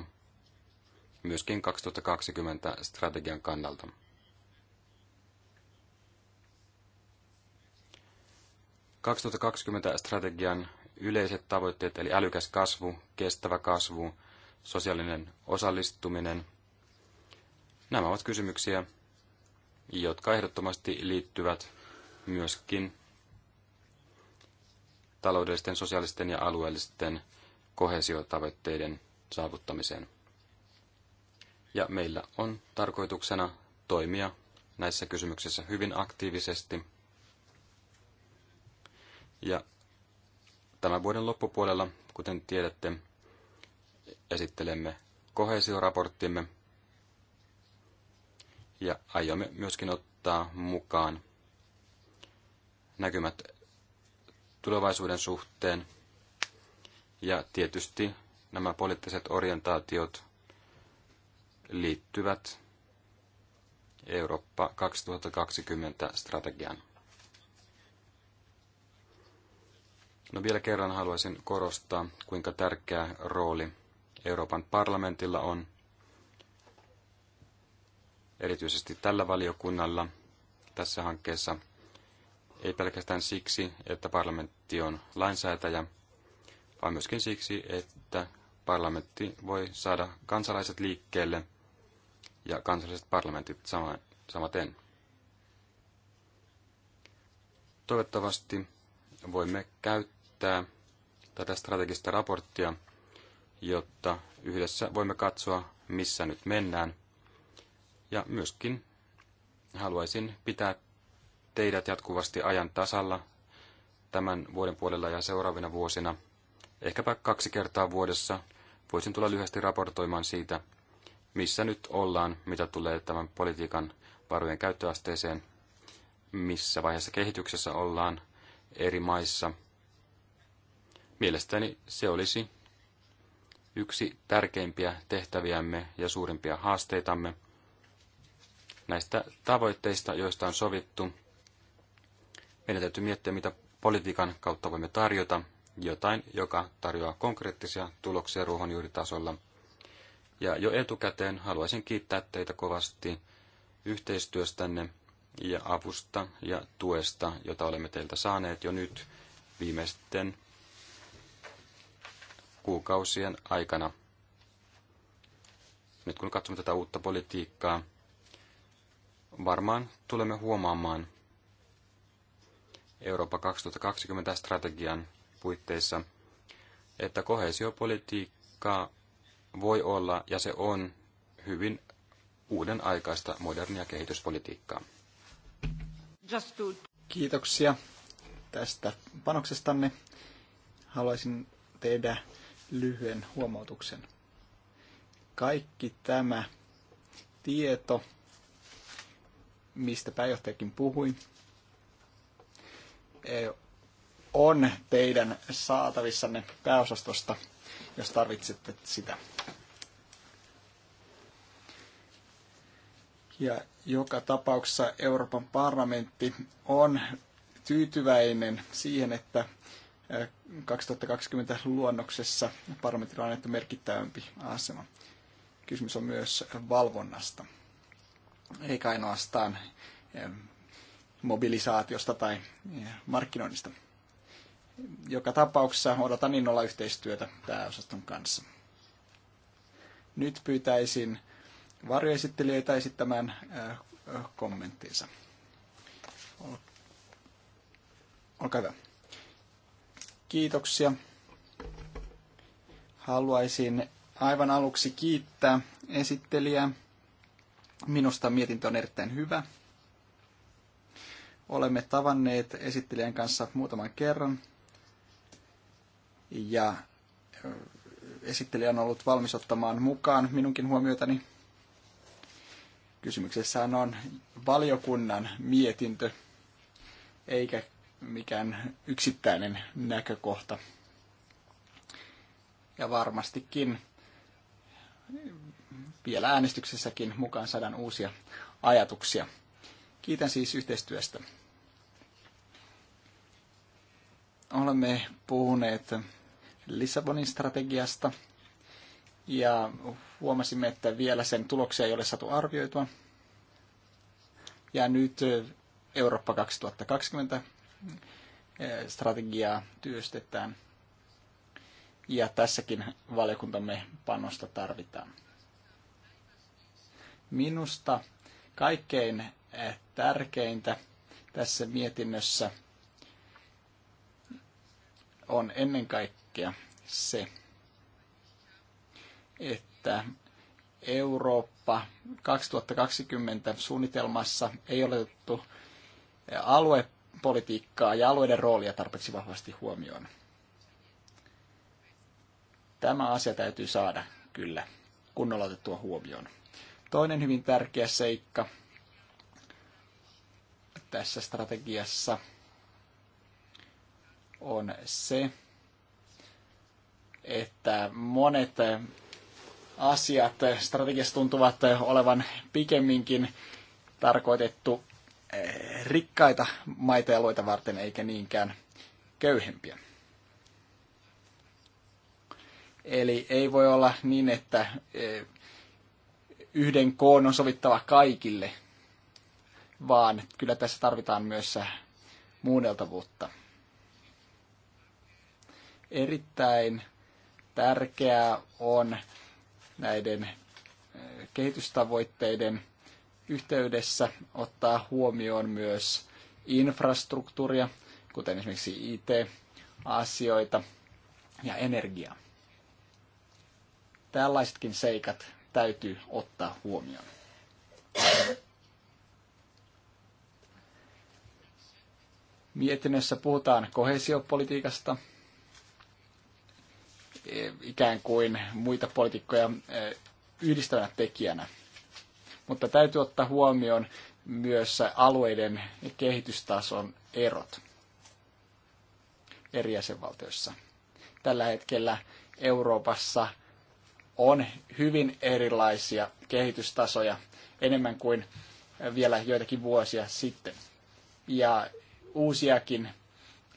myöskin 2020 strategian kannalta. ...2020 strategian yleiset tavoitteet eli älykäs kasvu, kestävä kasvu, sosiaalinen osallistuminen. Nämä ovat kysymyksiä, jotka ehdottomasti liittyvät myöskin taloudellisten, sosiaalisten ja alueellisten kohesiotavoitteiden saavuttamiseen. Ja meillä on tarkoituksena toimia näissä kysymyksissä hyvin aktiivisesti. Ja tämän vuoden loppupuolella, kuten tiedätte, esittelemme kohesioraporttimme ja aiomme myöskin ottaa mukaan näkymät tulevaisuuden suhteen ja tietysti nämä poliittiset orientaatiot liittyvät Eurooppa 2020 strategiaan. No vielä kerran haluaisin korostaa, kuinka tärkeä rooli Euroopan parlamentilla on, erityisesti tällä valiokunnalla tässä hankkeessa, ei pelkästään siksi, että parlamentti on lainsäätäjä, vaan myöskin siksi, että parlamentti voi saada kansalaiset liikkeelle ja kansalliset parlamentit sama, samaten. Toivottavasti voimme käyttää tätä strategista raporttia – jotta yhdessä voimme katsoa, missä nyt mennään. Ja myöskin haluaisin pitää teidät jatkuvasti ajan tasalla tämän vuoden puolella ja seuraavina vuosina. Ehkäpä kaksi kertaa vuodessa voisin tulla lyhyesti raportoimaan siitä, missä nyt ollaan, mitä tulee tämän politiikan varojen käyttöasteeseen, missä vaiheessa kehityksessä ollaan eri maissa. Mielestäni se olisi yksi tärkeimpiä tehtäviämme ja suurimpia haasteitamme. Näistä tavoitteista, joista on sovittu, meidän täytyy miettiä, mitä politiikan kautta voimme tarjota, jotain, joka tarjoaa konkreettisia tuloksia ruohonjuuritasolla. Ja jo etukäteen haluaisin kiittää teitä kovasti yhteistyöstänne ja avusta ja tuesta, jota olemme teiltä saaneet jo nyt viimeisten kuukausien aikana. Nyt kun katsomme tätä uutta politiikkaa, varmaan tulemme huomaamaan Eurooppa 2020 strategian puitteissa, että kohesiopolitiikkaa voi olla ja se on hyvin uuden aikaista modernia kehityspolitiikkaa. Kiitoksia tästä panoksestanne. Haluaisin tehdä lyhyen huomautuksen. Kaikki tämä tieto, mistä pääjohtajakin puhui, e, on teidän saatavissanne pääosastosta, jos tarvitsette sitä. Ja joka tapauksessa Euroopan parlamentti on tyytyväinen siihen, että 2020 luonnoksessa parlamentilla on annettu merkittävämpi asema. Kysymys on myös valvonnasta, eikä ainoastaan mobilisaatiosta tai markkinoinnista. Joka tapauksessa odotan innolla yhteistyötä pääosaston kanssa. Nyt pyytäisin varjoesittelijöitä esittämään kommenttinsa. Olkaa hyvä. Kiitoksia. Haluaisin aivan aluksi kiittää esittelijää. Minusta mietintö on erittäin hyvä. Olemme tavanneet esittelijän kanssa muutaman kerran ja esittelijä on ollut valmis ottamaan mukaan minunkin huomioitani. Kysymyksessä on valiokunnan mietintö, eikä mikään yksittäinen näkökohta. Ja varmastikin vielä äänestyksessäkin mukaan saadaan uusia ajatuksia. Kiitän siis yhteistyöstä. Olemme puhuneet Lissabonin strategiasta ja huomasimme, että vielä sen tuloksia ei ole saatu arvioitua. Ja nyt Eurooppa 2020 strategiaa työstetään. Ja tässäkin valiokuntamme panosta tarvitaan. Minusta kaikkein tärkeintä tässä mietinnössä on ennen kaikkea se, että Eurooppa 2020 suunnitelmassa ei ole otettu alue politiikkaa ja alueiden roolia tarpeeksi vahvasti huomioon. Tämä asia täytyy saada kyllä kunnolla otettua huomioon. Toinen hyvin tärkeä seikka tässä strategiassa on se, että monet asiat strategiassa tuntuvat olevan pikemminkin tarkoitettu Eh, rikkaita maita ja loita varten eikä niinkään köyhempiä. Eli ei voi olla niin, että eh, yhden koon on sovittava kaikille, vaan kyllä tässä tarvitaan myös muunneltavuutta. Erittäin tärkeää on näiden eh, kehitystavoitteiden yhteydessä ottaa huomioon myös infrastruktuuria, kuten esimerkiksi IT-asioita ja energiaa. Tällaisetkin seikat täytyy ottaa huomioon. Mietinnössä puhutaan kohesiopolitiikasta, ikään kuin muita politiikkoja eh, yhdistävänä tekijänä – mutta täytyy ottaa huomioon myös alueiden kehitystason erot eri jäsenvaltioissa. Tällä hetkellä Euroopassa on hyvin erilaisia kehitystasoja, enemmän kuin vielä joitakin vuosia sitten. Ja uusiakin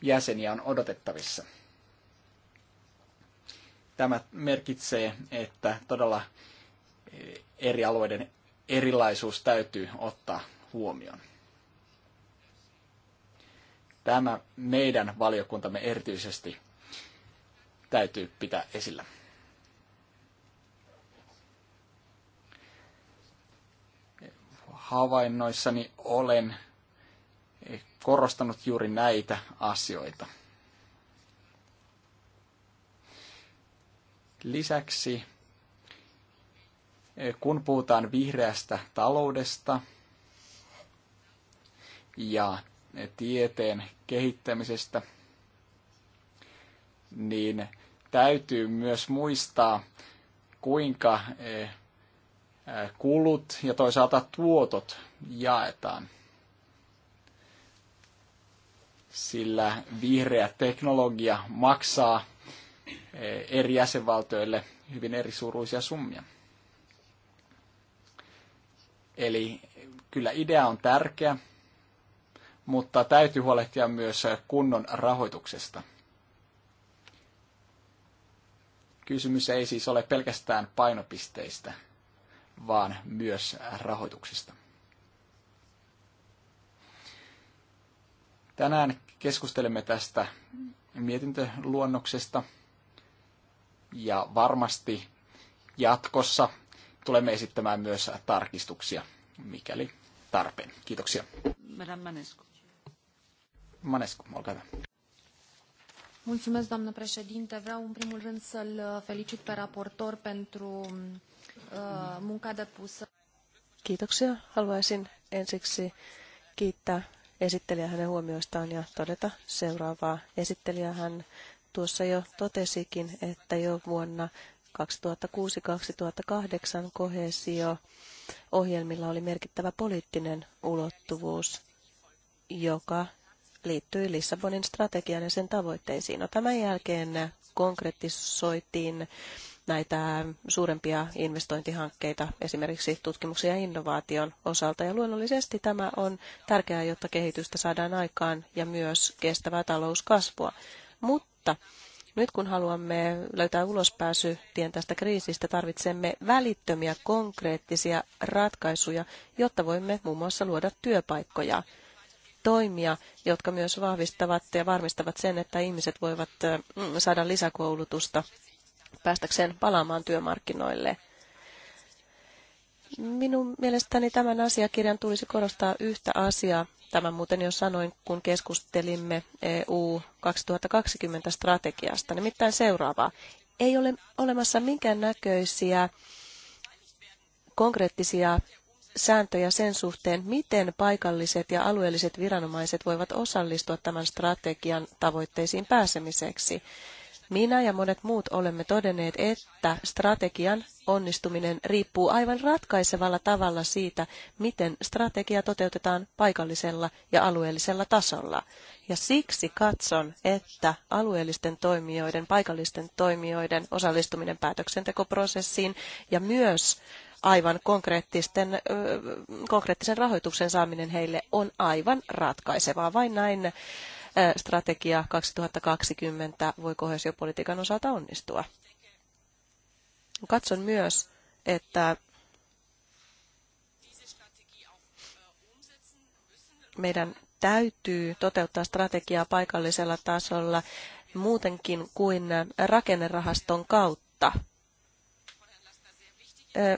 jäseniä on odotettavissa. Tämä merkitsee, että todella eri alueiden erilaisuus täytyy ottaa huomioon. Tämä meidän valiokuntamme erityisesti täytyy pitää esillä. Havainnoissani olen korostanut juuri näitä asioita. Lisäksi kun puhutaan vihreästä taloudesta ja tieteen kehittämisestä, niin täytyy myös muistaa, kuinka eh, eh, kulut ja toisaalta tuotot jaetaan. Sillä vihreä teknologia maksaa eh, eri jäsenvaltioille hyvin erisuuruisia summia. Eli kyllä idea on tärkeä, mutta täytyy huolehtia myös kunnon rahoituksesta. Kysymys ei siis ole pelkästään painopisteistä, vaan myös rahoituksesta. Tänään keskustelemme tästä mietintöluonnoksesta ja varmasti jatkossa tulemme esittämään myös tarkistuksia, mikäli tarpeen. Kiitoksia. Madame Manescu. Manescu, olkaa hyvä. Mulțumesc, doamnă președinte. Vreau în primul rând să-l felicit pe raportor pentru uh, munca depusă. Kiitoksia. Haluaisin ensiksi kiittää esittelijä hänen huomioistaan ja todeta seuraavaa. Esittelijä hän tuossa jo totesikin, että jo vuonna 2006-2008 kohesio ohjelmilla oli merkittävä poliittinen ulottuvuus, joka liittyi Lissabonin strategian ja sen tavoitteisiin. No, tämän jälkeen konkretisoitiin näitä suurempia investointihankkeita esimerkiksi tutkimuksen ja innovaation osalta. Ja luonnollisesti tämä on tärkeää, jotta kehitystä saadaan aikaan ja myös kestävää talouskasvua. Mutta nyt kun haluamme löytää tien tästä kriisistä, tarvitsemme välittömiä konkreettisia ratkaisuja, jotta voimme muun muassa luoda työpaikkoja toimia, jotka myös vahvistavat ja varmistavat sen, että ihmiset voivat mm, saada lisäkoulutusta päästäkseen palaamaan työmarkkinoille. Minun mielestäni tämän asiakirjan tulisi korostaa yhtä asiaa, Tämän muuten jo sanoin, kun keskustelimme EU 2020 strategiasta. Nimittäin seuraavaa. Ei ole olemassa minkään näköisiä konkreettisia sääntöjä sen suhteen, miten paikalliset ja alueelliset viranomaiset voivat osallistua tämän strategian tavoitteisiin pääsemiseksi. Minä ja monet muut olemme todenneet, että strategian onnistuminen riippuu aivan ratkaisevalla tavalla siitä, miten strategia toteutetaan paikallisella ja alueellisella tasolla. Ja siksi katson, että alueellisten toimijoiden, paikallisten toimijoiden osallistuminen päätöksentekoprosessiin ja myös aivan konkreettisten, konkreettisen rahoituksen saaminen heille on aivan ratkaisevaa. Vain näin strategia 2020 voi kohesiopolitiikan osalta onnistua. Katson myös, että meidän täytyy toteuttaa strategiaa paikallisella tasolla muutenkin kuin rakennerahaston kautta.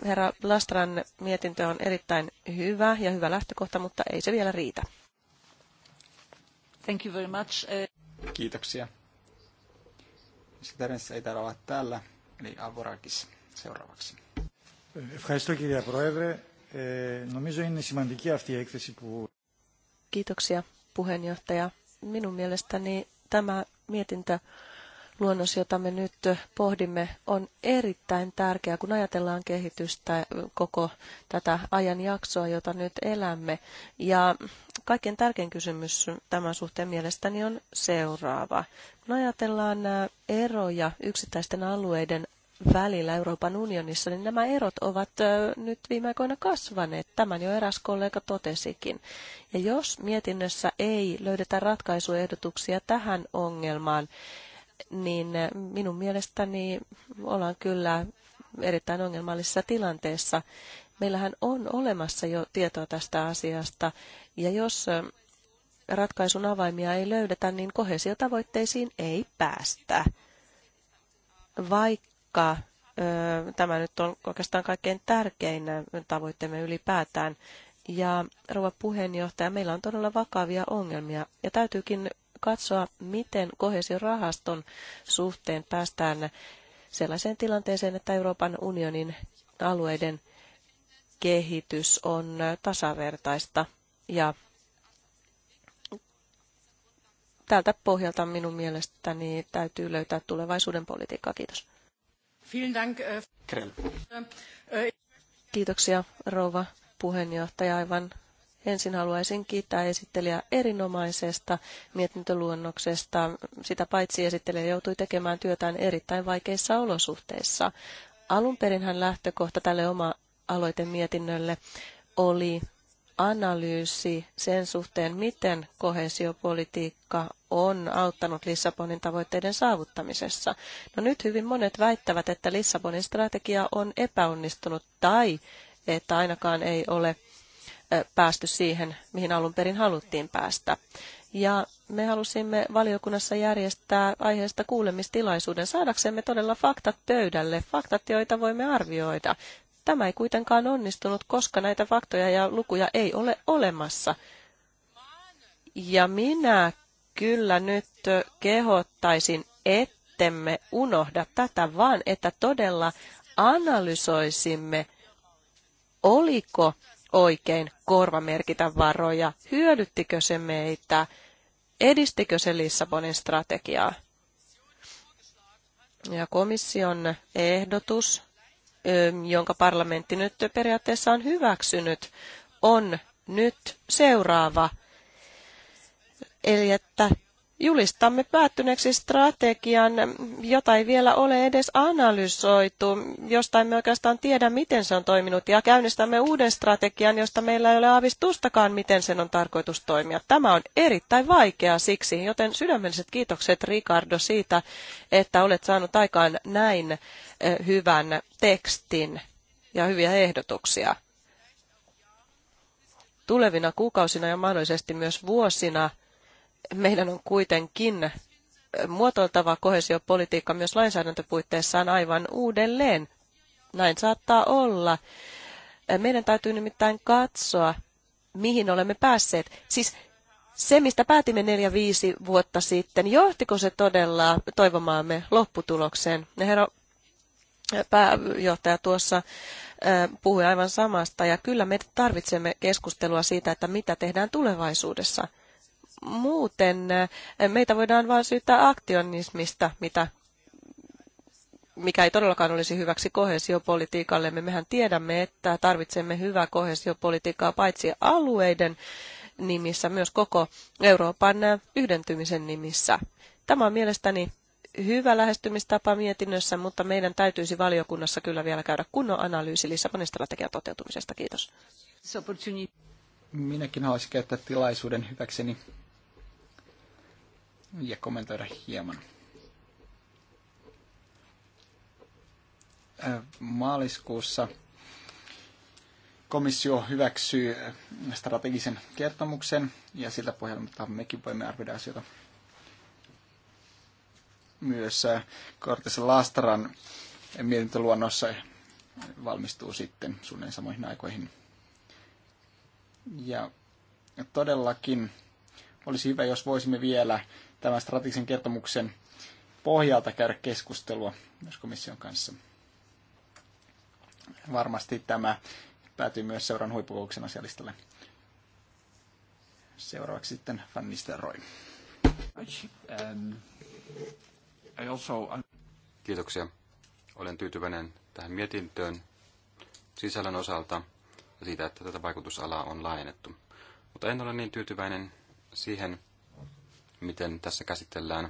Herra Lastran mietintö on erittäin hyvä ja hyvä lähtökohta, mutta ei se vielä riitä. Thank you very much. Eh, Kiitoksia. Terens ei täällä ole täällä, eli Avorakis seuraavaksi. Ευχαριστώ κυρία Πρόεδρε. νομίζω είναι σημαντική αυτή η έκθεση που... Kiitoksia puheenjohtaja. Minun mielestäni tämä mietintä luonnos, jota me nyt pohdimme, on erittäin tärkeä, kun ajatellaan kehitystä koko tätä ajanjaksoa, jota nyt elämme. Ja kaikkein tärkein kysymys tämän suhteen mielestäni on seuraava. Kun ajatellaan eroja yksittäisten alueiden välillä Euroopan unionissa, niin nämä erot ovat nyt viime aikoina kasvaneet. Tämän jo eräs kollega totesikin. Ja jos mietinnössä ei löydetä ratkaisuehdotuksia tähän ongelmaan, niin eh, minun mielestäni ollaan kyllä erittäin ongelmallisessa tilanteessa. Meillähän on olemassa jo tietoa tästä asiasta, ja jos eh, ratkaisun avaimia ei löydetä, niin kohesiotavoitteisiin ei päästä. Vaikka ö, eh, tämä nyt on oikeastaan kaikkein tärkein tavoitteemme ylipäätään, ja rouva puheenjohtaja, meillä on todella vakavia ongelmia ja täytyykin katsoa, miten kohesiorahaston suhteen päästään sellaiseen tilanteeseen, että Euroopan unionin alueiden kehitys on tasavertaista ja tältä pohjalta minun mielestäni täytyy löytää tulevaisuuden politiikkaa. Kiitos. Äh, äh, Kiitoksia rouva puheenjohtaja. Aivan Ensin haluaisin kiittää esittelijää erinomaisesta mietintöluonnoksesta. Sitä paitsi esittelijä joutui tekemään työtään erittäin vaikeissa olosuhteissa. Alun perinhän lähtökohta tälle oma aloitemietinnölle oli analyysi sen suhteen, miten kohesiopolitiikka on auttanut Lissabonin tavoitteiden saavuttamisessa. No nyt hyvin monet väittävät, että Lissabonin strategia on epäonnistunut tai että ainakaan ei ole päästy siihen, mihin alun perin haluttiin päästä. Ja me halusimme valiokunnassa järjestää aiheesta kuulemistilaisuuden saadaksemme todella faktat pöydälle, faktat, joita voimme arvioida. Tämä ei kuitenkaan onnistunut, koska näitä faktoja ja lukuja ei ole olemassa. Ja minä kyllä nyt kehottaisin, ettemme unohda tätä, vaan että todella analysoisimme, oliko oikein korvamerkitä varoja? Hyödyttikö se meitä? Edistikö se Lissabonin strategiaa? Ja komission ehdotus, jonka parlamentti nyt periaatteessa on hyväksynyt, on nyt seuraava. Eli että julistamme päättyneeksi strategian, jota ei vielä ole edes analysoitu, josta emme oikeastaan tiedä, miten se on toiminut, ja käynnistämme uuden strategian, josta meillä ei ole aavistustakaan, miten sen on tarkoitus toimia. Tämä on erittäin vaikeaa siksi, joten sydämelliset kiitokset Ricardo siitä, että olet saanut aikaan näin eh, hyvän tekstin ja hyviä ehdotuksia. Tulevina kuukausina ja mahdollisesti myös vuosina – meidän on kuitenkin muotoiltava kohesiopolitiikka myös lainsäädäntöpuitteissaan aivan uudelleen. Näin saattaa olla. Meidän täytyy nimittäin katsoa, mihin olemme päässeet. Siis se, mistä päätimme neljä viisi vuotta sitten, johtiko se todella toivomaamme lopputulokseen? Herra pääjohtaja tuossa puhui aivan samasta, ja kyllä me tarvitsemme keskustelua siitä, että mitä tehdään tulevaisuudessa – muuten eh, meitä voidaan vain syyttää aktionismista, mitä mikä ei todellakaan olisi hyväksi kohesiopolitiikalle. Me Mehän tiedämme, että tarvitsemme hyvää kohesiopolitiikkaa paitsi alueiden nimissä, myös koko Euroopan yhdentymisen nimissä. Tämä on mielestäni hyvä lähestymistapa mietinnössä, mutta meidän täytyisi valiokunnassa kyllä vielä käydä kunnon analyysi Lissabonin strategian toteutumisesta. Kiitos. Minäkin haluaisin käyttää tilaisuuden hyväkseni ja kommentoida hieman. Äh, maaliskuussa komissio hyväksyy äh, strategisen kertomuksen ja siltä pohjalta mekin voimme arvioida asioita. Myös äh, Cortes Lastaran mietintöluonnossa valmistuu sitten suunnilleen samoihin aikoihin. Ja todellakin olisi hyvä, jos voisimme vielä tämän strategisen kertomuksen pohjalta käydä keskustelua myös komission kanssa. Varmasti tämä päätyy myös seuran huippukouksen asialistalle. Seuraavaksi sitten Fannister Roy. Um, Kiitoksia. Olen tyytyväinen tähän mietintöön sisällön osalta ja siitä, että tätä vaikutusalaa on laajennettu. Mutta en ole niin tyytyväinen siihen, miten tässä käsitellään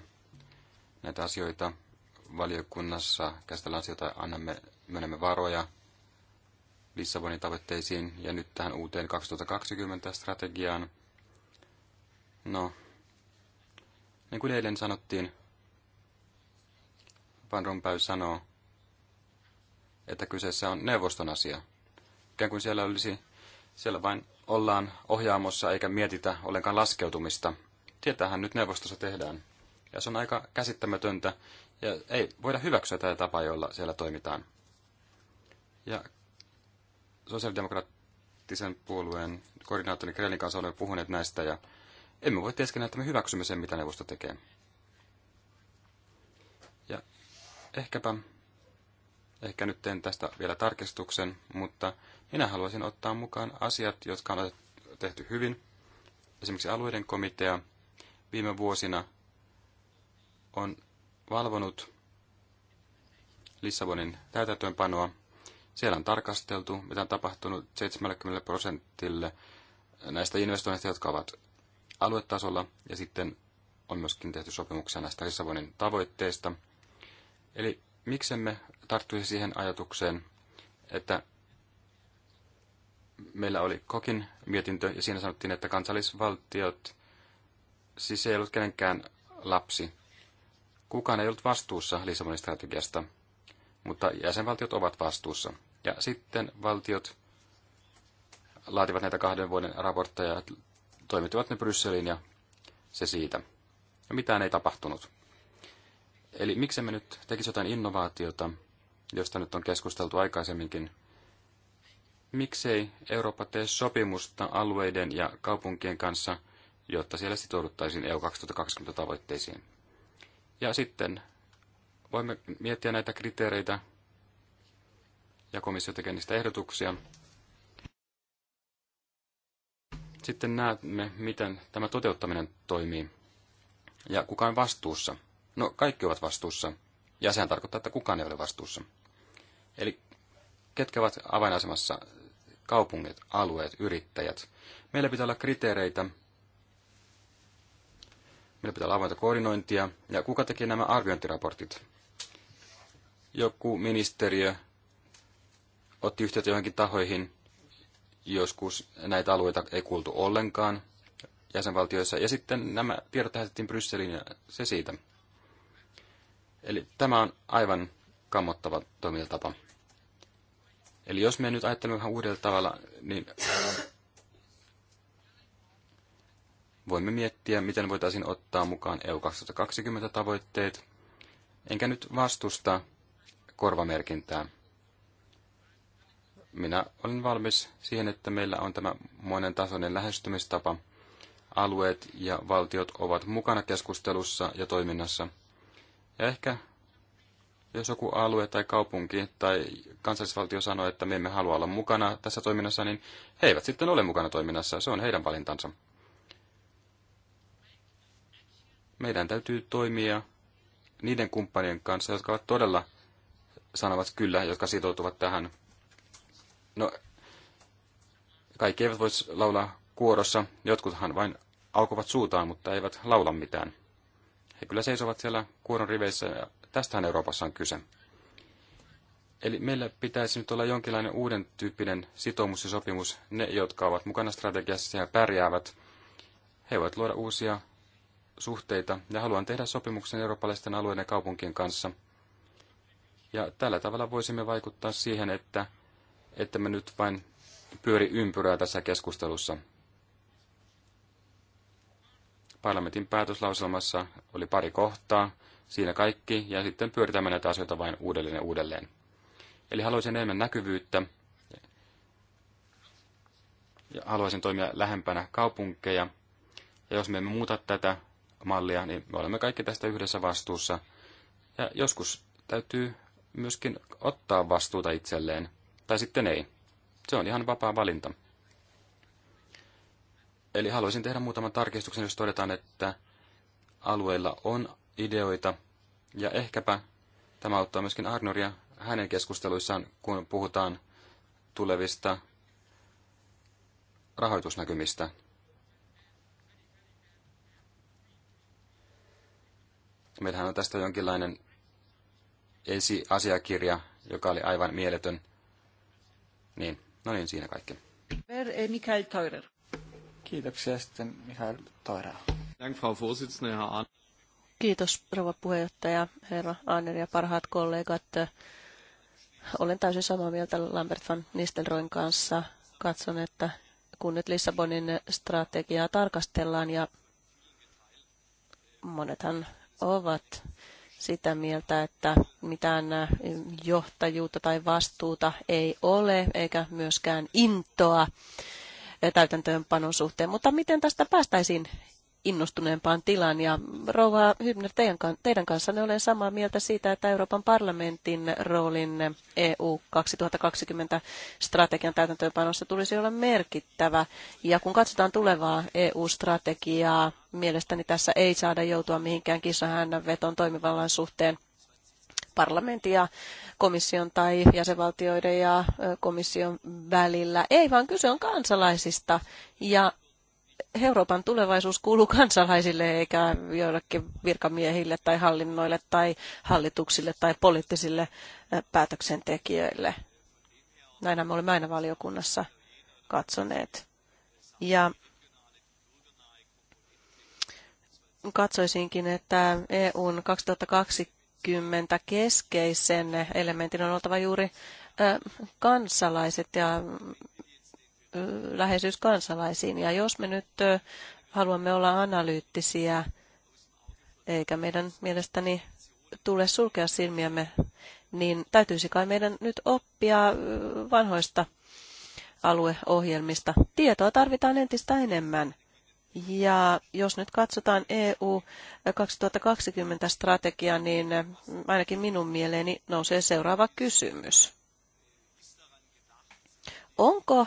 näitä asioita. Valiokunnassa käsitellään asioita, annamme, menemme varoja Lissabonin tavoitteisiin ja nyt tähän uuteen 2020 strategiaan. No, niin kuin eilen sanottiin, Van Rompuy sanoo, että kyseessä on neuvoston asia. Ikään kuin siellä olisi, siellä vain ollaan ohjaamossa eikä mietitä ollenkaan laskeutumista – tietäähän nyt neuvostossa tehdään. Ja se on aika käsittämätöntä, ja ei voida hyväksyä tätä tapaa, jolla siellä toimitaan. Ja sosiaalidemokraattisen puolueen koordinaattori Krelin kanssa olemme puhuneet näistä, ja emme voi teeskennellä, että me hyväksymme sen, mitä neuvosto tekee. Ja ehkäpä, ehkä nyt teen tästä vielä tarkistuksen, mutta minä haluaisin ottaa mukaan asiat, jotka on tehty hyvin. Esimerkiksi alueiden komitea viime vuosina on valvonut Lissabonin täytäntöönpanoa. Siellä on tarkasteltu, mitä on tapahtunut 70 prosentille näistä investoinneista, jotka ovat aluetasolla, ja sitten on myöskin tehty sopimuksia näistä Lissabonin tavoitteista. Eli miksemme tarttuisi siihen ajatukseen, että meillä oli Kokin mietintö, ja siinä sanottiin, että kansallisvaltiot Siis ei ollut kenenkään lapsi. Kukaan ei ollut vastuussa Lissabonin strategiasta, mutta jäsenvaltiot ovat vastuussa. Ja sitten valtiot laativat näitä kahden vuoden raportteja, toimittivat ne Brysseliin ja se siitä. Ja mitään ei tapahtunut. Eli me nyt tekisi jotain innovaatiota, josta nyt on keskusteltu aikaisemminkin. Miksei Eurooppa tee sopimusta alueiden ja kaupunkien kanssa – jotta siellä sitouduttaisiin EU 2020 tavoitteisiin. Ja sitten voimme miettiä näitä kriteereitä ja komissio tekee niistä ehdotuksia. Sitten näemme, miten tämä toteuttaminen toimii ja kuka on vastuussa. No, kaikki ovat vastuussa. Ja sehän tarkoittaa, että kukaan ei ole vastuussa. Eli ketkä ovat avainasemassa kaupungit, alueet, yrittäjät. Meillä pitää olla kriteereitä, Meillä pitää olla avointa koordinointia. Ja kuka tekee nämä arviointiraportit? Joku ministeriö otti yhteyttä johonkin tahoihin. Joskus näitä alueita ei kuultu ollenkaan jäsenvaltioissa. Ja sitten nämä tiedot lähetettiin Brysseliin ja se siitä. Eli tämä on aivan kammottava toimintatapa. Eli jos me nyt ajattelemme vähän uudella tavalla, niin voimme miettiä, miten voitaisiin ottaa mukaan EU 2020 tavoitteet, enkä nyt vastusta korvamerkintää. Minä olen valmis siihen, että meillä on tämä monen tasoinen lähestymistapa. Alueet ja valtiot ovat mukana keskustelussa ja toiminnassa. Ja ehkä jos joku alue tai kaupunki tai kansallisvaltio sanoo, että me emme halua olla mukana tässä toiminnassa, niin he eivät sitten ole mukana toiminnassa. Se on heidän valintansa meidän täytyy toimia niiden kumppanien kanssa, jotka ovat todella sanovat kyllä, jotka sitoutuvat tähän. No, kaikki eivät voisi laulaa kuorossa, jotkuthan vain aukovat suutaan, mutta eivät laula mitään. He kyllä seisovat siellä kuoron riveissä, ja tästähän Euroopassa on kyse. Eli meillä pitäisi nyt olla jonkinlainen uuden tyyppinen sitoumus ja sopimus. Ne, jotka ovat mukana strategiassa ja pärjäävät, he voivat luoda uusia suhteita ja haluan tehdä sopimuksen eurooppalaisten alueiden ja kaupunkien kanssa. Ja tällä tavalla voisimme vaikuttaa siihen, että, että me nyt vain pyöri ympyrää tässä keskustelussa. Parlamentin päätöslauselmassa oli pari kohtaa, siinä kaikki, ja sitten pyöritämme näitä asioita vain uudelleen ja uudelleen. Eli haluaisin enemmän näkyvyyttä, ja haluaisin toimia lähempänä kaupunkeja, ja jos me emme muuta tätä, mallia, niin me olemme kaikki tästä yhdessä vastuussa. Ja joskus täytyy myöskin ottaa vastuuta itselleen, tai sitten ei. Se on ihan vapaa valinta. Eli haluaisin tehdä muutaman tarkistuksen, jos todetaan, että alueilla on ideoita, ja ehkäpä tämä auttaa myöskin Arnoria hänen keskusteluissaan, kun puhutaan tulevista rahoitusnäkymistä Meillähän on tästä jonkinlainen esiasiakirja, joka oli aivan mieletön. Niin, no niin, siinä kaikki. Eh, Mikael Teurer. Kiitoksia sitten Mikael Teurer. Dank, Frau Vorsitzende, Herr Kiitos rouva puheenjohtaja, herra Aaner ja parhaat kollegat. Olen täysin samaa mieltä Lambert van Nistelroin kanssa. Katson, että kun nyt Lissabonin strategiaa tarkastellaan ja monethan ovat sitä mieltä, että mitään johtajuutta tai vastuuta ei ole, eikä myöskään intoa täytäntöönpanon suhteen. Mutta miten tästä päästäisiin innostuneempaan tilaan. Ja Rova Hybner, teidän, teidän kanssanne olen samaa mieltä siitä, että Euroopan parlamentin roolin EU 2020-strategian täytäntöönpanossa tulisi olla merkittävä. Ja kun katsotaan tulevaa EU-strategiaa, mielestäni tässä ei saada joutua mihinkään kissahännän veton toimivallan suhteen parlamentin ja komission tai jäsenvaltioiden ja komission välillä. Ei, vaan kyse on kansalaisista ja Euroopan tulevaisuus kuuluu kansalaisille eikä joillekin virkamiehille tai hallinnoille tai hallituksille tai poliittisille päätöksentekijöille. Näin me olemme aina valiokunnassa katsoneet. Ja katsoisinkin, että EUn 2020 keskeisen elementin on oltava juuri kansalaiset ja läheisyys kansalaisiin. Ja jos me nyt haluamme olla analyyttisiä, eikä meidän mielestäni tule sulkea silmiämme, niin täytyisi kai meidän nyt oppia vanhoista alueohjelmista. Tietoa tarvitaan entistä enemmän. Ja jos nyt katsotaan EU 2020-strategiaa, niin ainakin minun mieleeni nousee seuraava kysymys. Onko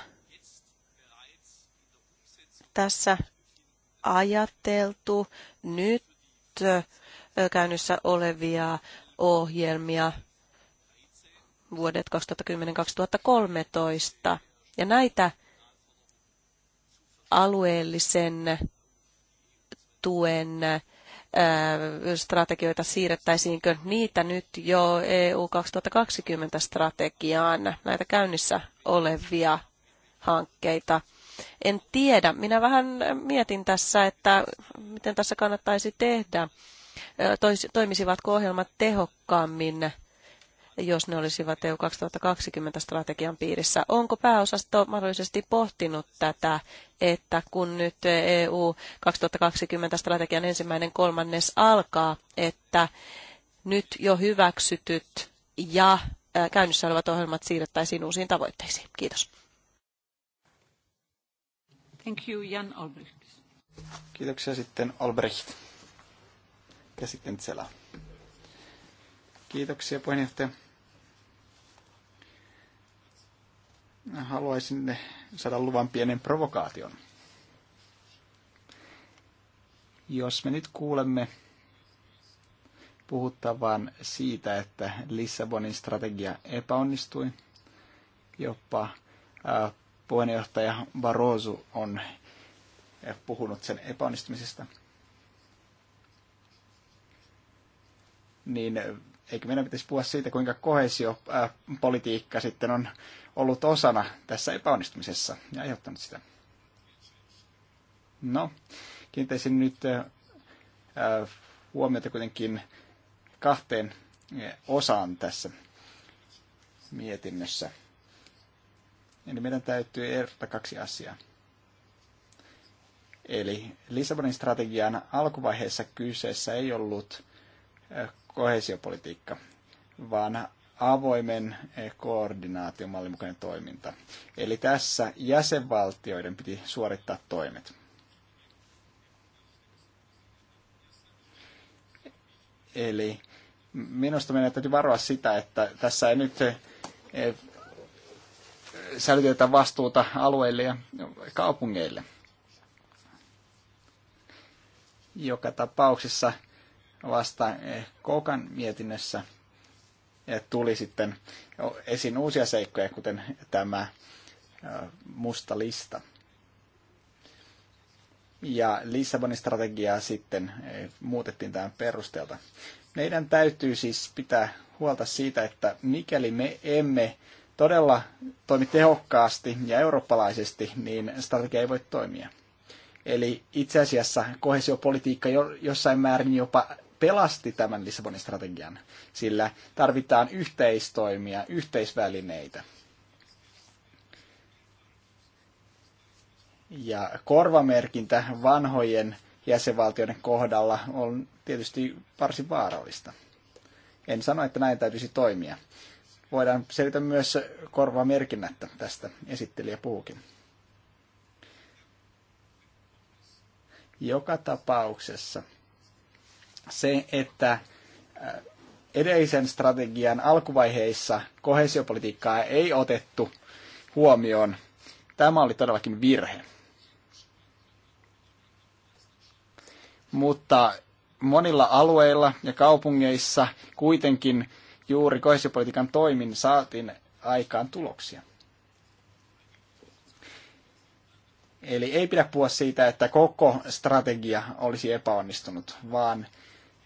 tässä ajateltu nyt käynnissä olevia ohjelmia vuodet 2010-2013. Ja näitä alueellisen tuen strategioita siirrettäisiinkö niitä nyt jo EU 2020 strategiaan, näitä käynnissä olevia hankkeita. En tiedä. Minä vähän mietin tässä, että miten tässä kannattaisi tehdä. Tois, toimisivatko ohjelmat tehokkaammin, jos ne olisivat EU 2020 strategian piirissä? Onko pääosasto mahdollisesti pohtinut tätä, että kun nyt EU 2020 strategian ensimmäinen kolmannes alkaa, että nyt jo hyväksytyt ja käynnissä olevat ohjelmat siirrettäisiin uusiin tavoitteisiin. Kiitos. Thank you, Jan Olbricht. Kiitoksia sitten Albrecht, ja sitten Tsela. Kiitoksia puheenjohtaja. Haluaisin saada luvan pienen provokaation. Jos me nyt kuulemme puhuttavan siitä, että Lissabonin strategia epäonnistui, jopa äh, puheenjohtaja Barroso on puhunut sen epäonnistumisesta, niin eikö meidän pitäisi puhua siitä, kuinka kohesiopolitiikka sitten on ollut osana tässä epäonnistumisessa ja aiheuttanut sitä? No, kiinnittäisin nyt huomiota kuitenkin kahteen osaan tässä mietinnössä niin meidän täytyy erottaa kaksi asiaa. Eli Lissabonin strategian alkuvaiheessa kyseessä ei ollut kohesiopolitiikka, vaan avoimen koordinaatiomallin mukainen toiminta. Eli tässä jäsenvaltioiden piti suorittaa toimet. Eli minusta meidän täytyy varoa sitä, että tässä ei nyt sälytetään vastuuta alueille ja kaupungeille. Joka tapauksessa vasta Kokan mietinnössä tuli sitten esiin uusia seikkoja, kuten tämä musta lista. Ja Lissabonin strategiaa sitten muutettiin tämän perusteelta. Meidän täytyy siis pitää huolta siitä, että mikäli me emme todella toimi tehokkaasti ja eurooppalaisesti, niin strategia ei voi toimia. Eli itse asiassa kohesiopolitiikka jo, jossain määrin jopa pelasti tämän Lissabonin strategian, sillä tarvitaan yhteistoimia, yhteisvälineitä. Ja korvamerkintä vanhojen jäsenvaltioiden kohdalla on tietysti varsin vaarallista. En sano, että näin täytyisi toimia, voidaan selitä myös merkinnättä tästä esittelijä puhukin. Joka tapauksessa se, että edellisen strategian alkuvaiheissa kohesiopolitiikkaa ei otettu huomioon, tämä oli todellakin virhe. Mutta monilla alueilla ja kaupungeissa kuitenkin juuri koesiopolitiikan toimin saatiin aikaan tuloksia. Eli ei pidä puhua siitä, että koko strategia olisi epäonnistunut, vaan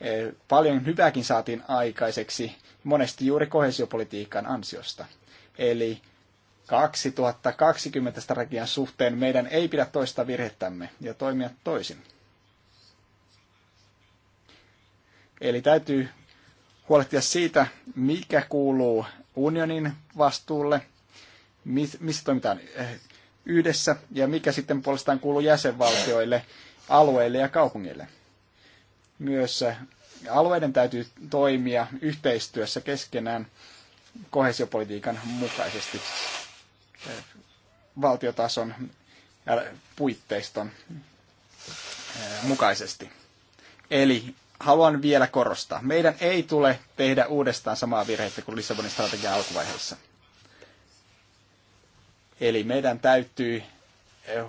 e, paljon hyvääkin saatiin aikaiseksi monesti juuri kohesiopolitiikan ansiosta. Eli 2020 strategian suhteen meidän ei pidä toista virhettämme ja toimia toisin. Eli täytyy huolehtia siitä, mikä kuuluu unionin vastuulle, missä toimitaan eh, yhdessä ja mikä sitten puolestaan kuuluu jäsenvaltioille, alueille ja kaupungeille. Myös eh, alueiden täytyy toimia yhteistyössä keskenään kohesiopolitiikan mukaisesti eh, valtiotason puitteiston mukaisesti. Eli haluan vielä korostaa. Meidän ei tule tehdä uudestaan samaa virhettä kuin Lissabonin strategian alkuvaiheessa. Eli meidän täytyy eh,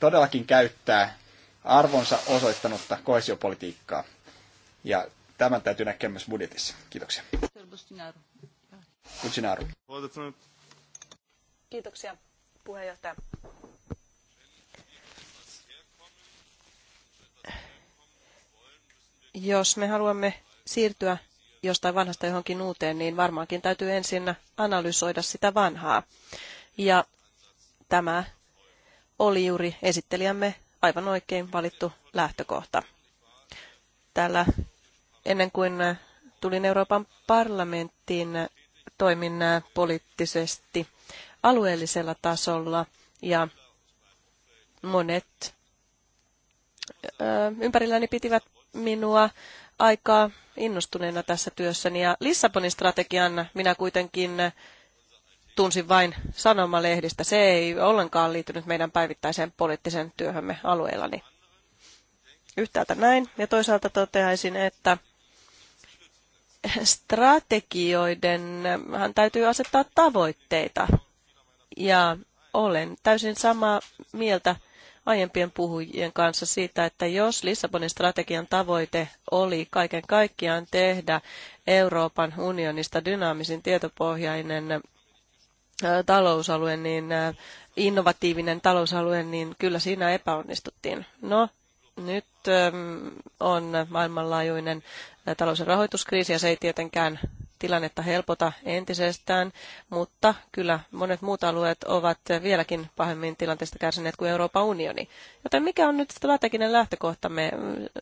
todellakin käyttää arvonsa osoittanutta koesiopolitiikkaa. Ja tämän täytyy näkyä myös budjetissa. Kiitoksia. Kiitoksia puheenjohtaja. Jos me haluamme siirtyä jostain vanhasta johonkin uuteen, niin varmaankin täytyy ensin analysoida sitä vanhaa. Ja tämä oli juuri esittelijämme aivan oikein valittu lähtökohta. Täällä ennen kuin tulin Euroopan parlamenttiin, toimin poliittisesti alueellisella tasolla ja monet ympärilläni pitivät minua aikaa innostuneena tässä työssäni. Ja Lissabonin strategian minä kuitenkin tunsin vain sanomalehdistä. Se ei ollenkaan liittynyt meidän päivittäiseen poliittiseen työhömme alueellani. Yhtäältä näin, ja toisaalta toteaisin, että strategioiden hän täytyy asettaa tavoitteita. Ja olen täysin samaa mieltä aiempien puhujien kanssa siitä, että jos Lissabonin strategian tavoite oli kaiken kaikkiaan tehdä Euroopan unionista dynaamisin tietopohjainen äh, talousalue, niin äh, innovatiivinen talousalue, niin kyllä siinä epäonnistuttiin. No, nyt ähm, on maailmanlaajuinen äh, talous- ja rahoituskriisi ja se ei tietenkään tilannetta helpota entisestään, mutta kyllä monet muut alueet ovat vieläkin pahemmin tilanteesta kärsineet kuin Euroopan unioni. Joten mikä on nyt strateginen lähtökohtamme?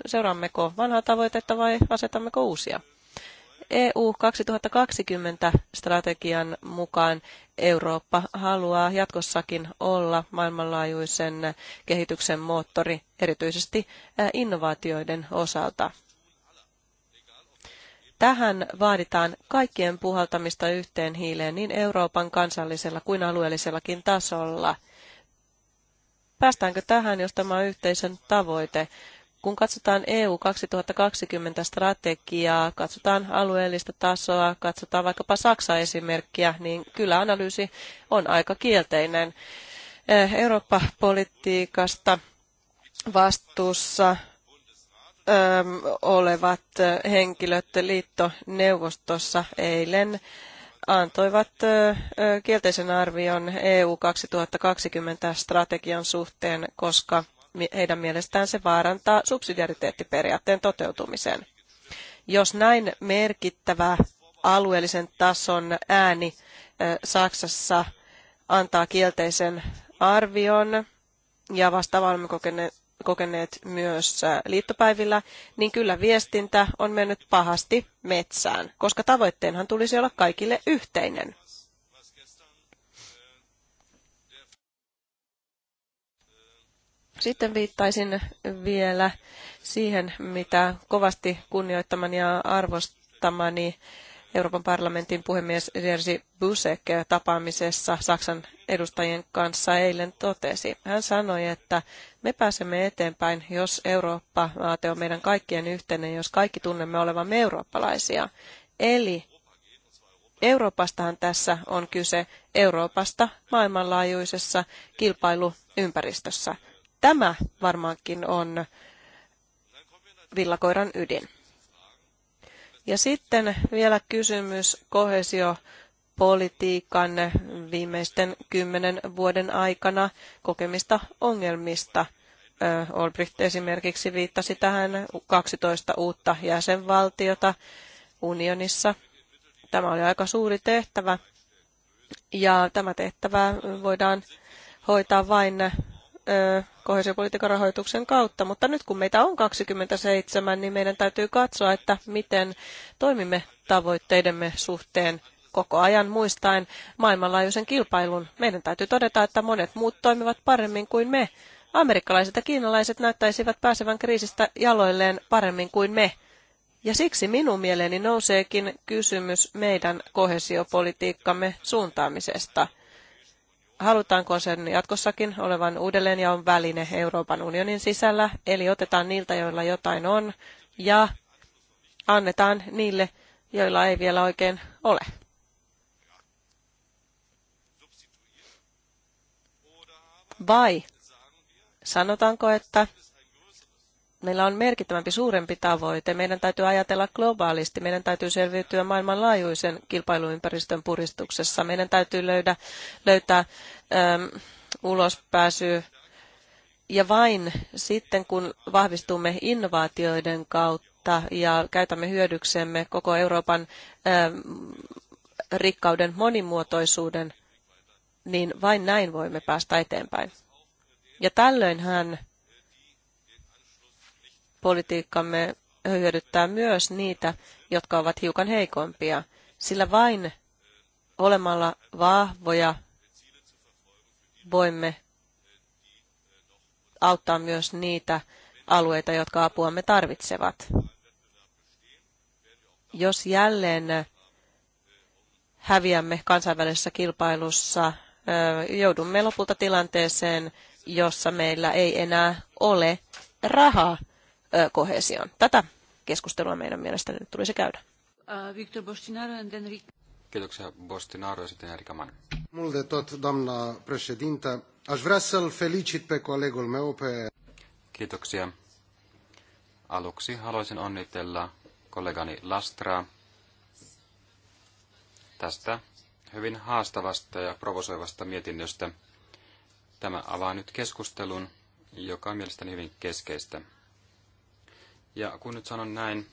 Seuraammeko vanhaa tavoitetta vai asetammeko uusia? EU 2020 strategian mukaan Eurooppa haluaa jatkossakin olla maailmanlaajuisen kehityksen moottori erityisesti innovaatioiden osalta. Tähän vaaditaan kaikkien puhaltamista yhteen hiileen niin Euroopan kansallisella kuin alueellisellakin tasolla. Päästäänkö tähän, jos tämä on yhteisön tavoite? Kun katsotaan EU 2020 strategiaa, katsotaan alueellista tasoa, katsotaan vaikkapa Saksa esimerkkiä, niin kyllä analyysi on aika kielteinen. Eh, Eurooppa-politiikasta vastuussa olevat henkilöt liittoneuvostossa eilen antoivat kielteisen arvion EU 2020 strategian suhteen, koska heidän mielestään se vaarantaa subsidiariteettiperiaatteen toteutumisen. Jos näin merkittävä alueellisen tason ääni Saksassa antaa kielteisen arvion ja vastaavaa olemme kokeneet myös liittopäivillä, niin kyllä viestintä on mennyt pahasti metsään, koska tavoitteenhan tulisi olla kaikille yhteinen. Sitten viittaisin vielä siihen, mitä kovasti kunnioittamani ja arvostamani Euroopan parlamentin puhemies Jerzy Busek tapaamisessa Saksan edustajien kanssa eilen totesi. Hän sanoi, että me pääsemme eteenpäin, jos Eurooppa vaate on meidän kaikkien yhteinen, jos kaikki tunnemme olevamme eurooppalaisia. Eli Euroopastahan tässä on kyse Euroopasta maailmanlaajuisessa kilpailuympäristössä. Tämä varmaankin on villakoiran ydin. Ja sitten vielä kysymys kohesiopolitiikan viimeisten kymmenen vuoden aikana kokemista ongelmista. Olbricht esimerkiksi viittasi tähän 12 uutta jäsenvaltiota unionissa. Tämä oli aika suuri tehtävä ja tämä tehtävä voidaan hoitaa vain kohesiopolitiikan rahoituksen kautta, mutta nyt kun meitä on 27, niin meidän täytyy katsoa, että miten toimimme tavoitteidemme suhteen koko ajan muistaen maailmanlaajuisen kilpailun. Meidän täytyy todeta, että monet muut toimivat paremmin kuin me. Amerikkalaiset ja kiinalaiset näyttäisivät pääsevän kriisistä jaloilleen paremmin kuin me. Ja siksi minun mieleeni nouseekin kysymys meidän kohesiopolitiikkamme suuntaamisesta – halutaanko sen jatkossakin olevan uudelleenjaon väline Euroopan unionin sisällä, eli otetaan niiltä, joilla jotain on, ja annetaan niille, joilla ei vielä oikein ole. Vai sanotaanko, että Meillä on merkittävämpi, suurempi tavoite. Meidän täytyy ajatella globaalisti. Meidän täytyy selviytyä maailmanlaajuisen kilpailuympäristön puristuksessa. Meidän täytyy löydä, löytää äm, ulospääsy. Ja vain sitten, kun vahvistumme innovaatioiden kautta ja käytämme hyödyksemme koko Euroopan äm, rikkauden monimuotoisuuden, niin vain näin voimme päästä eteenpäin. Ja tällöinhän politiikkamme hyödyttää myös niitä, jotka ovat hiukan heikompia, sillä vain olemalla vahvoja voimme auttaa myös niitä alueita, jotka apuamme tarvitsevat. Jos jälleen häviämme kansainvälisessä kilpailussa, joudumme lopulta tilanteeseen, jossa meillä ei enää ole rahaa koheesioon. Tätä keskustelua meidän mielestäni nyt tulisi käydä. Victor Bostinaro and Kiitoksia Bostinaro ja sitten Erika Mann. Mulle tot, damna presidenta. Aș vrea să-l felicit pe colegul meu pe... Kiitoksia. Aluksi haluaisin onnitella kollegani Lastraa tästä hyvin haastavasta ja provosoivasta mietinnöstä. Tämä avaa nyt keskustelun, joka on mielestäni hyvin keskeistä. Ja kun nyt sanon näin,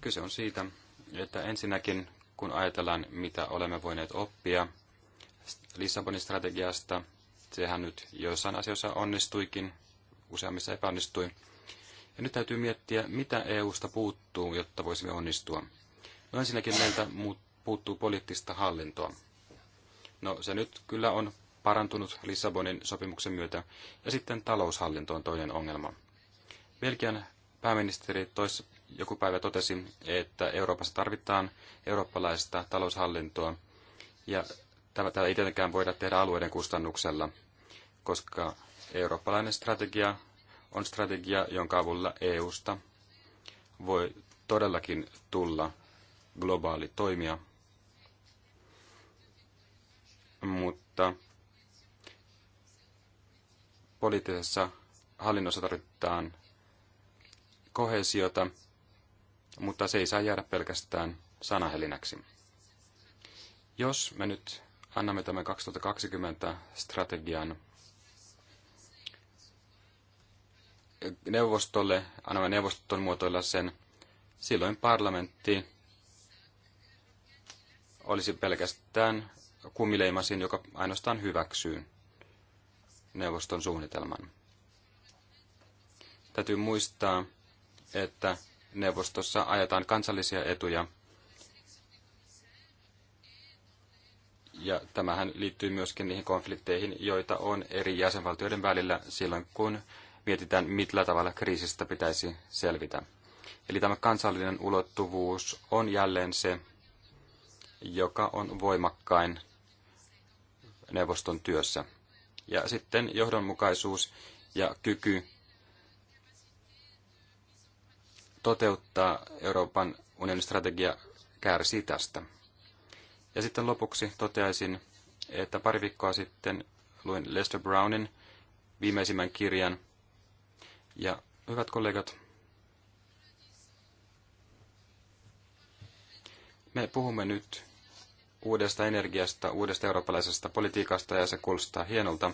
kyse on siitä, että ensinnäkin kun ajatellaan, mitä olemme voineet oppia Lissabonin strategiasta, sehän nyt joissain asioissa onnistuikin, useammissa epäonnistui. Ja nyt täytyy miettiä, mitä EUsta puuttuu, jotta voisimme onnistua. No ensinnäkin meiltä puuttuu poliittista hallintoa. No se nyt kyllä on parantunut Lissabonin sopimuksen myötä, ja sitten taloushallinto on toinen ongelma. Belgian pääministeri toissa joku päivä totesi, että Euroopassa tarvitaan eurooppalaista taloushallintoa. Ja tätä ei tietenkään voida tehdä alueiden kustannuksella, koska eurooppalainen strategia on strategia, jonka avulla EUsta voi todellakin tulla globaali toimija. Mutta poliittisessa hallinnossa tarvitaan kohesiota, mutta se ei saa jäädä pelkästään sanahelinäksi. Jos me nyt annamme tämän 2020 strategian neuvostolle, annamme neuvoston muotoilla sen, silloin parlamentti olisi pelkästään kumileimasin, joka ainoastaan hyväksyy neuvoston suunnitelman. Täytyy muistaa, että neuvostossa ajetaan kansallisia etuja. Ja tämähän liittyy myöskin niihin konflikteihin, joita on eri jäsenvaltioiden välillä silloin, kun mietitään, millä tavalla kriisistä pitäisi selvitä. Eli tämä kansallinen ulottuvuus on jälleen se, joka on voimakkain neuvoston työssä. Ja sitten johdonmukaisuus ja kyky toteuttaa Euroopan unionin strategia kärsii tästä. Ja sitten lopuksi toteaisin, että pari viikkoa sitten luin Lester Brownin viimeisimmän kirjan. Ja hyvät kollegat, me puhumme nyt uudesta energiasta, uudesta eurooppalaisesta politiikasta ja se kuulostaa hienolta.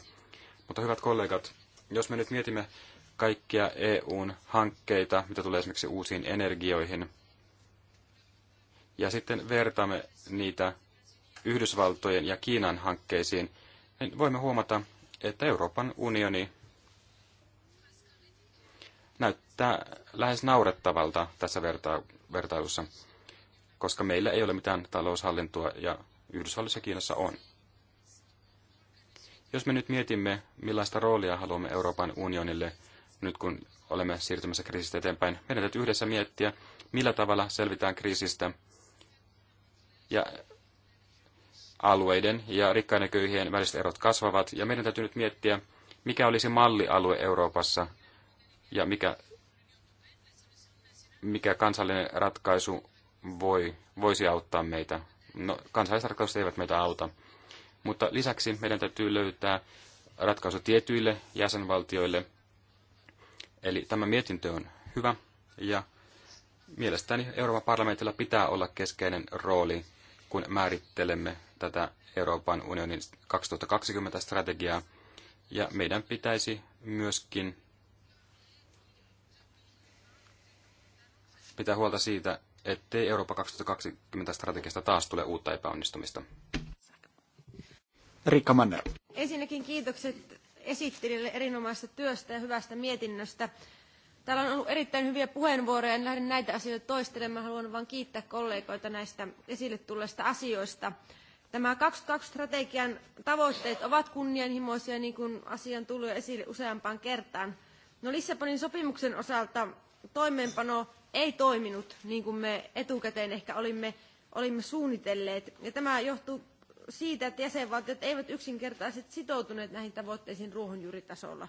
Mutta hyvät kollegat, jos me nyt mietimme kaikkia EUn hankkeita, mitä tulee esimerkiksi uusiin energioihin. Ja sitten vertaamme niitä Yhdysvaltojen ja Kiinan hankkeisiin, niin voimme huomata, että Euroopan unioni näyttää lähes naurettavalta tässä verta- vertailussa, koska meillä ei ole mitään taloushallintoa ja Yhdysvalloissa ja Kiinassa on. Jos me nyt mietimme, millaista roolia haluamme Euroopan unionille – nyt kun olemme siirtymässä kriisistä eteenpäin. Meidän täytyy yhdessä miettiä, millä tavalla selvitään kriisistä ja alueiden ja rikkaiden köyhien väliset erot kasvavat. Ja meidän täytyy nyt miettiä, mikä olisi mallialue Euroopassa ja mikä, mikä kansallinen ratkaisu voi, voisi auttaa meitä. No, kansalliset ratkaisut eivät meitä auta. Mutta lisäksi meidän täytyy löytää ratkaisu tietyille jäsenvaltioille – Eli tämä mietintö on hyvä ja mielestäni Euroopan parlamentilla pitää olla keskeinen rooli, kun määrittelemme tätä Euroopan unionin 2020-strategiaa. Ja meidän pitäisi myöskin pitää huolta siitä, ettei Eurooppa 2020 strategiasta taas tule uutta epäonnistumista. Riikka Manner. Ensinnäkin kiitokset esittelijälle erinomaisesta työstä ja hyvästä mietinnöstä. Täällä on ollut erittäin hyviä puheenvuoroja, en lähde näitä asioita toistelemaan, haluan vain kiittää kollegoita näistä esille tulleista asioista. Tämä 22-strategian tavoitteet ovat kunnianhimoisia, niin kuin asian tullut esille useampaan kertaan. No Lissabonin sopimuksen osalta toimeenpano ei toiminut niin kuin me etukäteen ehkä olimme, olimme suunnitelleet. Ja tämä johtuu siitä, että jäsenvaltiot eivät yksinkertaisesti sitoutuneet näihin tavoitteisiin ruohonjuuritasolla.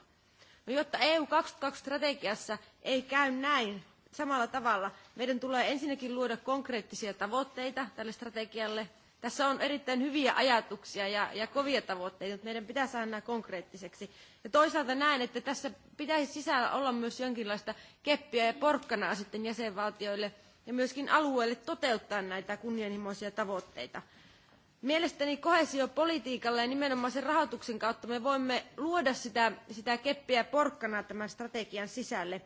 No, jotta EU 2020-strategiassa ei käy näin samalla tavalla, meidän tulee ensinnäkin luoda konkreettisia tavoitteita tälle strategialle. Tässä on erittäin hyviä ajatuksia ja, ja kovia tavoitteita, mutta meidän pitää saada nämä konkreettiseksi. Ja toisaalta näen, että tässä pitäisi sisällä olla myös jonkinlaista keppiä ja porkkanaa sitten jäsenvaltioille ja myöskin alueille toteuttaa näitä kunnianhimoisia tavoitteita. Mielestäni kohesiopolitiikalla ja nimenomaan sen rahoituksen kautta me voimme luoda sitä, sitä keppiä porkkanaa tämän strategian sisälle.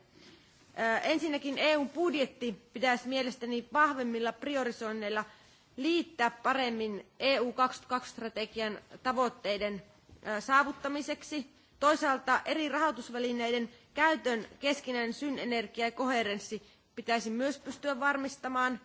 Ensinnäkin eu budjetti pitäisi mielestäni vahvemmilla priorisoinneilla liittää paremmin EU 22-strategian tavoitteiden saavuttamiseksi. Toisaalta eri rahoitusvälineiden käytön keskinäinen synergia ja koherenssi pitäisi myös pystyä varmistamaan.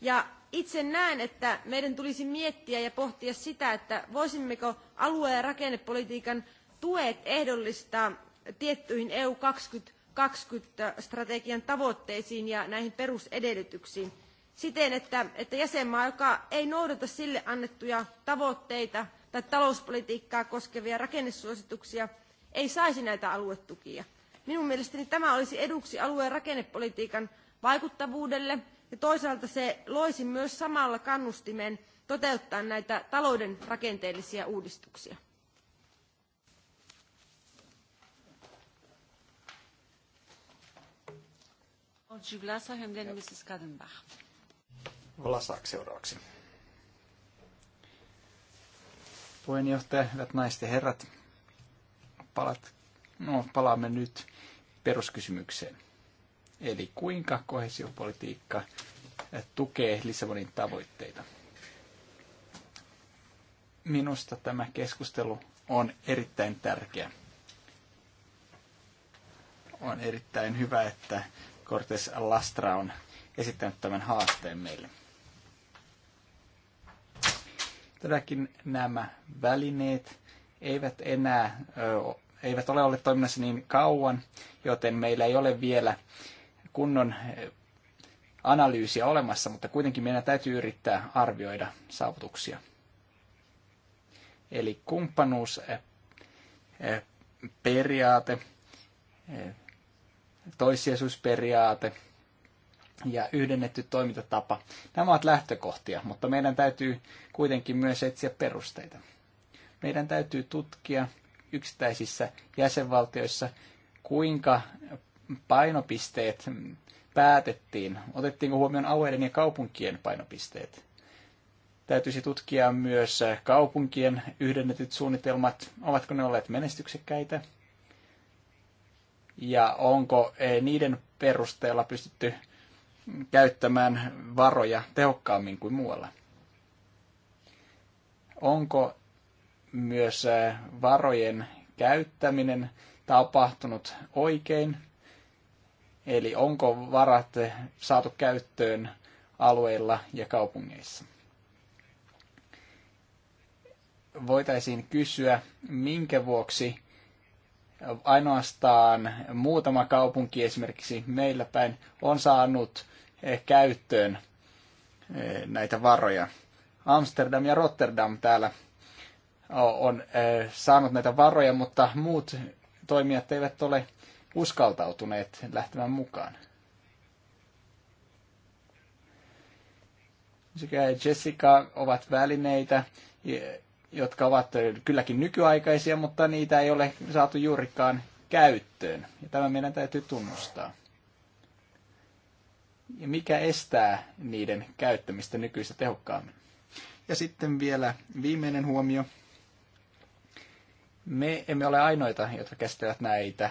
Ja itse näen, että meidän tulisi miettiä ja pohtia sitä, että voisimmeko alue- ja rakennepolitiikan tuet ehdollistaa tiettyihin EU 2020 strategian tavoitteisiin ja näihin perusedellytyksiin siten, että, että jäsenmaa, joka ei noudata sille annettuja tavoitteita tai talouspolitiikkaa koskevia rakennesuosituksia, ei saisi näitä aluetukia. Minun mielestäni tämä olisi eduksi alueen rakennepolitiikan vaikuttavuudelle – ja toisaalta se loisi myös samalla kannustimen toteuttaa näitä talouden rakenteellisia uudistuksia. Vlasak and Mrs. Kadenbach. Vlasak seuraavaksi. Puheenjohtaja, hyvät naiset ja herrat, palat, no, palaamme nyt peruskysymykseen. Eli kuinka kohesiopolitiikka tukee Lissabonin tavoitteita. Minusta tämä keskustelu on erittäin tärkeä. On erittäin hyvä, että Cortes Lastra on esittänyt tämän haasteen meille. Todellakin nämä välineet eivät enää eivät ole olleet toiminnassa niin kauan, joten meillä ei ole vielä kunnon eh, analyysiä olemassa, mutta kuitenkin meidän täytyy yrittää arvioida saavutuksia. Eli kumppanuusperiaate, eh, eh, toissijaisuusperiaate ja yhdennetty toimintatapa. Nämä ovat lähtökohtia, mutta meidän täytyy kuitenkin myös etsiä perusteita. Meidän täytyy tutkia yksittäisissä jäsenvaltioissa, kuinka painopisteet päätettiin? Otettiinko huomioon alueiden ja kaupunkien painopisteet? Täytyisi tutkia myös kaupunkien yhdennetyt suunnitelmat. Ovatko ne olleet menestyksekkäitä? Ja onko eh, niiden perusteella pystytty käyttämään varoja tehokkaammin kuin muualla? Onko myös eh, varojen käyttäminen tapahtunut oikein? Eli onko varat saatu käyttöön alueilla ja kaupungeissa? Voitaisiin kysyä, minkä vuoksi ainoastaan muutama kaupunki esimerkiksi meillä päin on saanut eh, käyttöön eh, näitä varoja. Amsterdam ja Rotterdam täällä eh, on saanut näitä varoja, mutta muut toimijat eivät ole uskaltautuneet lähtemään mukaan. sekä Jessica ovat välineitä, jotka ovat kylläkin nykyaikaisia, mutta niitä ei ole saatu juurikaan käyttöön. Ja tämä meidän täytyy tunnustaa. Ja mikä estää niiden käyttämistä nykyistä tehokkaammin? Ja sitten vielä viimeinen huomio. Me emme ole ainoita, jotka käsittelevät näitä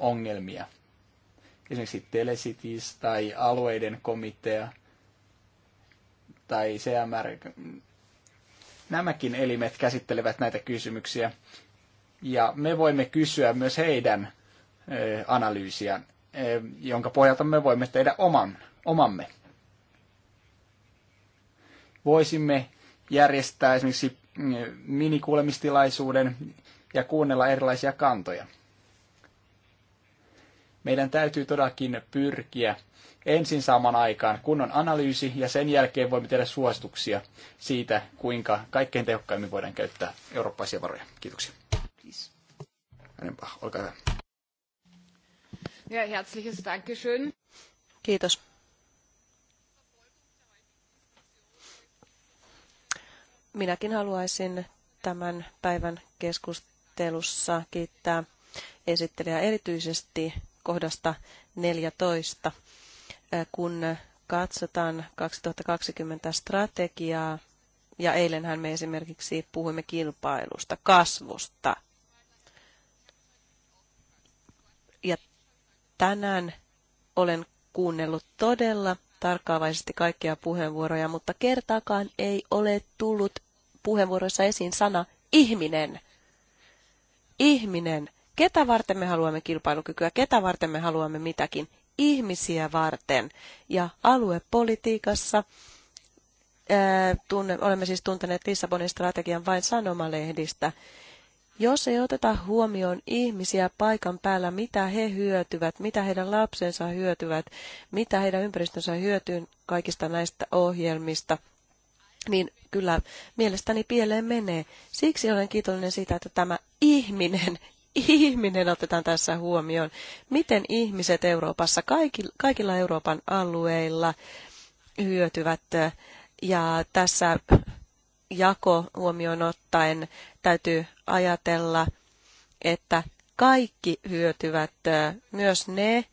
ongelmia. Esimerkiksi Telesitis tai alueiden komitea tai CMR. Nämäkin elimet käsittelevät näitä kysymyksiä ja me voimme kysyä myös heidän analyysiään, jonka pohjalta me voimme tehdä oman, omamme. Voisimme järjestää esimerkiksi mm, minikuulemistilaisuuden ja kuunnella erilaisia kantoja meidän täytyy todellakin pyrkiä ensin saamaan aikaan kunnon analyysi ja sen jälkeen voimme tehdä suosituksia siitä, kuinka kaikkein tehokkaimmin voidaan käyttää eurooppaisia varoja. Kiitoksia. Enempää, olkaa hyvä. Ja herzliches Dankeschön. Kiitos. Minäkin haluaisin tämän päivän keskustelussa kiittää esittelijä erityisesti kohdasta 14, kun katsotaan 2020 strategiaa, ja eilenhän me esimerkiksi puhuimme kilpailusta, kasvusta. Ja tänään olen kuunnellut todella tarkkaavaisesti kaikkia puheenvuoroja, mutta kertaakaan ei ole tullut puheenvuoroissa esiin sana ihminen. Ihminen. Ketä varten me haluamme kilpailukykyä, ketä varten me haluamme mitäkin? Ihmisiä varten. Ja aluepolitiikassa ää, tunne, olemme siis tunteneet Lissabonin strategian vain sanomalehdistä. Jos ei oteta huomioon ihmisiä paikan päällä, mitä he hyötyvät, mitä heidän lapsensa hyötyvät, mitä heidän ympäristönsä hyötyy kaikista näistä ohjelmista, niin kyllä mielestäni pieleen menee. Siksi olen kiitollinen siitä, että tämä ihminen ihminen otetaan tässä huomioon. Miten ihmiset Euroopassa, kaikilla Euroopan alueilla hyötyvät ja tässä jako huomioon ottaen täytyy ajatella, että kaikki hyötyvät, myös ne,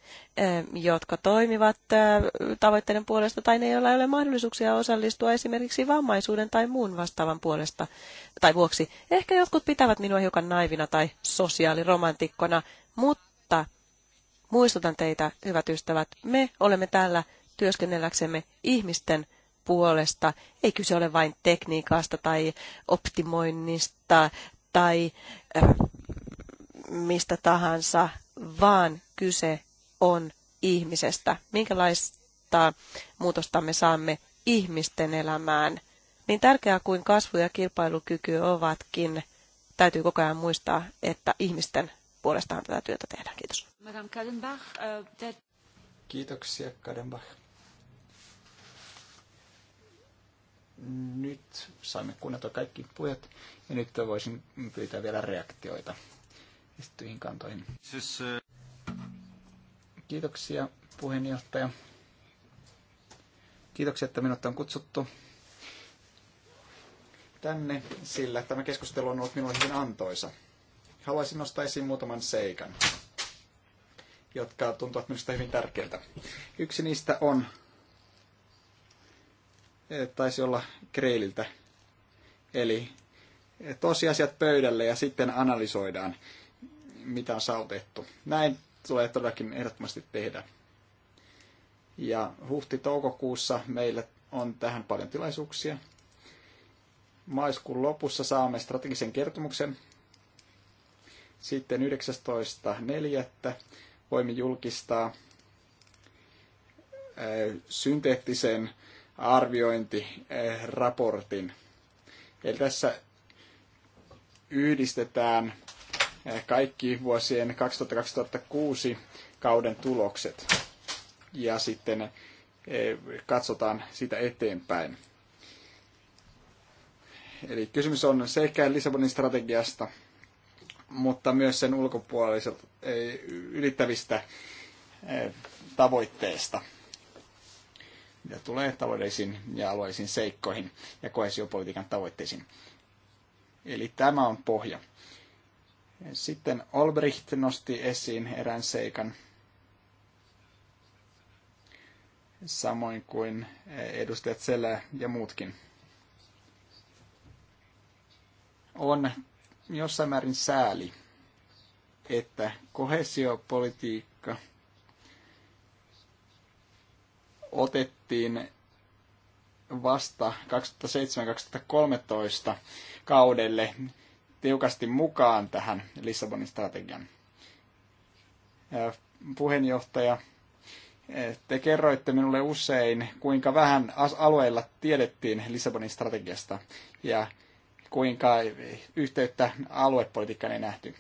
jotka toimivat tavoitteiden puolesta tai ne, joilla ei ole mahdollisuuksia osallistua esimerkiksi vammaisuuden tai muun vastaavan puolesta tai vuoksi. Ehkä jotkut pitävät minua hiukan naivina tai sosiaaliromantikkona, mutta muistutan teitä, hyvät ystävät, me olemme täällä työskennelläksemme ihmisten puolesta. Ei kyse ole vain tekniikasta tai optimoinnista tai mistä tahansa, vaan kyse on ihmisestä. Minkälaista muutosta me saamme ihmisten elämään? Niin tärkeää kuin kasvu ja kilpailukyky ovatkin, täytyy koko ajan muistaa, että ihmisten puolestaan tätä työtä tehdään. Kiitos. Madame uh, Kiitoksia, Kadenbach. Nyt saimme kuunnella kaikki pujat ja nyt voisin pyytää vielä reaktioita esitettyihin kantoihin. Siis, Kiitoksia puheenjohtaja. Kiitoksia, että minut on kutsuttu tänne, sillä tämä keskustelu on ollut minulle hyvin antoisa. Haluaisin nostaa esiin muutaman seikan, jotka tuntuvat minusta hyvin tärkeiltä. Yksi niistä on, e, taisi olla Kreililtä, eli e, tosiasiat pöydälle ja sitten analysoidaan mitä on saavutettu. Näin tulee todellakin ehdottomasti tehdä. Ja huhti-toukokuussa meillä on tähän paljon tilaisuuksia. Maiskuun lopussa saamme strategisen kertomuksen. Sitten 19.4. voimme julkistaa eh, synteettisen arviointiraportin. Eli tässä yhdistetään kaikki vuosien 2000-2006 kauden tulokset. Ja sitten eh, katsotaan sitä eteenpäin. Eli kysymys on sekä Lissabonin strategiasta, mutta myös sen ulkopuoliset eh, ylittävistä eh, tavoitteista, mitä tulee taloudellisiin ja alueellisiin seikkoihin ja koesiopolitiikan tavoitteisiin. Eli tämä on pohja. Sitten Olbricht nosti esiin erään seikan, samoin kuin edustajat Selä ja muutkin. On jossain määrin sääli, että kohesiopolitiikka otettiin vasta 2007-2013 kaudelle tiukasti mukaan tähän Lissabonin strategian. Puheenjohtaja, e, te kerroitte minulle usein, kuinka vähän alueilla tiedettiin Lissabonin strategiasta ja kuinka yhteyttä aluepolitiikkaan ei nähty.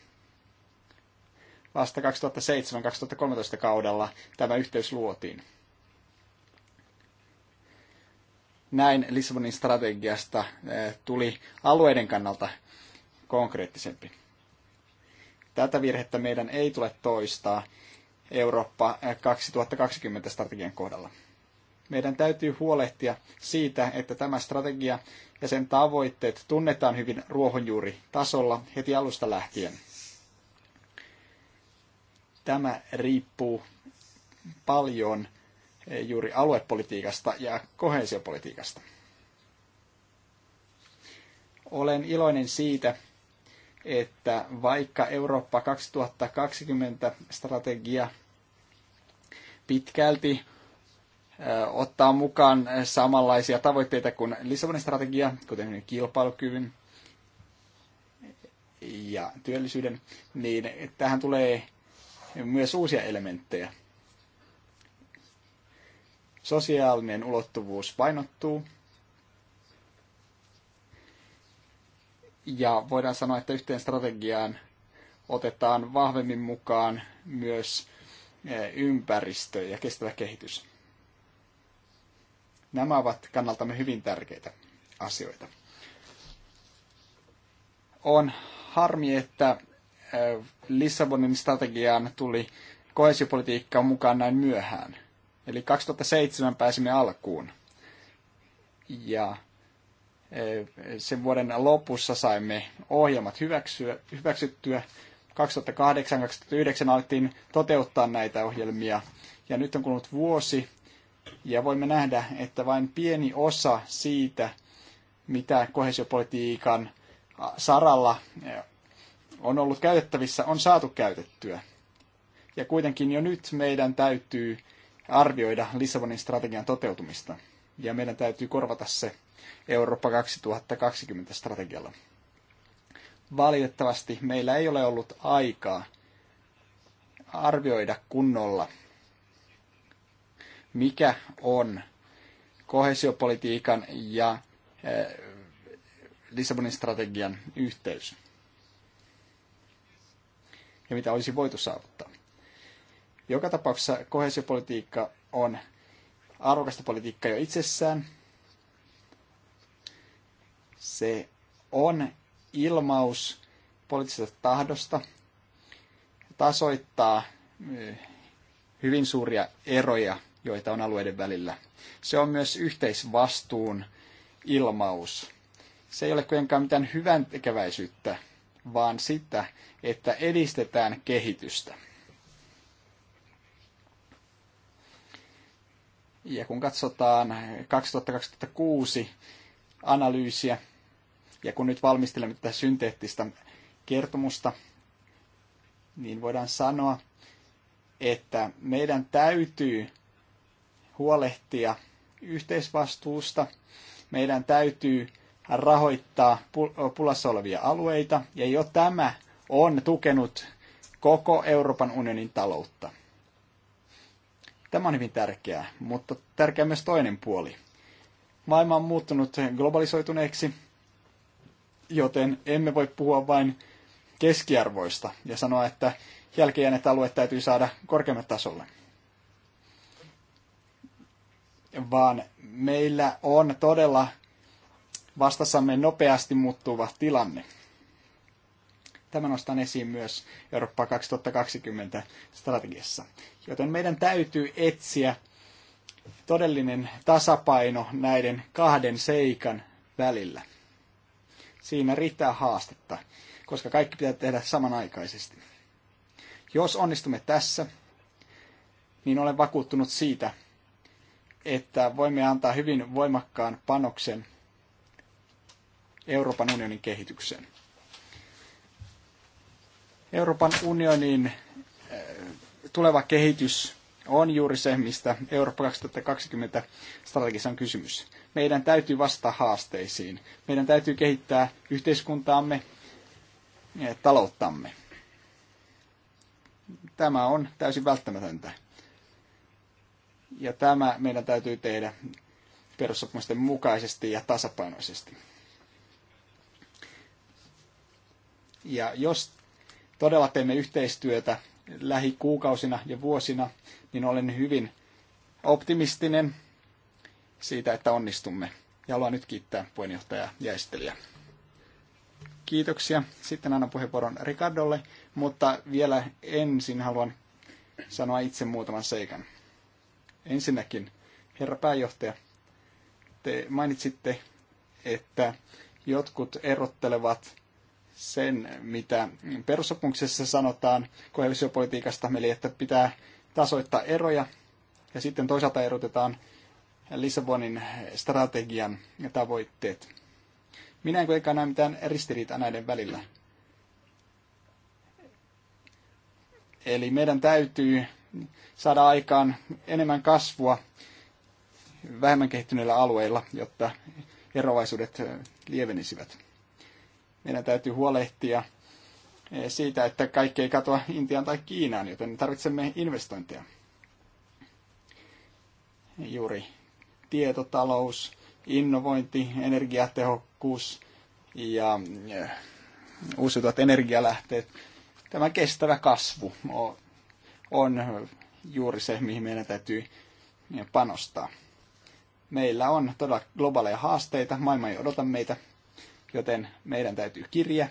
Vasta 2007-2013 kaudella tämä yhteys luotiin. Näin Lissabonin strategiasta e, tuli alueiden kannalta konkreettisempi. Tätä virhettä meidän ei tule toistaa Eurooppa 2020 strategian kohdalla. Meidän täytyy huolehtia siitä, että tämä strategia ja sen tavoitteet tunnetaan hyvin ruohonjuuritasolla heti alusta lähtien. Tämä riippuu paljon eh, juuri aluepolitiikasta ja kohesiopolitiikasta. Olen iloinen siitä, että vaikka Eurooppa 2020 strategia pitkälti ottaa mukaan samanlaisia tavoitteita kuin Lissabonin strategia, kuten kilpailukyvyn ja työllisyyden, niin tähän tulee myös uusia elementtejä. Sosiaalinen ulottuvuus painottuu Ja voidaan sanoa, että yhteen strategiaan otetaan vahvemmin mukaan myös eh, ympäristö ja kestävä kehitys. Nämä ovat kannaltamme hyvin tärkeitä asioita. On harmi, että eh, Lissabonin strategiaan tuli koesiopolitiikka mukaan näin myöhään. Eli 2007 pääsimme alkuun. Ja Eh, sen vuoden lopussa saimme ohjelmat hyväksyä, hyväksyttyä. 2008-2009 alettiin toteuttaa näitä ohjelmia ja nyt on kulunut vuosi ja voimme nähdä, että vain pieni osa siitä, mitä kohesiopolitiikan saralla eh, on ollut käytettävissä, on saatu käytettyä. Ja kuitenkin jo nyt meidän täytyy arvioida Lissabonin strategian toteutumista. Ja meidän täytyy korvata se Eurooppa 2020 strategialla. Valitettavasti meillä ei ole ollut aikaa arvioida kunnolla, mikä on kohesiopolitiikan ja eh, Lissabonin strategian yhteys ja mitä olisi voitu saavuttaa. Joka tapauksessa kohesiopolitiikka on arvokasta politiikkaa jo itsessään, se on ilmaus poliittisesta tahdosta, tasoittaa eh, hyvin suuria eroja, joita on alueiden välillä. Se on myös yhteisvastuun ilmaus. Se ei ole kuitenkaan mitään hyvän tekeväisyyttä, vaan sitä, että edistetään kehitystä. Ja kun katsotaan 2026 analyysiä. Ja kun nyt valmistelemme tätä synteettistä kertomusta, niin voidaan sanoa, että meidän täytyy huolehtia yhteisvastuusta, meidän täytyy rahoittaa pulassa olevia alueita, ja jo tämä on tukenut koko Euroopan unionin taloutta. Tämä on hyvin tärkeää, mutta tärkeä myös toinen puoli – Maailma on muuttunut globalisoituneeksi, joten emme voi puhua vain keskiarvoista ja sanoa, että jälkeenet alueet täytyy saada korkeammalle tasolle. Vaan meillä on todella vastassamme nopeasti muuttuva tilanne. Tämän nostan esiin myös Eurooppa 2020 strategiassa. Joten meidän täytyy etsiä todellinen tasapaino näiden kahden seikan välillä. Siinä riittää haastetta, koska kaikki pitää tehdä samanaikaisesti. Jos onnistumme tässä, niin olen vakuuttunut siitä, että voimme antaa hyvin voimakkaan panoksen Euroopan unionin kehitykseen. Euroopan unionin eh, tuleva kehitys on juuri se, mistä Eurooppa 2020 strategiassa on kysymys. Meidän täytyy vastata haasteisiin. Meidän täytyy kehittää yhteiskuntaamme, talouttamme. Tämä on täysin välttämätöntä. Ja tämä meidän täytyy tehdä perussopimusten mukaisesti ja tasapainoisesti. Ja jos todella teemme yhteistyötä lähikuukausina ja vuosina, niin olen hyvin optimistinen siitä, että onnistumme. Ja haluan nyt kiittää puheenjohtaja ja esittelijä. Kiitoksia. Sitten annan puheenvuoron Ricardolle, mutta vielä ensin haluan sanoa itse muutaman seikan. Ensinnäkin, herra pääjohtaja, te mainitsitte, että jotkut erottelevat sen, mitä perussopimuksessa sanotaan kohesiopolitiikasta, eli että pitää tasoittaa eroja ja sitten toisaalta erotetaan Lissabonin strategian tavoitteet. Minä en kuitenkaan näe mitään ristiriitaa näiden välillä. Eli meidän täytyy saada aikaan enemmän kasvua vähemmän kehittyneillä alueilla, jotta eroavaisuudet lievenisivät. Meidän täytyy huolehtia Eh, siitä, että kaikki ei katoa Intiaan tai Kiinaan, joten tarvitsemme investointeja. Juuri tietotalous, innovointi, energiatehokkuus ja eh, uusiutuvat energialähteet. Tämä kestävä kasvu on juuri se, mihin meidän täytyy eh, panostaa. Meillä on todella globaaleja haasteita, maailma ei odota meitä, joten meidän täytyy kirje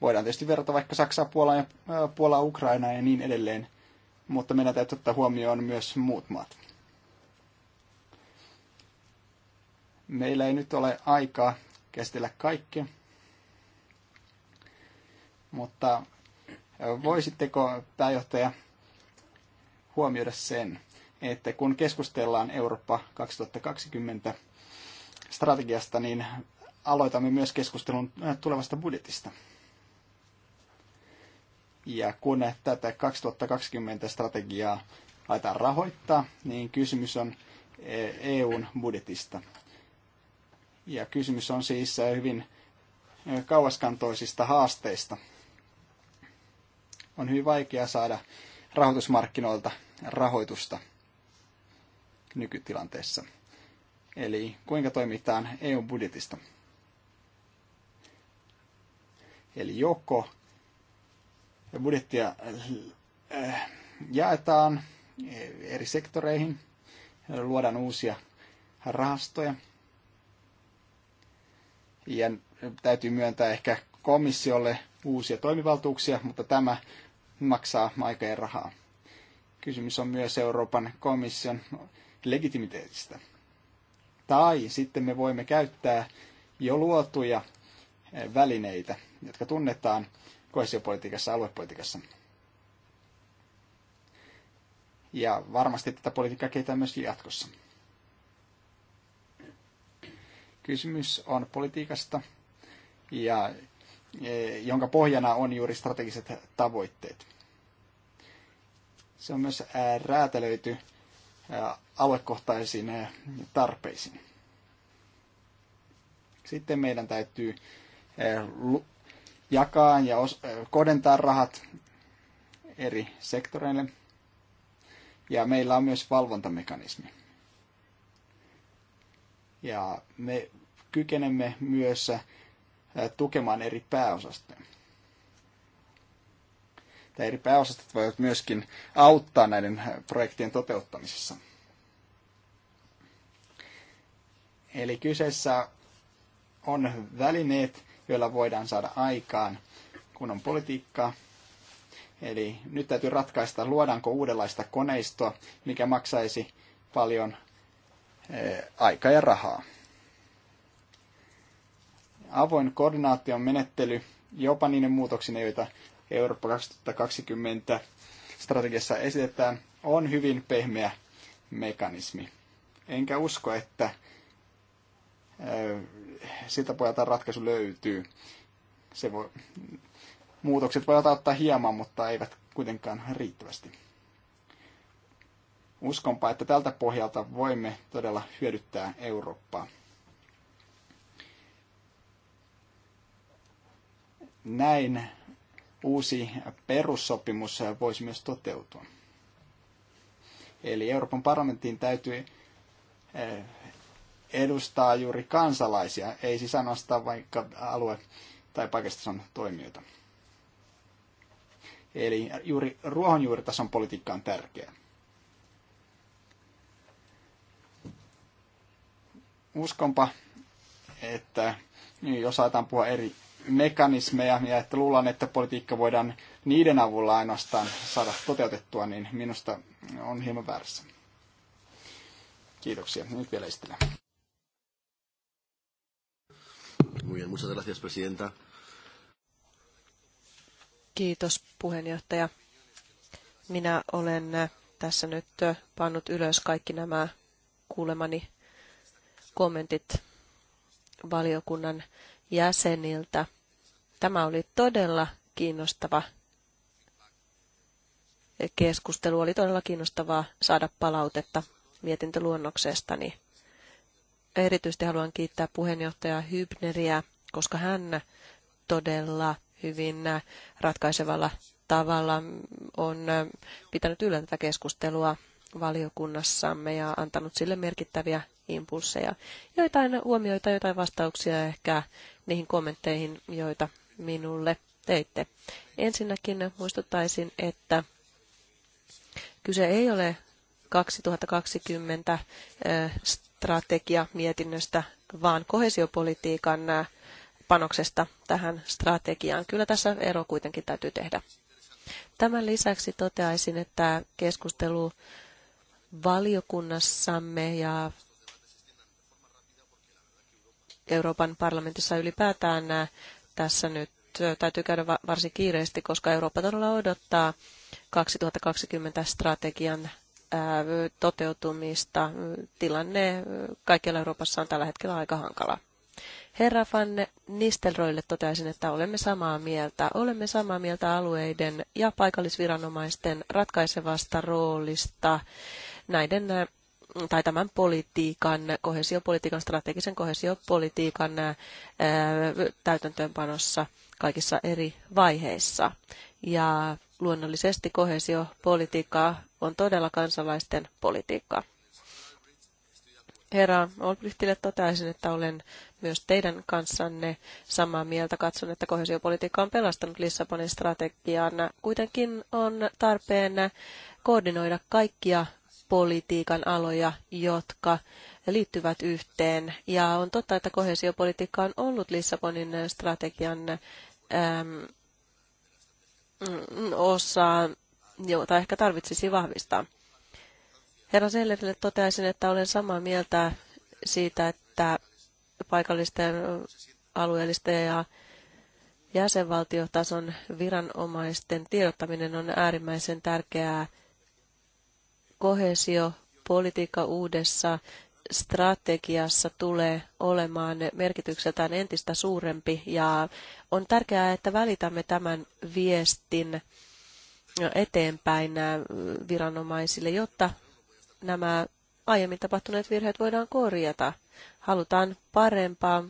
Voidaan tietysti verrata vaikka Saksaa, Puolaa, ja, Puolaa Ukrainaa ja niin edelleen, mutta meidän täytyy ottaa huomioon myös muut maat. Meillä ei nyt ole aikaa käsitellä kaikkea, mutta voisitteko pääjohtaja huomioida sen, että kun keskustellaan Eurooppa 2020 strategiasta, niin aloitamme myös keskustelun äh, tulevasta budjetista. Ja kun tätä 2020 strategiaa laitetaan rahoittaa, niin kysymys on eh, EUn budjetista. Ja kysymys on siis eh, hyvin eh, kauaskantoisista haasteista. On hyvin vaikea saada rahoitusmarkkinoilta rahoitusta nykytilanteessa. Eli kuinka toimitaan EU-budjetista? Eli joko budjettia äh, jaetaan eri sektoreihin, luodaan uusia rahastoja. Ja täytyy myöntää ehkä komissiolle uusia toimivaltuuksia, mutta tämä maksaa aika ja rahaa. Kysymys on myös Euroopan komission legitimiteetistä. Tai sitten me voimme käyttää jo luotuja välineitä – jotka tunnetaan koesiopolitiikassa, ja aluepolitiikassa. Ja varmasti tätä politiikkaa kehitetään myös jatkossa. Kysymys on politiikasta, ja, e, jonka pohjana on juuri strategiset tavoitteet. Se on myös räätälöity aluekohtaisiin tarpeisiin. Sitten meidän täytyy jakaa ja kodentaa rahat eri sektoreille. Ja meillä on myös valvontamekanismi. Ja me kykenemme myös tukemaan eri pääosastoja. Tai eri pääosastot voivat myöskin auttaa näiden projektien toteuttamisessa. Eli kyseessä on välineet, joilla voidaan saada aikaan kunnon politiikkaa. Eli nyt täytyy ratkaista, luodaanko uudenlaista koneistoa, mikä maksaisi paljon eh, aikaa ja rahaa. Avoin koordinaation menettely jopa niiden muutoksen, joita Eurooppa 2020 strategiassa esitetään, on hyvin pehmeä mekanismi. Enkä usko, että Äh, siltä pojalta ratkaisu löytyy. Se voi, muutokset voivat ottaa hieman, mutta eivät kuitenkaan riittävästi. Uskonpa, että tältä pohjalta voimme todella hyödyttää Eurooppaa. Näin uusi perussopimus voisi myös toteutua. Eli Euroopan parlamenttiin täytyy äh, edustaa juuri kansalaisia, ei siis ainoastaan vaikka alue- tai paikastason toimijoita. Eli juuri ruohonjuuritason politiikka on tärkeä. Uskonpa, että niin jos aletaan puhua eri mekanismeja ja että luullaan, että politiikka voidaan niiden avulla ainoastaan saada toteutettua, niin minusta on hieman väärässä. Kiitoksia. Nyt vielä esitellään. Muy bien, muchas gracias, presidenta. Kiitos, puheenjohtaja. Minä olen tässä nyt pannut ylös kaikki nämä kuulemani kommentit valiokunnan jäseniltä. Tämä oli todella kiinnostava keskustelu. Oli todella kiinnostavaa saada palautetta mietintöluonnoksestani. Erityisesti haluan kiittää puheenjohtaja Hybneriä, koska hän todella hyvin ratkaisevalla tavalla on pitänyt yllä tätä keskustelua valiokunnassamme ja antanut sille merkittäviä impulseja. Joitain huomioita, joitain vastauksia ehkä niihin kommentteihin, joita minulle teitte. Ensinnäkin muistuttaisin, että kyse ei ole 2020 strategia mietinnöstä, vaan kohesiopolitiikan äh, panoksesta tähän strategiaan. Kyllä tässä ero kuitenkin täytyy tehdä. Tämän lisäksi toteaisin, että keskustelu valiokunnassamme ja Euroopan parlamentissa ylipäätään äh, tässä nyt äh, täytyy käydä varsin kiireesti, koska Eurooppa todella odottaa 2020 strategian toteutumista. Tilanne kaikkialla Euroopassa on tällä hetkellä aika hankala. Herra Van Nistelroille toteaisin, että olemme samaa mieltä. Olemme samaa mieltä alueiden ja paikallisviranomaisten ratkaisevasta roolista näiden tai tämän politiikan, kohesiopolitiikan, strategisen kohesiopolitiikan täytäntöönpanossa kaikissa eri vaiheissa. Ja luonnollisesti kohesiopolitiikkaa on todella kansalaisten politiikkaa. Herra Olbrichtille toteaisin, että olen myös teidän kanssanne samaa mieltä. Katson, että kohesiopolitiikka on pelastanut Lissabonin strategian. Kuitenkin on tarpeen koordinoida kaikkia politiikan aloja, jotka liittyvät yhteen. Ja on totta, että kohesiopolitiikka on ollut Lissabonin strategian Mm, osaa, jota ehkä tarvitsisi vahvistaa. Herra Sellerille toteaisin, että olen samaa mieltä siitä, että paikallisten, alueellisten ja jäsenvaltiotason viranomaisten tiedottaminen on äärimmäisen tärkeää kohesio politiikka uudessa strategiassa tulee olemaan merkitykseltään entistä suurempi ja on tärkeää, että välitämme tämän viestin eteenpäin viranomaisille, jotta nämä aiemmin tapahtuneet virheet voidaan korjata. Halutaan parempaa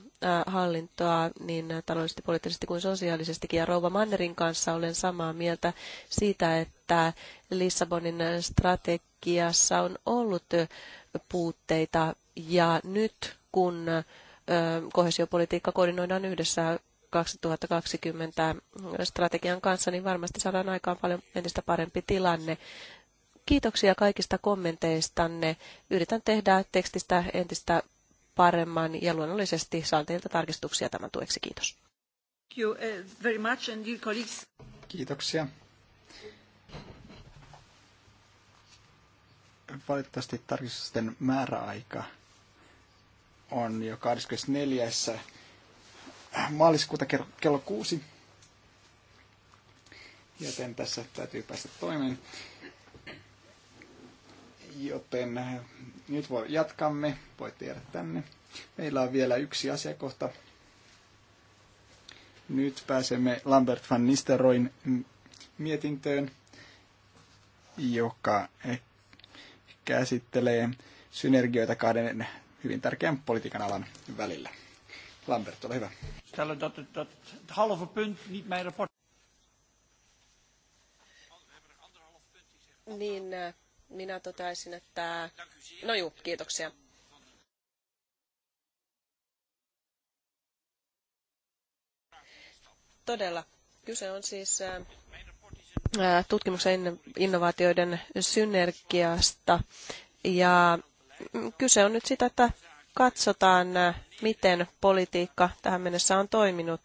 hallintoa niin taloudellisesti, poliittisesti kuin sosiaalisestikin. Ja Rouva Mannerin kanssa olen samaa mieltä siitä, että Lissabonin strategiassa on ollut puutteita. Ja nyt kun kohesiopolitiikka koordinoidaan yhdessä 2020 strategian kanssa, niin varmasti saadaan aikaan paljon entistä parempi tilanne. Kiitoksia kaikista kommenteistanne. Yritän tehdä tekstistä entistä paremman ja luonnollisesti saan teiltä tarkistuksia tämän tueksi. Kiitos. Eh, Kiitoksia. valitettavasti tarkistusten määräaika on jo 24. maaliskuuta kello 6. Joten tässä täytyy päästä toimeen. Joten eh, nyt voi jatkamme. Voitte jäädä tänne. Meillä on vielä yksi asiakohta. Nyt pääsemme Lambert van Nisteroin mietintöön, joka käsittelee synergioita kahden hyvin tärkeän politiikan alan välillä. Lambert, ole hyvä. Niin, äh, minä toteaisin, että... No juu, kiitoksia. Todella. Kyse on siis äh, tutkimuksen innovaatioiden synergiasta. Ja mm, kyse on nyt sitä, että katsotaan, miten politiikka tähän mennessä on toiminut.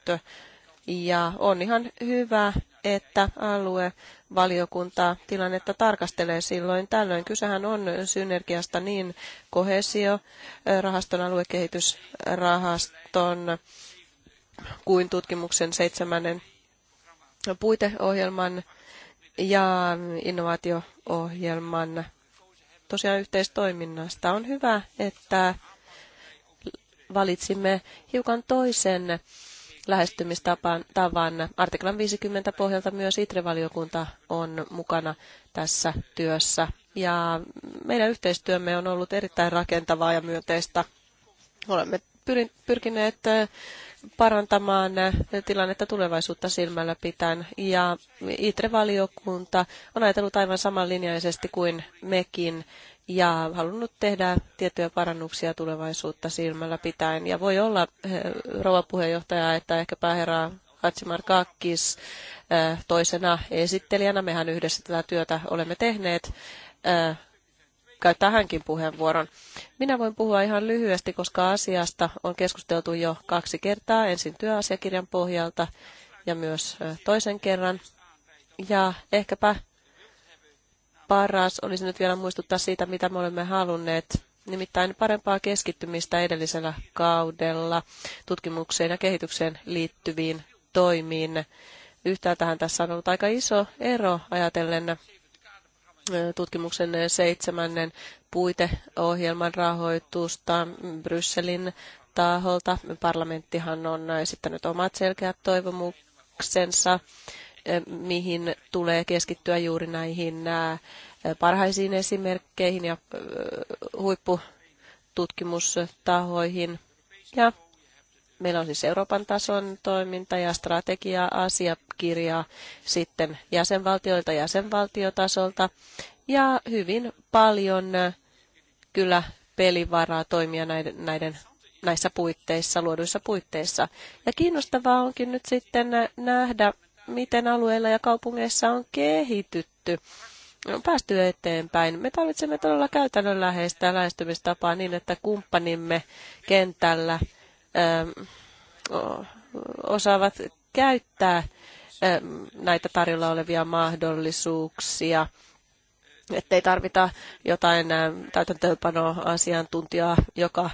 Ja on ihan hyvä, että aluevaliokunta tilannetta tarkastelee silloin tällöin. Kysehän on synergiasta niin kohesio, rahaston aluekehitysrahaston kuin tutkimuksen seitsemännen puiteohjelman ja innovaatio-ohjelman tosiaan yhteistoiminnasta. On hyvä, että valitsimme hiukan toisen lähestymistavan. Tavan. Artiklan 50 pohjalta myös ITRE-valiokunta on mukana tässä työssä. Ja meidän yhteistyömme on ollut erittäin rakentavaa ja myönteistä. Olemme pyrkineet parantamaan tilannetta tulevaisuutta silmällä pitäen. Ja ITRE-valiokunta on ajatellut aivan samanlinjaisesti kuin mekin ja halunnut tehdä tiettyjä parannuksia tulevaisuutta silmällä pitäen. Ja voi olla, rouva puheenjohtaja, että ehkäpä herra Kakkis toisena esittelijänä, mehän yhdessä tätä työtä olemme tehneet, käyttää hänkin puheenvuoron. Minä voin puhua ihan lyhyesti, koska asiasta on keskusteltu jo kaksi kertaa, ensin työasiakirjan pohjalta ja myös toisen kerran. Ja ehkäpä paras olisi nyt vielä muistuttaa siitä, mitä me olemme halunneet nimittäin parempaa keskittymistä edellisellä kaudella tutkimukseen ja kehitykseen liittyviin toimiin. Yhtäältähän tässä on ollut aika iso ero ajatellen tutkimuksen seitsemännen puiteohjelman rahoitusta Brysselin taholta. Parlamenttihan on esittänyt omat selkeät toivomuksensa, mihin tulee keskittyä juuri näihin parhaisiin esimerkkeihin ja huippututkimustahoihin. Ja meillä on siis Euroopan tason toiminta ja strategiaa, asiakirjaa sitten jäsenvaltioilta jäsenvaltiotasolta ja hyvin paljon kyllä pelivaraa toimia näiden, näiden näissä puitteissa, luoduissa puitteissa. Ja kiinnostavaa onkin nyt sitten nähdä, miten alueilla ja kaupungeissa on kehitytty, on päästy eteenpäin. Me tarvitsemme todella käytännönläheistä lähestymistapaa niin, että kumppanimme kentällä – Ähm, osaavat käyttää ähm, näitä tarjolla olevia mahdollisuuksia ettei tarvita jotain ähm, asiantuntijaa, joka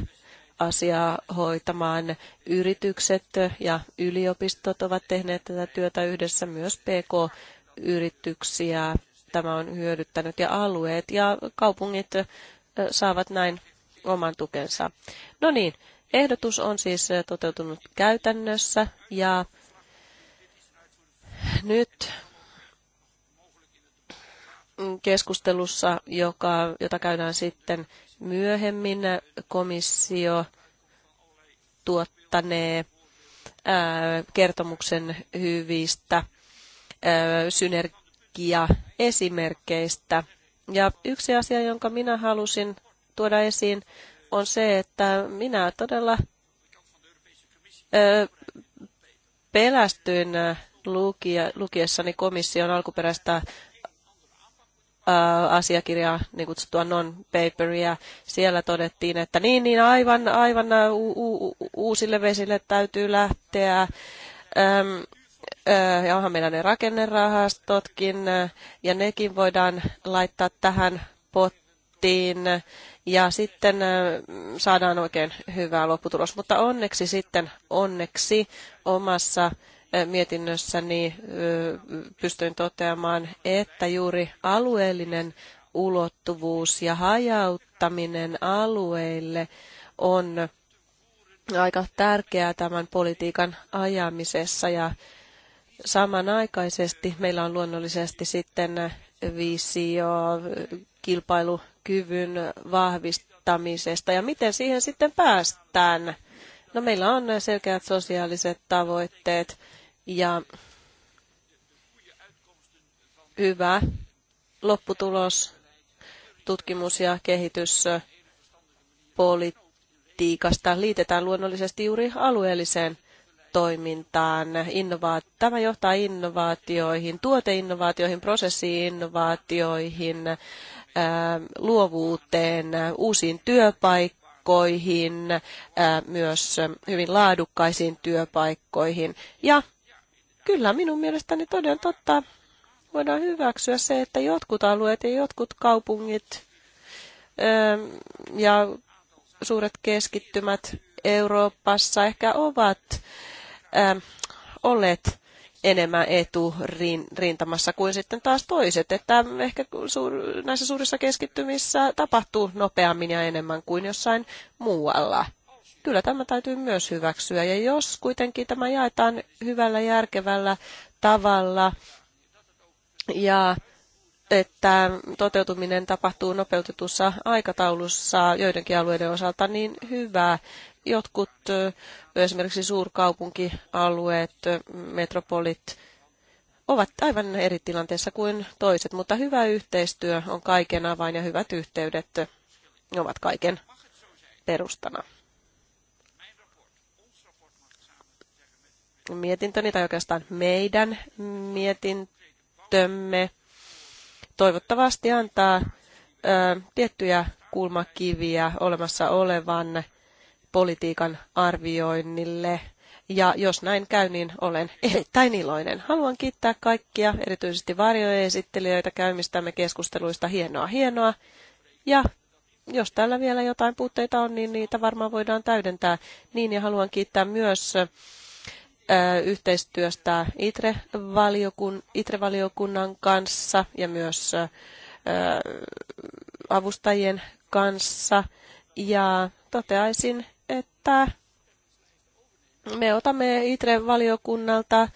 asiaa hoitamaan. Yritykset ja yliopistot ovat tehneet tätä työtä yhdessä myös PK-yrityksiä. Tämä on hyödyttänyt ja alueet ja kaupungit äh, saavat näin oman tukensa. No niin, Ehdotus on siis eh, toteutunut käytännössä ja nyt keskustelussa, joka, jota käydään sitten myöhemmin, komissio tuottanee eh, kertomuksen hyvistä eh, synergiaesimerkkeistä. Ja yksi asia, jonka minä halusin tuoda esiin, on se, että minä todella pelästyin lukiessani komission alkuperäistä asiakirjaa, niin kutsuttua non-paperia. Siellä todettiin, että niin, niin aivan, aivan uusille vesille täytyy lähteä. Öm, ö, ja onhan meillä ne rakennerahastotkin, ja nekin voidaan laittaa tähän pot tehtiin ja sitten saadaan oikein hyvä lopputulos. Mutta onneksi sitten, onneksi omassa mietinnössäni pystyin toteamaan, että juuri alueellinen ulottuvuus ja hajauttaminen alueille on aika tärkeää tämän politiikan ajamisessa ja samanaikaisesti meillä on luonnollisesti sitten visio kilpailu kyvyn vahvistamisesta ja miten siihen sitten päästään. No meillä on selkeät sosiaaliset tavoitteet ja hyvä lopputulos tutkimus- ja kehityspolitiikasta liitetään luonnollisesti juuri alueelliseen toimintaan. Tämä johtaa innovaatioihin, tuoteinnovaatioihin, prosessiinnovaatioihin, Äh, luovuuteen, äh, uusiin työpaikkoihin, äh, myös hyvin laadukkaisiin työpaikkoihin. Ja kyllä minun mielestäni toden totta voidaan hyväksyä se, että jotkut alueet ja jotkut kaupungit ähm, ja suuret keskittymät Euroopassa ehkä ovat ähm, olleet enemmän eturintamassa kuin sitten taas toiset. Että ehkä suur, näissä suurissa keskittymissä tapahtuu nopeammin ja enemmän kuin jossain muualla. Kyllä tämä täytyy myös hyväksyä. Ja jos kuitenkin tämä jaetaan hyvällä järkevällä tavalla ja että toteutuminen tapahtuu nopeutetussa aikataulussa joidenkin alueiden osalta, niin hyvä jotkut esimerkiksi suurkaupunkialueet, metropolit, ovat aivan eri tilanteessa kuin toiset, mutta hyvä yhteistyö on kaiken avain ja hyvät yhteydet ovat kaiken perustana. Mietintöni tai oikeastaan meidän mietintömme toivottavasti antaa ö, tiettyjä kulmakiviä olemassa olevan politiikan arvioinnille. Ja jos näin käy, niin olen erittäin iloinen. Haluan kiittää kaikkia, erityisesti varjoesittelijöitä käymistämme keskusteluista. Hienoa, hienoa. Ja jos täällä vielä jotain puutteita on, niin niitä varmaan voidaan täydentää. Niin ja haluan kiittää myös yhteistyöstä ITRE-valiokunnan ITRE kanssa ja myös avustajien kanssa. Ja toteaisin, että me otamme ITRE-valiokunnalta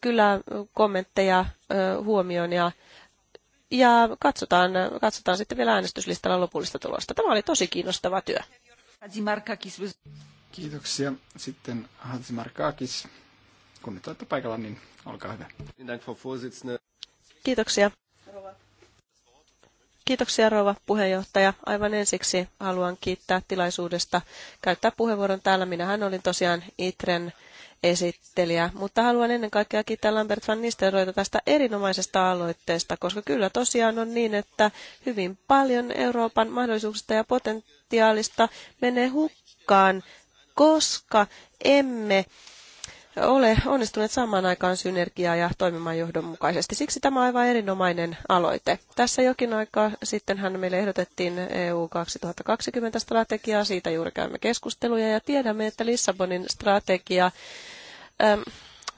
kyllä kommentteja huomioon ja, ja katsotaan, katsotaan sitten vielä äänestyslistalla lopullista tulosta. Tämä oli tosi kiinnostava työ. Kiitoksia. Sitten Markakis, Kun nyt olette paikalla, niin olkaa hyvä. Kiitoksia Kiitoksia rouva puheenjohtaja. Aivan ensiksi haluan kiittää tilaisuudesta käyttää puheenvuoron täällä. Minähän olin tosiaan ITREN esittelijä, mutta haluan ennen kaikkea kiittää Lambert van Nistelrooita tästä erinomaisesta aloitteesta, koska kyllä tosiaan on niin, että hyvin paljon Euroopan mahdollisuuksista ja potentiaalista menee hukkaan, koska emme ole onnistuneet saamaan aikaan synergiaa ja toimimaan johdonmukaisesti. Siksi tämä on aivan erinomainen aloite. Tässä jokin aika sittenhän meille ehdotettiin EU 2020 strategiaa, siitä juuri käymme keskusteluja ja tiedämme, että Lissabonin strategia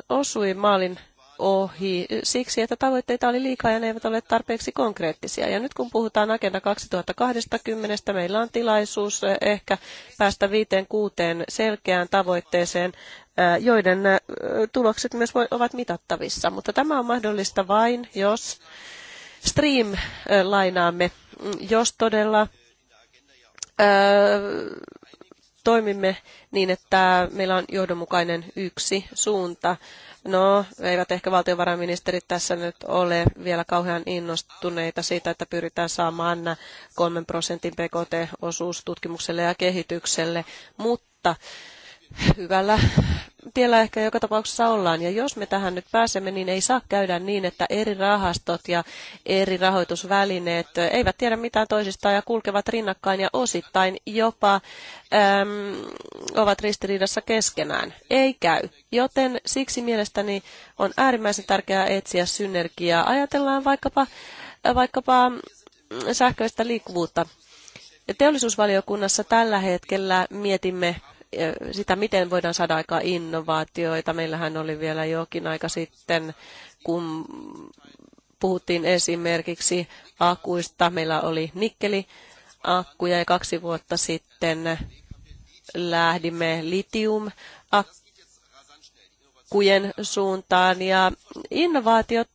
osui maalin ohi siksi, että tavoitteita oli liikaa ja ne eivät ole tarpeeksi konkreettisia. Ja nyt kun puhutaan Agenda 2020, meillä on tilaisuus eh, ehkä päästä viiteen kuuteen selkeään tavoitteeseen, eh, joiden eh, tulokset myös ovat mitattavissa. Mutta tämä on mahdollista vain, jos stream-lainaamme, jos todella toimimme niin, että meillä on johdonmukainen yksi suunta. No, eivät ehkä valtiovarainministerit tässä nyt ole vielä kauhean innostuneita siitä, että pyritään saamaan 3 prosentin PKT-osuus tutkimukselle ja kehitykselle, mutta mutta hyvällä tiellä ehkä joka tapauksessa ollaan. Ja jos me tähän nyt pääsemme, niin ei saa käydä niin, että eri rahastot ja eri rahoitusvälineet eivät tiedä mitään toisistaan ja kulkevat rinnakkain ja osittain jopa äm, ovat ristiriidassa keskenään. Ei käy. Joten siksi mielestäni on äärimmäisen tärkeää etsiä synergiaa. Ajatellaan vaikkapa, vaikkapa sähköistä liikkuvuutta. Teollisuusvaliokunnassa tällä hetkellä mietimme sitä, miten voidaan saada aikaa innovaatioita. Meillähän oli vielä jokin aika sitten, kun puhuttiin esimerkiksi akuista. Meillä oli nikkeliakkuja ja kaksi vuotta sitten lähdimme litiumakkujen suuntaan ja innovaatiot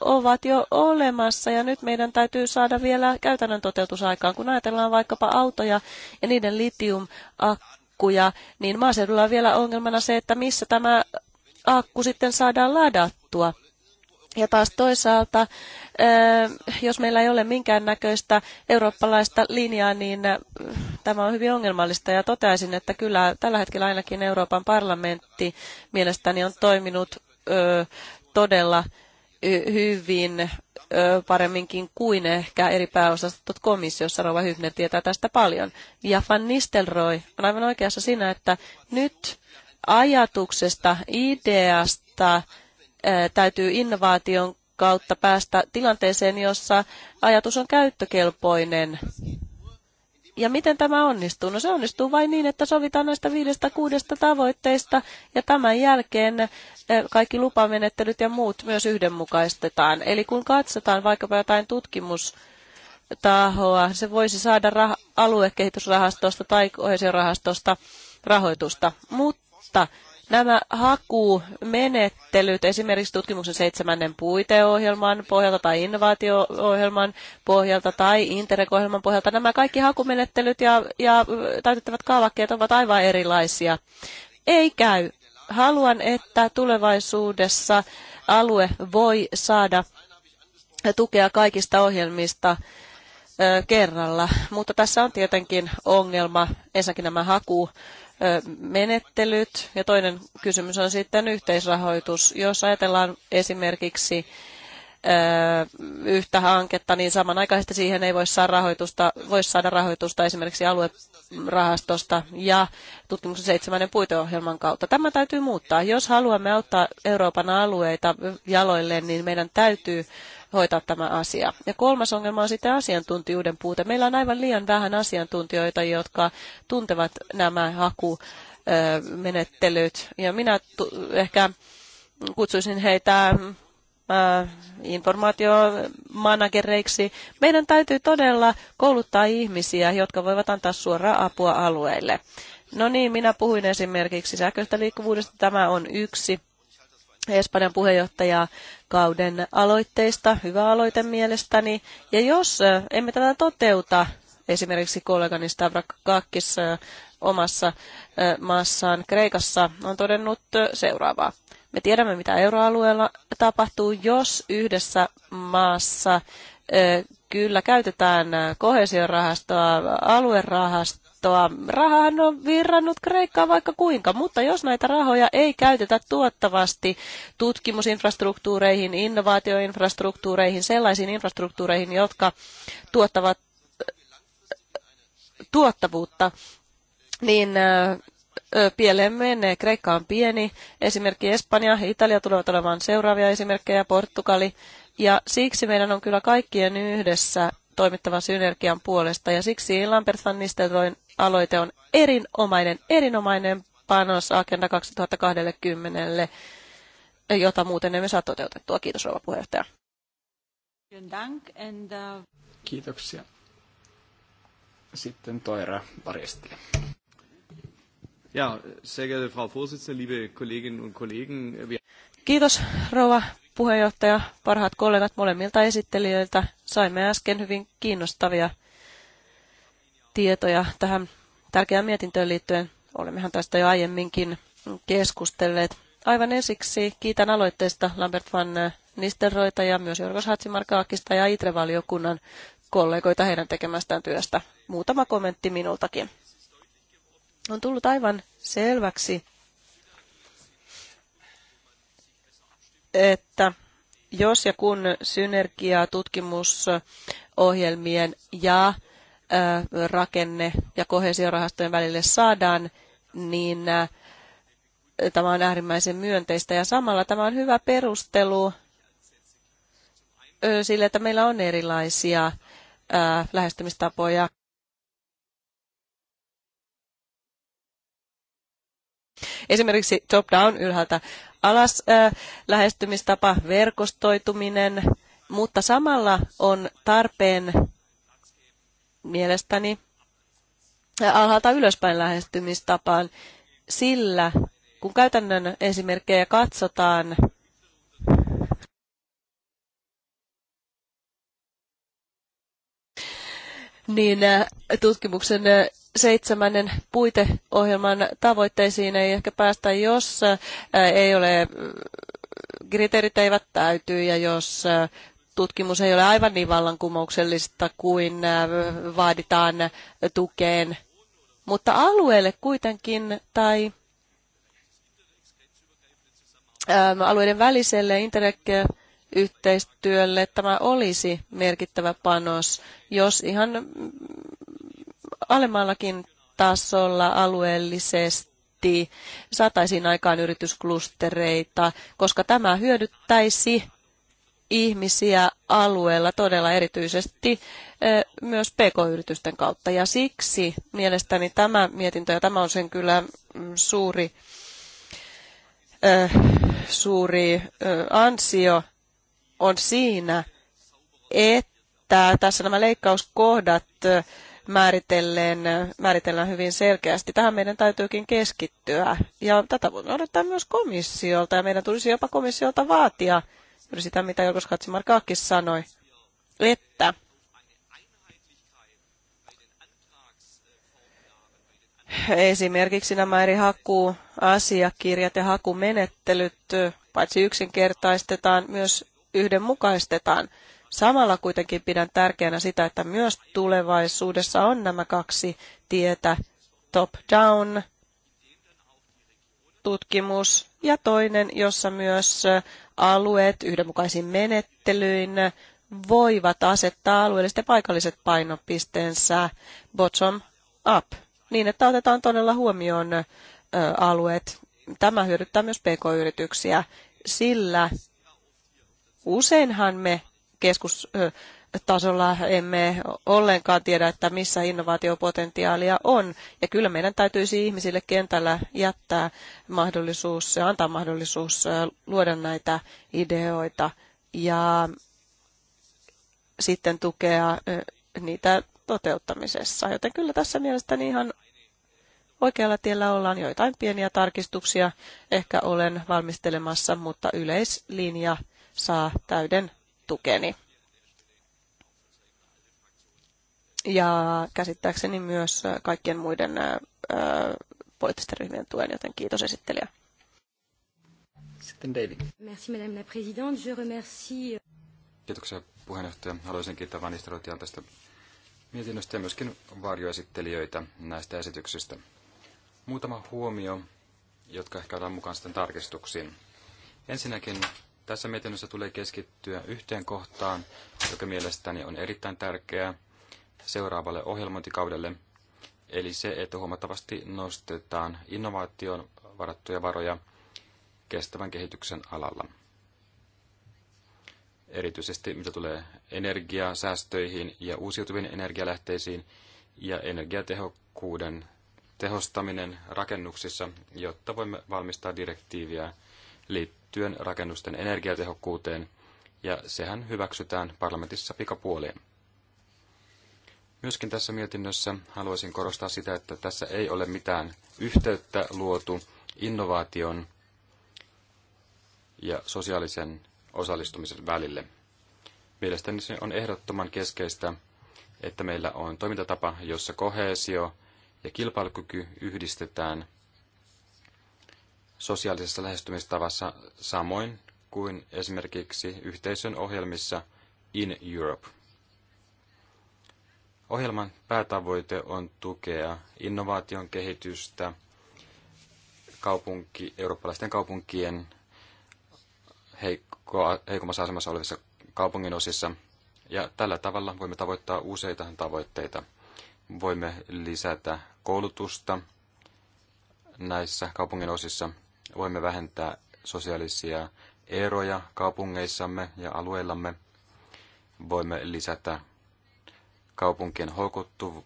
ovat jo olemassa ja nyt meidän täytyy saada vielä käytännön toteutusaikaan, kun ajatellaan vaikkapa autoja ja niiden litiumakkuja akkuja, niin maaseudulla on vielä ongelmana se, että missä tämä akku sitten saadaan ladattua. Ja taas toisaalta, eh, jos meillä ei ole minkäännäköistä eurooppalaista linjaa, niin eh, tämä on hyvin ongelmallista. Ja toteaisin, että kyllä tällä hetkellä ainakin Euroopan parlamentti mielestäni on toiminut eh, todella hyvin paremminkin kuin ehkä eri pääosastot komissiossa. Rova Hybner tietää tästä paljon. Ja Van Nistelrooy on aivan oikeassa siinä, että nyt ajatuksesta, ideasta täytyy innovaation kautta päästä tilanteeseen, jossa ajatus on käyttökelpoinen ja miten tämä onnistuu? No se onnistuu vain niin, että sovitaan näistä viidestä kuudesta tavoitteista ja tämän jälkeen eh, kaikki lupamenettelyt ja muut myös yhdenmukaistetaan. Eli kun katsotaan vaikkapa jotain tutkimus, tahoa. Se voisi saada rah- aluekehitysrahastosta tai kohesiorahastosta rahoitusta, mutta Nämä hakumenettelyt esimerkiksi tutkimuksen seitsemännen puiteohjelman pohjalta tai innovaatio-ohjelman pohjalta tai Interreg-ohjelman pohjalta, nämä kaikki hakumenettelyt ja, ja täytettävät kaavakkeet ovat aivan erilaisia. Ei käy. Haluan, että tulevaisuudessa alue voi saada tukea kaikista ohjelmista kerralla. Mutta tässä on tietenkin ongelma, ensinnäkin nämä haku menettelyt. Ja toinen kysymys on sitten yhteisrahoitus. Jos ajatellaan esimerkiksi yhtä hanketta, niin samanaikaisesti siihen ei voi saada rahoitusta, voi saada rahoitusta esimerkiksi aluerahastosta ja tutkimuksen seitsemännen puiteohjelman kautta. Tämä täytyy muuttaa. Jos haluamme auttaa Euroopan alueita jaloille, niin meidän täytyy hoitaa tämä asia. Ja kolmas ongelma on sitten asiantuntijuuden puute. Meillä on aivan liian vähän asiantuntijoita, jotka tuntevat nämä hakumenettelyt. Ja minä ehkä kutsuisin heitä informaatiomanagereiksi. Meidän täytyy todella kouluttaa ihmisiä, jotka voivat antaa suoraa apua alueille. No niin, minä puhuin esimerkiksi sähköistä liikkuvuudesta. Tämä on yksi Espanjan puheenjohtajakauden aloitteista, hyvä aloite mielestäni. Ja jos emme tätä toteuta, esimerkiksi kollegani Stavrakakis omassa maassaan Kreikassa on todennut seuraavaa. Me tiedämme, mitä euroalueella tapahtuu, jos yhdessä maassa kyllä käytetään kohesiorahastoa, aluerahastoa. rahaa on virrannut Kreikkaan vaikka kuinka, mutta jos näitä rahoja ei käytetä tuottavasti tutkimusinfrastruktuureihin, innovaatioinfrastruktuureihin, sellaisiin infrastruktuureihin, jotka tuottavat tuottavuutta, niin pieleen menee. Kreikka on pieni esimerkki, Espanja, Italia tulevat olemaan seuraavia esimerkkejä, Portugali. Ja siksi meidän on kyllä kaikkien yhdessä toimittava synergian puolesta. Ja siksi Lambert van Nistelrooyn aloite on erinomainen, erinomainen panos Agenda 2020, jota muuten emme saa toteutettua. Kiitos rouva puheenjohtaja. Kiitoksia. Sitten Toira varjestelee. Ja, sehr geehrte Frau Vorsitzende, liebe Kolleginnen und Kollegen. Kiitos rouva puheenjohtaja, parhaat kollegat molemmilta esittelijöiltä. Saimme äsken hyvin kiinnostavia tietoja tähän tärkeään mietintöön liittyen. Olemmehan tästä jo aiemminkin keskustelleet. Aivan ensiksi kiitän aloitteesta Lambert van Nisterroita ja myös Jorgos Hatsimarkaakista ja Itre-valiokunnan kollegoita heidän tekemästään työstä. Muutama kommentti minultakin on tullut aivan selväksi, että jos ja kun synergiaa tutkimusohjelmien ja rakenne- ja kohesiorahastojen välille saadaan, niin tämä on äärimmäisen myönteistä. Ja samalla tämä on hyvä perustelu sille, että meillä on erilaisia lähestymistapoja Esimerkiksi top-down ylhäältä alas äh, lähestymistapa, verkostoituminen, mutta samalla on tarpeen mielestäni alhaalta ylöspäin lähestymistapaan, sillä kun käytännön esimerkkejä katsotaan, niin tutkimuksen seitsemännen puiteohjelman tavoitteisiin ei ehkä päästä, jos äh, ei ole, äh, kriteerit eivät täyty ja jos äh, tutkimus ei ole aivan niin vallankumouksellista kuin vaaditaan tukeen, mutta alueelle kuitenkin tai ähm, alueiden väliselle interreg-yhteistyölle tämä olisi merkittävä panos, jos ihan alemmallakin tasolla alueellisesti saataisiin aikaan yritysklustereita, koska tämä hyödyttäisi ihmisiä alueella todella erityisesti myös pk-yritysten kautta. Ja siksi mielestäni tämä mietintö, ja tämä on sen kyllä mm, suuri, suuri ansio, on siinä, että tässä nämä leikkauskohdat määritellään hyvin selkeästi. Tähän meidän täytyykin keskittyä. Ja tätä voimme odottaa myös komissiolta, ja meidän tulisi jopa komissiolta vaatia, juuri sitä mitä Jorgos Katsimarkaakis sanoi, että esimerkiksi nämä eri hakuasiakirjat ja hakumenettelyt paitsi yksinkertaistetaan, myös yhdenmukaistetaan. Samalla kuitenkin pidän tärkeänä sitä, että myös tulevaisuudessa on nämä kaksi tietä, top-down tutkimus ja toinen, jossa myös alueet yhdenmukaisin menettelyin voivat asettaa alueelliset ja paikalliset painopisteensä bottom up, niin että otetaan todella huomioon alueet. Tämä hyödyttää myös pk-yrityksiä, sillä useinhan me keskustasolla emme ollenkaan tiedä, että missä innovaatiopotentiaalia on. Ja kyllä meidän täytyisi ihmisille kentällä jättää mahdollisuus, ja antaa mahdollisuus luoda näitä ideoita ja sitten tukea niitä toteuttamisessa. Joten kyllä tässä mielestäni ihan oikealla tiellä ollaan. Joitain pieniä tarkistuksia ehkä olen valmistelemassa, mutta yleislinja saa täyden tukeni. Ja käsittääkseni myös kaikkien muiden poliittisten ryhmien tuen, joten kiitos esittelijä. Sitten Daily. Merci madame la présidente. Je remercie... Kiitoksia puheenjohtaja. Haluaisin kiittää vanistelutia tästä mietinnöstä ja myöskin varjoesittelijöitä näistä esityksistä. Muutama huomio, jotka ehkä otan mukaan sitten tarkistuksiin. Ensinnäkin tässä mietinnössä tulee keskittyä yhteen kohtaan, joka mielestäni on erittäin tärkeää seuraavalle ohjelmointikaudelle, eli se, että huomattavasti nostetaan innovaation varattuja varoja kestävän kehityksen alalla. Erityisesti mitä tulee energiasäästöihin ja uusiutuviin energialähteisiin ja energiatehokkuuden tehostaminen rakennuksissa, jotta voimme valmistaa direktiiviä liittyen rakennusten energiatehokkuuteen, ja sehän hyväksytään parlamentissa pikapuoleen. Myöskin tässä mietinnössä haluaisin korostaa sitä, että tässä ei ole mitään yhteyttä luotu innovaation ja sosiaalisen osallistumisen välille. Mielestäni se on ehdottoman keskeistä, että meillä on toimintatapa, jossa koheesio ja kilpailukyky yhdistetään – sosiaalisessa lähestymistavassa samoin kuin esimerkiksi yhteisön ohjelmissa In Europe. Ohjelman päätavoite on tukea innovaation kehitystä, kaupunki, eurooppalaisten kaupunkien heikko, heikommassa asemassa olevissa kaupungin osissa. Ja tällä tavalla voimme tavoittaa useita tavoitteita. Voimme lisätä koulutusta näissä kaupungin osissa voimme vähentää sosiaalisia eroja kaupungeissamme ja alueillamme. Voimme lisätä kaupunkien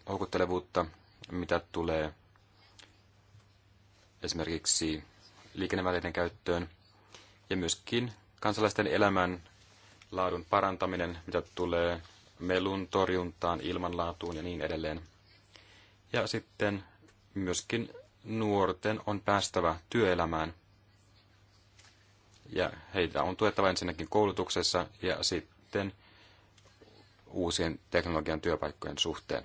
houkuttelevuutta, mitä tulee esimerkiksi liikennevälineiden käyttöön ja myöskin kansalaisten elämän laadun parantaminen, mitä tulee melun torjuntaan, ilmanlaatuun ja niin edelleen. Ja sitten myöskin nuorten on päästävä työelämään. Ja heitä on tuettava ensinnäkin koulutuksessa ja sitten uusien teknologian työpaikkojen suhteen.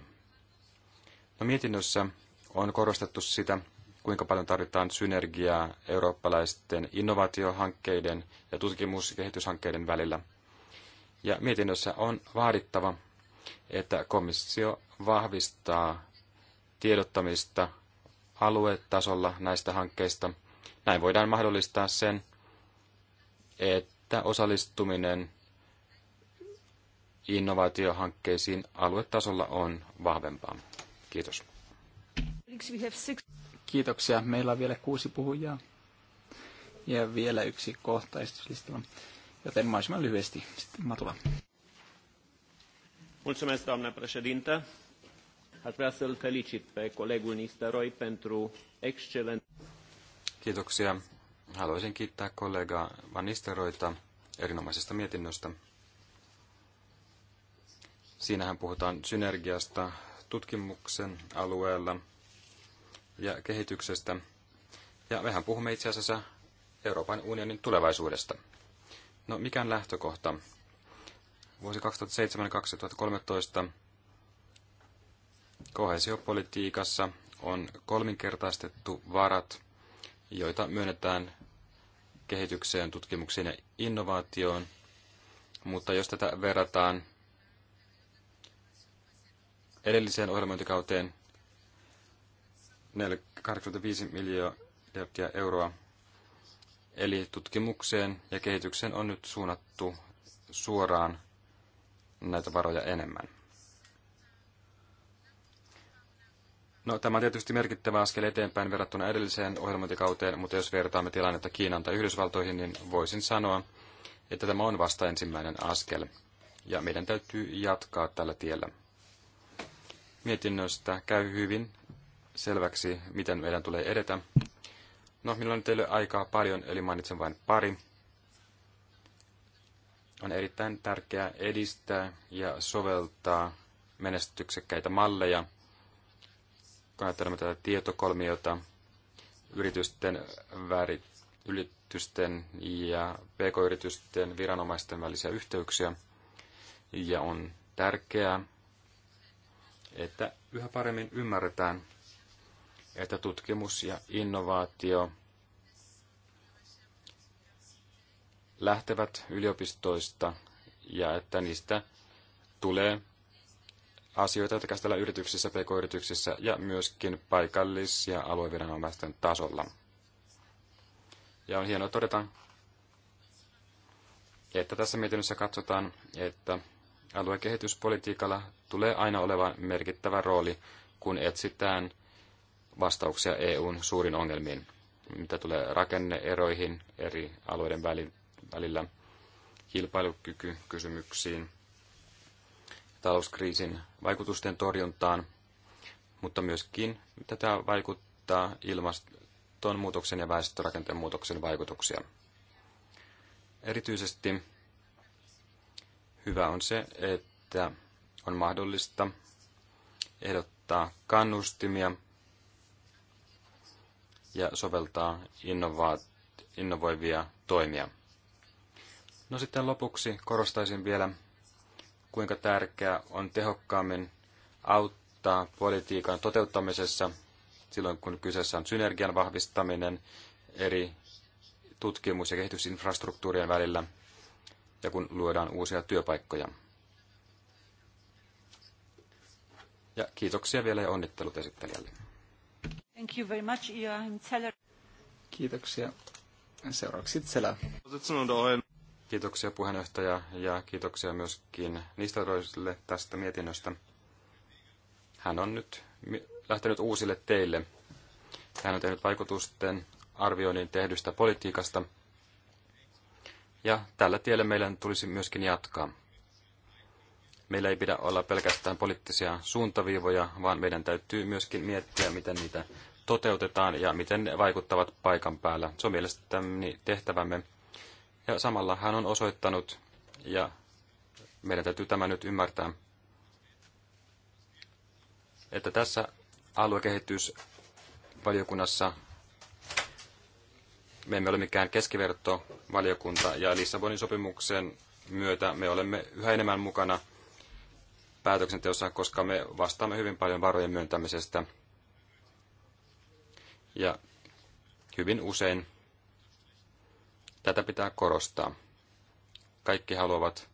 No, mietinnössä on korostettu sitä, kuinka paljon tarvitaan synergiaa eurooppalaisten innovaatiohankkeiden ja tutkimus- ja kehityshankkeiden välillä. Ja mietinnössä on vaadittava, että komissio vahvistaa tiedottamista aluetasolla näistä hankkeista. Näin voidaan mahdollistaa sen, että osallistuminen innovaatiohankkeisiin aluetasolla on vahvempaa. Kiitos. Kiitoksia. Meillä on vielä kuusi puhujaa ja vielä yksi kohta esityslistalla. Joten mahdollisimman lyhyesti. Sitten Matula. Mulțumesc, doamna președintă. Aș vrea să-l felicit pe colegul Nisteroi pentru excelent. Kiitoksia. Haluaisin kiittää kollega Van Nisteroita erinomaisesta mietinnöstä. Siinähän puhutaan synergiasta tutkimuksen alueella ja kehityksestä. Ja mehän puhumme itse asiassa Euroopan unionin tulevaisuudesta. No, mikä on lähtökohta? Vuosi 2007-2013 Kohesiopolitiikassa on kolminkertaistettu varat, joita myönnetään kehitykseen, tutkimukseen ja innovaatioon. Mutta jos tätä verrataan edelliseen ohjelmointikauteen 85 miljardia euroa, eli tutkimukseen ja kehitykseen on nyt suunnattu suoraan näitä varoja enemmän. No, tämä on tietysti merkittävä askel eteenpäin verrattuna edelliseen ohjelmointikauteen, mutta jos vertaamme tilannetta Kiinan tai Yhdysvaltoihin, niin voisin sanoa, että tämä on vasta ensimmäinen askel, ja meidän täytyy jatkaa tällä tiellä. Mietinnöstä käy hyvin selväksi, miten meidän tulee edetä. No, minulla on teille aikaa paljon, eli mainitsen vain pari. On erittäin tärkeää edistää ja soveltaa menestyksekkäitä malleja – kun ajattelemme tätä tietokolmiota, yritysten, väri, yritysten ja pk-yritysten viranomaisten välisiä yhteyksiä. Ja on tärkeää, että yhä paremmin ymmärretään, että tutkimus ja innovaatio lähtevät yliopistoista ja että niistä tulee asioita, joita käsitellään yrityksissä, pk-yrityksissä ja myöskin paikallis- ja alueviranomaisten tasolla. Ja on hienoa todeta, että tässä mietinnössä katsotaan, että aluekehityspolitiikalla tulee aina olevan merkittävä rooli, kun etsitään vastauksia EUn suurin ongelmiin, mitä tulee rakenneeroihin eri alueiden välillä, kilpailukykykysymyksiin talouskriisin vaikutusten torjuntaan, mutta myöskin tätä vaikuttaa ilmastonmuutoksen ja väestörakenteen muutoksen vaikutuksia. Erityisesti hyvä on se, että on mahdollista ehdottaa kannustimia ja soveltaa innovoivia toimia. No sitten lopuksi korostaisin vielä, kuinka tärkeää on tehokkaammin auttaa politiikan toteuttamisessa silloin, kun kyseessä on synergian vahvistaminen eri tutkimus- ja kehitysinfrastruktuurien välillä ja kun luodaan uusia työpaikkoja. Ja kiitoksia vielä ja onnittelut esittelijälle. Thank you very much, Kiitoksia. Seuraavaksi Zelä. Kiitoksia puheenjohtaja ja kiitoksia myöskin Nistaroisille tästä mietinnöstä. Hän on nyt lähtenyt uusille teille. Hän on tehnyt vaikutusten arvioinnin tehdystä politiikasta. Ja tällä tiellä meidän tulisi myöskin jatkaa. Meillä ei pidä olla pelkästään poliittisia suuntaviivoja, vaan meidän täytyy myöskin miettiä, miten niitä toteutetaan ja miten ne vaikuttavat paikan päällä. Se on mielestäni tehtävämme ja samalla hän on osoittanut, ja meidän täytyy tämä nyt ymmärtää, että tässä aluekehitysvaliokunnassa me emme ole mikään keskivertovaliokunta, ja Lissabonin sopimuksen myötä me olemme yhä enemmän mukana päätöksenteossa, koska me vastaamme hyvin paljon varojen myöntämisestä. Ja hyvin usein Tätä pitää korostaa. Kaikki haluavat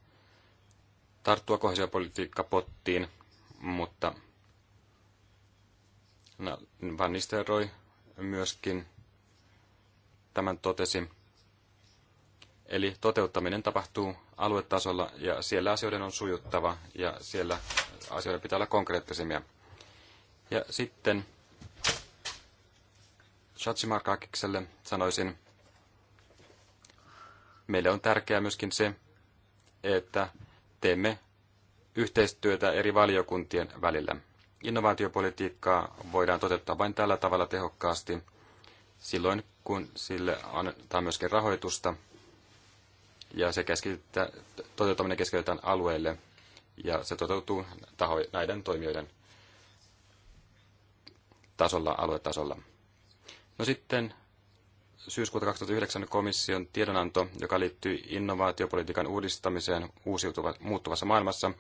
tarttua kohesiopolitiikkapottiin, mutta no, Van Nistelrooy myöskin tämän totesi. Eli toteuttaminen tapahtuu aluetasolla ja siellä asioiden on sujuttava ja siellä asioiden pitää olla konkreettisimia. Ja sitten Shatsimarkakikselle sanoisin, Meille on tärkeää myöskin se, että teemme yhteistyötä eri valiokuntien välillä. Innovaatiopolitiikkaa voidaan toteuttaa vain tällä tavalla tehokkaasti silloin, kun sille annetaan myöskin rahoitusta ja se keskitytään, toteuttaminen keskitytään alueelle ja se toteutuu taho, näiden toimijoiden tasolla, aluetasolla. No sitten syyskuuta 2009 komission tiedonanto, joka liittyy innovaatiopolitiikan uudistamiseen uusiutuvassa muuttuvassa maailmassa.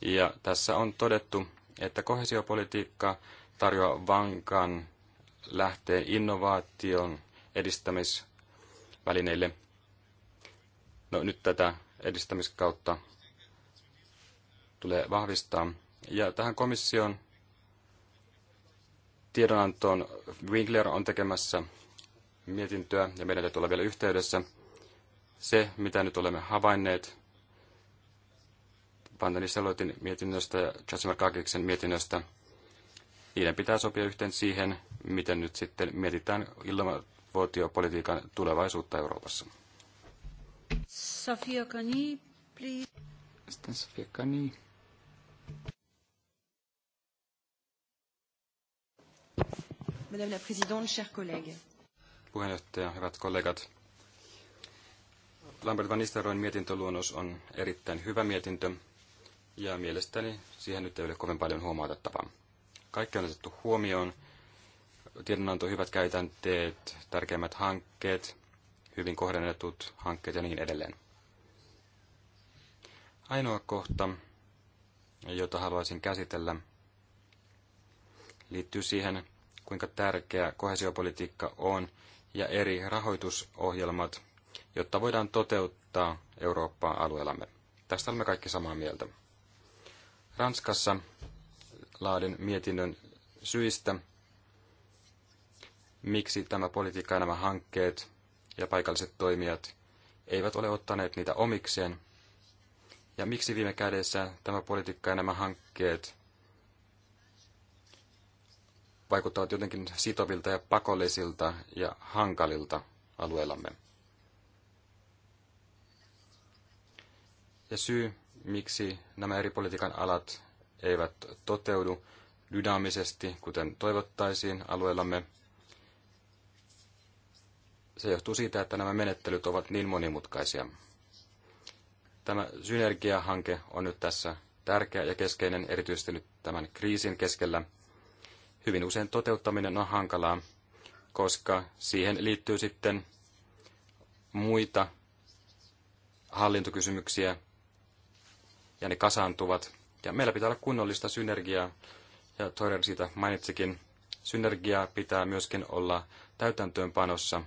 Ja tässä on todettu, että kohesiopolitiikka tarjoaa vankan lähteen innovaation edistämisvälineille. No nyt tätä edistämiskautta tulee vahvistaa. Ja tähän komission tiedonantoon Winkler on tekemässä mietintöä ja meidän täytyy olla vielä yhteydessä. Se, mitä nyt olemme havainneet Pantani Selotin mietinnöstä ja Chasimar Kakiksen mietinnöstä, niiden pitää sopia yhteen siihen, miten nyt sitten mietitään ilmavuotiopolitiikan tulevaisuutta Euroopassa. Sofia Kani, please. Sitten Sofia Kani. Madame la Présidente, chers collègues puheenjohtaja, hyvät kollegat. Lambert van Nistelrooyn mietintöluonnos on erittäin hyvä mietintö, ja mielestäni siihen nyt ei ole kovin paljon huomautettavaa. Kaikki on otettu huomioon. Tiedonanto, hyvät käytänteet, tärkeimmät hankkeet, hyvin kohdennetut hankkeet ja niin edelleen. Ainoa kohta, jota haluaisin käsitellä, liittyy siihen, kuinka tärkeä kohesiopolitiikka on ja eri rahoitusohjelmat, jotta voidaan toteuttaa Eurooppaa alueellamme. Tästä olemme kaikki samaa mieltä. Ranskassa laadin mietinnön syistä, miksi tämä politiikka ja nämä hankkeet ja paikalliset toimijat eivät ole ottaneet niitä omikseen, ja miksi viime kädessä tämä politiikka ja nämä hankkeet vaikuttavat jotenkin sitovilta ja pakollisilta ja hankalilta alueellamme. Ja syy, miksi nämä eri politiikan alat eivät toteudu dynaamisesti, kuten toivottaisiin alueellamme, se johtuu siitä, että nämä menettelyt ovat niin monimutkaisia. Tämä synergiahanke on nyt tässä tärkeä ja keskeinen erityisesti nyt tämän kriisin keskellä – hyvin usein toteuttaminen on hankalaa, koska siihen liittyy sitten muita hallintokysymyksiä, ja ne kasaantuvat. Ja meillä pitää olla kunnollista synergiaa, ja Toirer siitä mainitsikin. Synergiaa pitää myöskin olla täytäntöönpanossa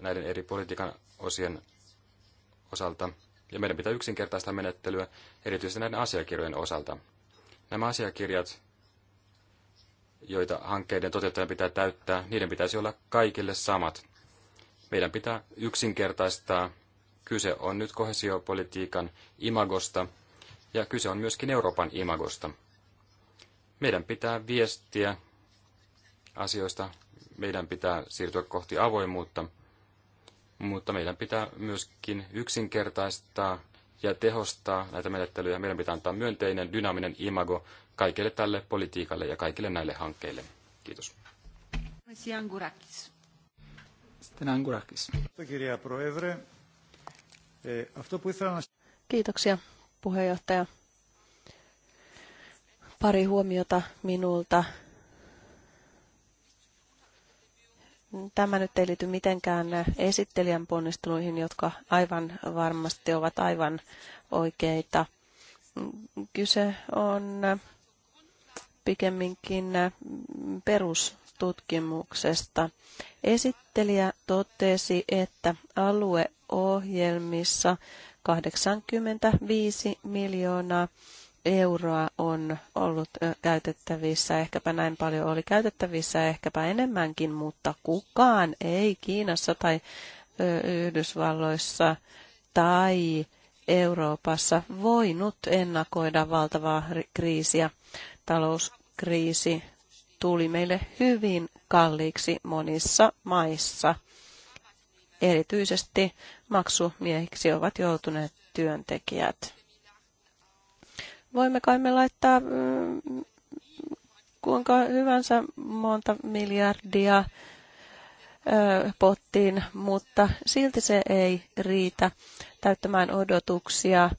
näiden eri politiikan osien osalta. Ja meidän pitää yksinkertaista menettelyä erityisesti näiden asiakirjojen osalta. Nämä asiakirjat joita hankkeiden toteuttajan pitää täyttää, niiden pitäisi olla kaikille samat. Meidän pitää yksinkertaistaa. Kyse on nyt kohesiopolitiikan imagosta ja kyse on myöskin Euroopan imagosta. Meidän pitää viestiä asioista, meidän pitää siirtyä kohti avoimuutta, mutta meidän pitää myöskin yksinkertaistaa ja tehostaa näitä menettelyjä. Meidän pitää antaa myönteinen, dynaaminen imago kaikelle tälle politiikalle ja kaikille näille hankkeille. Kiitos. Kiitoksia puheenjohtaja. Pari huomiota minulta. Tämä nyt ei liity mitenkään esittelijän ponnisteluihin, jotka aivan varmasti ovat aivan oikeita. Kyse on pikemminkin äh, perustutkimuksesta. Esittelijä totesi, että alueohjelmissa 85 miljoonaa euroa on ollut äh, käytettävissä, ehkäpä näin paljon oli käytettävissä, ehkäpä enemmänkin, mutta kukaan ei Kiinassa tai Yhdysvalloissa tai Euroopassa voinut ennakoida valtavaa kriisiä, talous- kriisi tuli meille hyvin kalliiksi monissa maissa. Erityisesti maksumiehiksi ovat joutuneet työntekijät. Voimme kai me laittaa mm, kuinka hyvänsä monta miljardia pottiin, mutta silti se ei riitä täyttämään odotuksia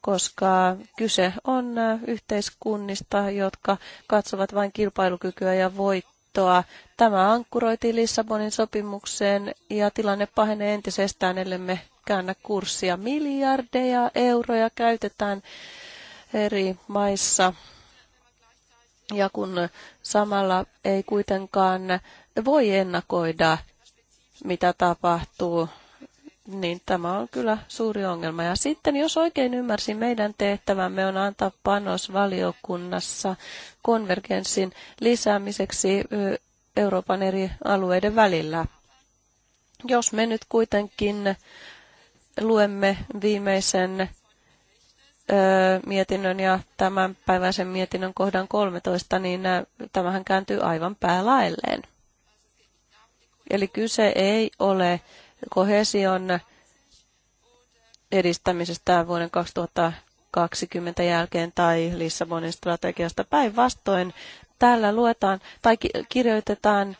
koska kyse on yhteiskunnista, jotka katsovat vain kilpailukykyä ja voittoa. Tämä ankkuroitiin Lissabonin sopimukseen ja tilanne pahenee entisestään, ellemme käännä kurssia. Miljardeja euroja käytetään eri maissa. Ja kun samalla ei kuitenkaan voi ennakoida, mitä tapahtuu niin tämä on kyllä suuri ongelma. Ja sitten, jos oikein ymmärsin, meidän tehtävämme on antaa panos valiokunnassa konvergenssin lisäämiseksi Euroopan eri alueiden välillä. Jos me nyt kuitenkin luemme viimeisen mietinnön ja tämän päiväisen mietinnön kohdan 13, niin tämähän kääntyy aivan päälaelleen. Eli kyse ei ole kohesion edistämisestä vuoden 2020 jälkeen tai Lissabonin strategiasta. Päinvastoin täällä luetaan tai kirjoitetaan,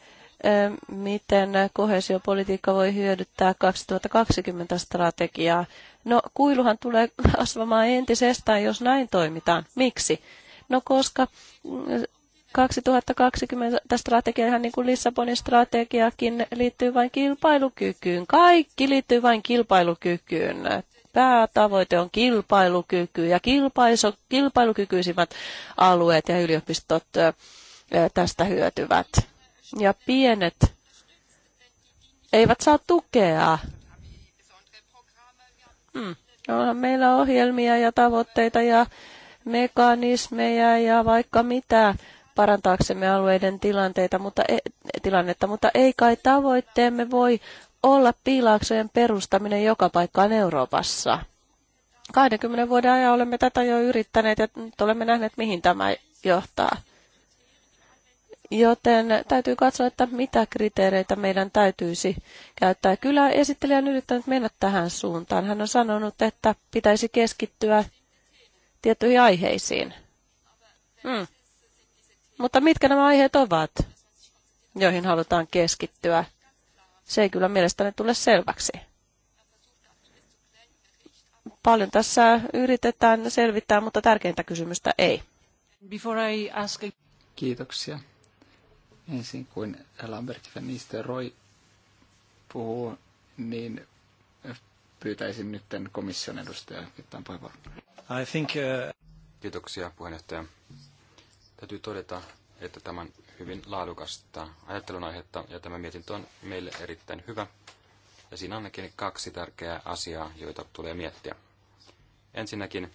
miten kohesiopolitiikka voi hyödyttää 2020 strategiaa. No kuiluhan tulee kasvamaan entisestään, jos näin toimitaan. Miksi? No koska mm, 2020 strategia, ihan niin kuin Lissabonin strategiakin, liittyy vain kilpailukykyyn. Kaikki liittyy vain kilpailukykyyn. Päätavoite on kilpailukyky ja kilpaiso, kilpailukykyisimmät alueet ja yliopistot tästä hyötyvät. Ja pienet eivät saa tukea. Hmm. Onhan meillä ohjelmia ja tavoitteita ja mekanismeja ja vaikka mitä parantaaksemme alueiden tilanteita, mutta e, tilannetta, mutta ei kai tavoitteemme voi olla piilaaksojen perustaminen joka paikkaan Euroopassa. 20 vuoden ajan olemme tätä jo yrittäneet ja nyt olemme nähneet, mihin tämä johtaa. Joten täytyy katsoa, että mitä kriteereitä meidän täytyisi käyttää. Kyllä esittelijä on yrittänyt mennä tähän suuntaan. Hän on sanonut, että pitäisi keskittyä tiettyihin aiheisiin. Hmm. Mutta mitkä nämä aiheet ovat, joihin halutaan keskittyä? Se ei kyllä mielestäni tule selväksi. Paljon tässä yritetään selvittää, mutta tärkeintä kysymystä ei. Before I ask... Kiitoksia. Ensin kuin Lambert van Nistelrooy puhuu, niin pyytäisin nyt komission edustajaa, I think, uh... Kiitoksia puheenjohtaja. Täytyy todeta, että tämä on hyvin laadukasta ajattelun aihetta ja tämä mietintö on meille erittäin hyvä. Ja siinä on ainakin kaksi tärkeää asiaa, joita tulee miettiä. Ensinnäkin,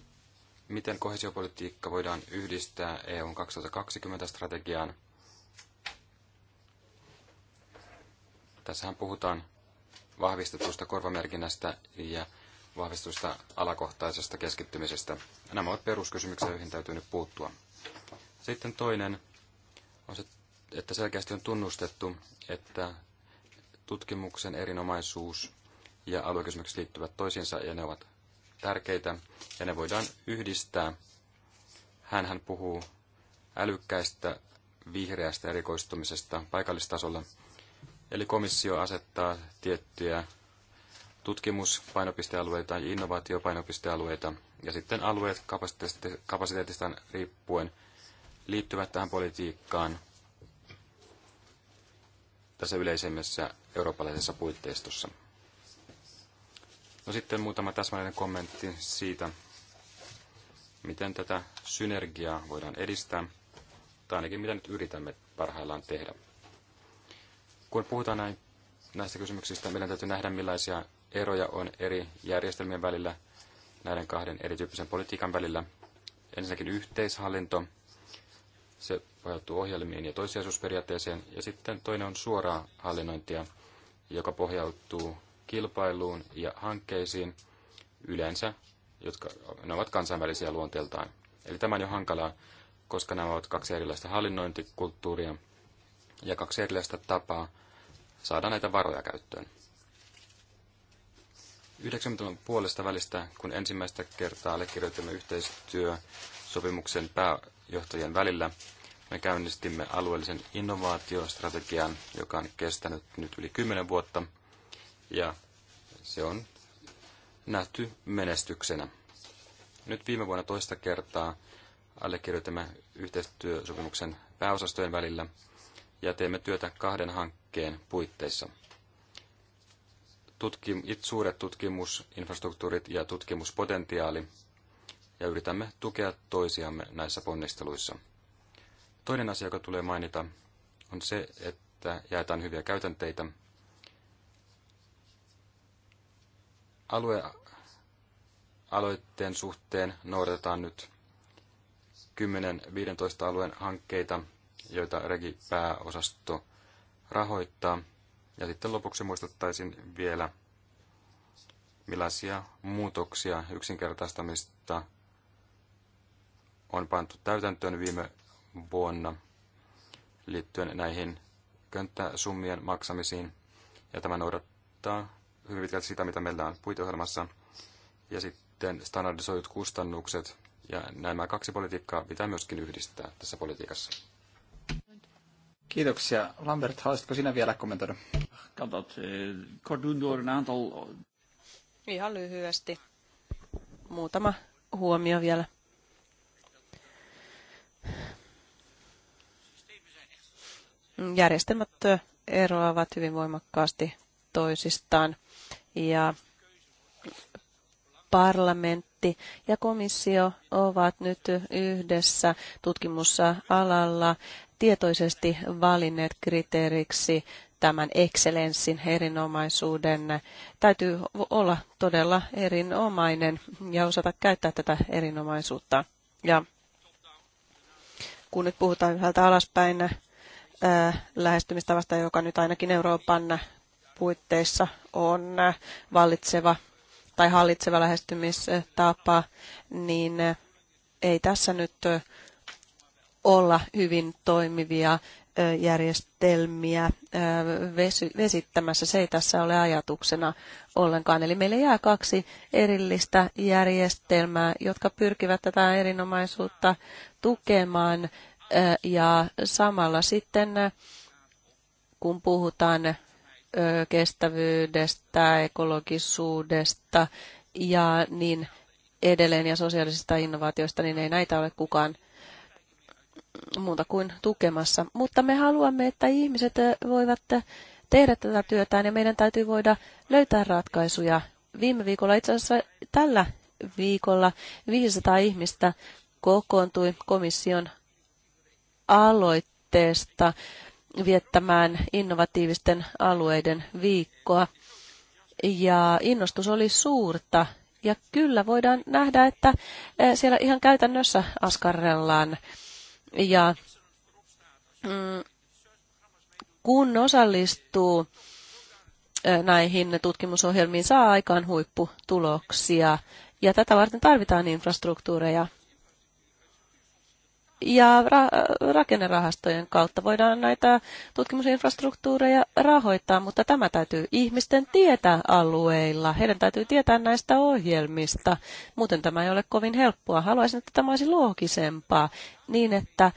miten kohesiopolitiikka voidaan yhdistää EUn 2020-strategiaan. Tässähän puhutaan vahvistetusta korvamerkinnästä ja vahvistusta alakohtaisesta keskittymisestä. Nämä ovat peruskysymyksiä, joihin täytyy nyt puuttua. Sitten toinen on se, että selkeästi on tunnustettu, että tutkimuksen erinomaisuus ja aluekysymykset liittyvät toisiinsa ja ne ovat tärkeitä ja ne voidaan yhdistää. Hän hän puhuu älykkäistä vihreästä erikoistumisesta paikallistasolla. Eli komissio asettaa tiettyjä tutkimuspainopistealueita ja innovaatiopainopistealueita, ja sitten alueet kapasiteetistaan riippuen liittyvät tähän politiikkaan tässä yleisemmässä eurooppalaisessa puitteistossa. No sitten muutama täsmällinen kommentti siitä, miten tätä synergiaa voidaan edistää, tai ainakin mitä nyt yritämme parhaillaan tehdä. Kun puhutaan näin, näistä kysymyksistä, meidän täytyy nähdä, millaisia eroja on eri järjestelmien välillä, näiden kahden erityyppisen politiikan välillä. Ensinnäkin yhteishallinto se pohjautuu ohjelmiin ja toissijaisuusperiaatteeseen. Ja sitten toinen on suoraa hallinnointia, joka pohjautuu kilpailuun ja hankkeisiin yleensä, jotka ne ovat kansainvälisiä luonteeltaan. Eli tämä on jo hankalaa, koska nämä ovat kaksi erilaista hallinnointikulttuuria ja kaksi erilaista tapaa saada näitä varoja käyttöön. 90-luvun puolesta välistä, kun ensimmäistä kertaa allekirjoitimme yhteistyösopimuksen pää, johtajien välillä. Me käynnistimme alueellisen innovaatiostrategian, joka on kestänyt nyt yli 10 vuotta, ja se on nähty menestyksenä. Nyt viime vuonna toista kertaa allekirjoitamme yhteistyösopimuksen pääosastojen välillä ja teemme työtä kahden hankkeen puitteissa. Tutkim, suuret tutkimusinfrastruktuurit ja tutkimuspotentiaali – ja yritämme tukea toisiamme näissä ponnisteluissa. Toinen asia, joka tulee mainita, on se, että jaetaan hyviä käytänteitä. Aluealoitteen suhteen noudatetaan nyt 10-15 alueen hankkeita, joita Regi pääosasto rahoittaa. Ja sitten lopuksi muistuttaisin vielä, millaisia muutoksia yksinkertaistamista on pantu täytäntöön viime vuonna liittyen näihin könttäsummien maksamisiin. Ja tämä noudattaa hyvin pitkälti sitä, mitä meillä on puiteohjelmassa. Ja sitten standardisoidut kustannukset. Ja nämä kaksi politiikkaa pitää myöskin yhdistää tässä politiikassa. Kiitoksia. Lambert, haluaisitko sinä vielä kommentoida? Ihan lyhyesti. Muutama huomio vielä. järjestelmät eroavat hyvin voimakkaasti toisistaan ja parlamentti ja komissio ovat nyt yhdessä tutkimussa alalla tietoisesti valinneet kriteeriksi tämän excellenssin erinomaisuuden. Täytyy olla todella erinomainen ja osata käyttää tätä erinomaisuutta. Ja kun nyt puhutaan yhdeltä alaspäin lähestymistavasta, joka nyt ainakin Euroopan puitteissa on vallitseva tai hallitseva lähestymistapa, niin ei tässä nyt olla hyvin toimivia järjestelmiä vesittämässä. Se ei tässä ole ajatuksena ollenkaan. Eli meille jää kaksi erillistä järjestelmää, jotka pyrkivät tätä erinomaisuutta tukemaan ja samalla sitten, kun puhutaan kestävyydestä, ekologisuudesta ja niin edelleen ja sosiaalisista innovaatioista, niin ei näitä ole kukaan muuta kuin tukemassa. Mutta me haluamme, että ihmiset voivat tehdä tätä työtään ja meidän täytyy voida löytää ratkaisuja. Viime viikolla, itse asiassa tällä viikolla 500 ihmistä kokoontui komission aloitteesta viettämään innovatiivisten alueiden viikkoa. Ja innostus oli suurta. Ja kyllä voidaan nähdä, että eh, siellä ihan käytännössä askarrellaan. Ja mm, kun osallistuu eh, näihin tutkimusohjelmiin, saa aikaan huipputuloksia. Ja tätä varten tarvitaan infrastruktuureja ja ra- rakennerahastojen kautta voidaan näitä tutkimusinfrastruktuureja rahoittaa, mutta tämä täytyy ihmisten tietää alueilla. Heidän täytyy tietää näistä ohjelmista. Muuten tämä ei ole kovin helppoa. Haluaisin, että tämä olisi loogisempaa niin, että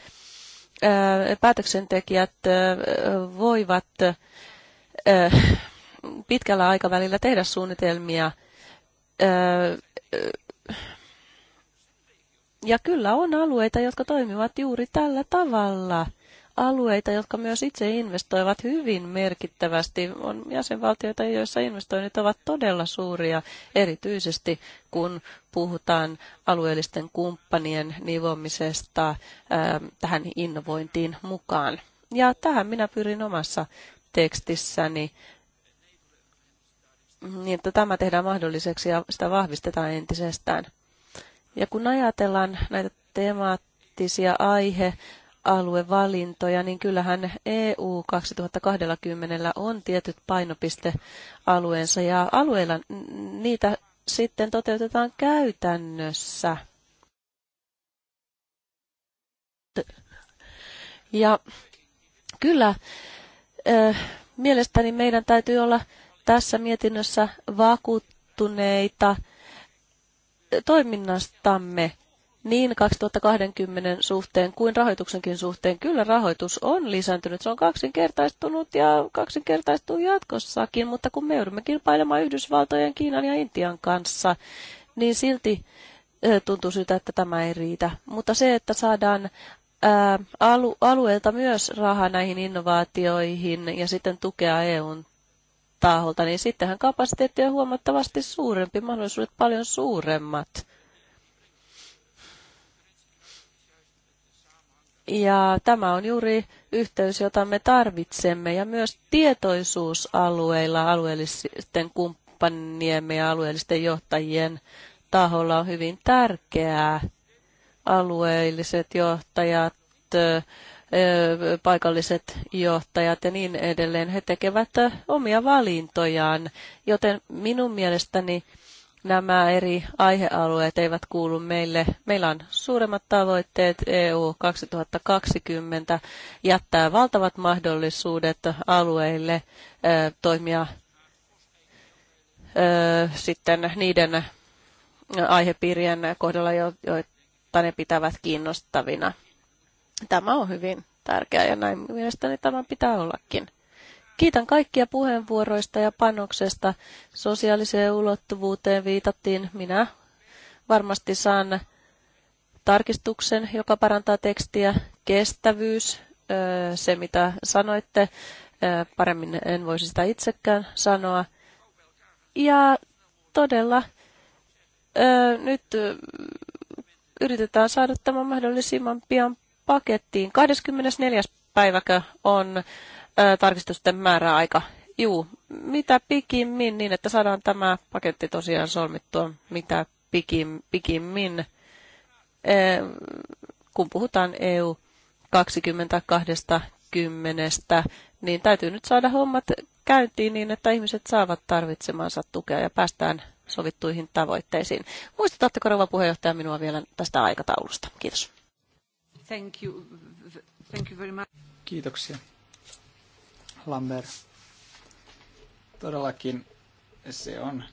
päätöksentekijät voivat pitkällä aikavälillä tehdä suunnitelmia ja kyllä on alueita, jotka toimivat juuri tällä tavalla. Alueita, jotka myös itse investoivat hyvin merkittävästi. On jäsenvaltioita, joissa investoinnit ovat todella suuria, erityisesti kun puhutaan alueellisten kumppanien nivomisesta ähm, tähän innovointiin mukaan. Ja tähän minä pyrin omassa tekstissäni niin että tämä tehdään mahdolliseksi ja sitä vahvistetaan entisestään. Ja kun ajatellaan näitä temaattisia aihe aluevalintoja, niin kyllähän EU 2020 on tietyt painopistealueensa ja alueilla niitä sitten toteutetaan käytännössä. Ja kyllä, mielestäni meidän täytyy olla tässä mietinnössä vakuuttuneita toiminnastamme niin 2020 suhteen kuin rahoituksenkin suhteen. Kyllä rahoitus on lisääntynyt, se on kaksinkertaistunut ja kaksinkertaistuu jatkossakin, mutta kun me joudumme kilpailemaan Yhdysvaltojen, Kiinan ja Intian kanssa, niin silti tuntuu siltä, että tämä ei riitä. Mutta se, että saadaan alu, alueelta myös rahaa näihin innovaatioihin ja sitten tukea EUn taholta, niin sittenhän kapasiteetti on huomattavasti suurempi, mahdollisuudet paljon suuremmat. Ja tämä on juuri yhteys, jota me tarvitsemme ja myös tietoisuusalueilla alueellisten kumppaniemme ja alueellisten johtajien taholla on hyvin tärkeää. Alueelliset johtajat paikalliset johtajat ja niin edelleen, he tekevät omia valintojaan, joten minun mielestäni nämä eri aihealueet eivät kuulu meille. Meillä on suuremmat tavoitteet EU 2020 jättää valtavat mahdollisuudet alueille toimia sitten niiden aihepiirien kohdalla, joita ne pitävät kiinnostavina. Tämä on hyvin tärkeää ja näin mielestäni tämä pitää ollakin. Kiitän kaikkia puheenvuoroista ja panoksesta. Sosiaaliseen ulottuvuuteen viitattiin. Minä varmasti saan tarkistuksen, joka parantaa tekstiä. Kestävyys, se mitä sanoitte, paremmin en voisi sitä itsekään sanoa. Ja todella nyt yritetään saada tämä mahdollisimman pian pakettiin. 24. päiväkö on tarkistusten määräaika? Juu, mitä pikimmin, niin että saadaan tämä paketti tosiaan solmittua, mitä pikim, pikimmin, kun puhutaan EU 2020, niin täytyy nyt saada hommat käyntiin niin, että ihmiset saavat tarvitsemansa tukea ja päästään sovittuihin tavoitteisiin. Muistutatteko rouva puheenjohtaja minua vielä tästä aikataulusta? Kiitos. Thank you. Thank you very much. Kiitoksia. Lambert. Todellakin se on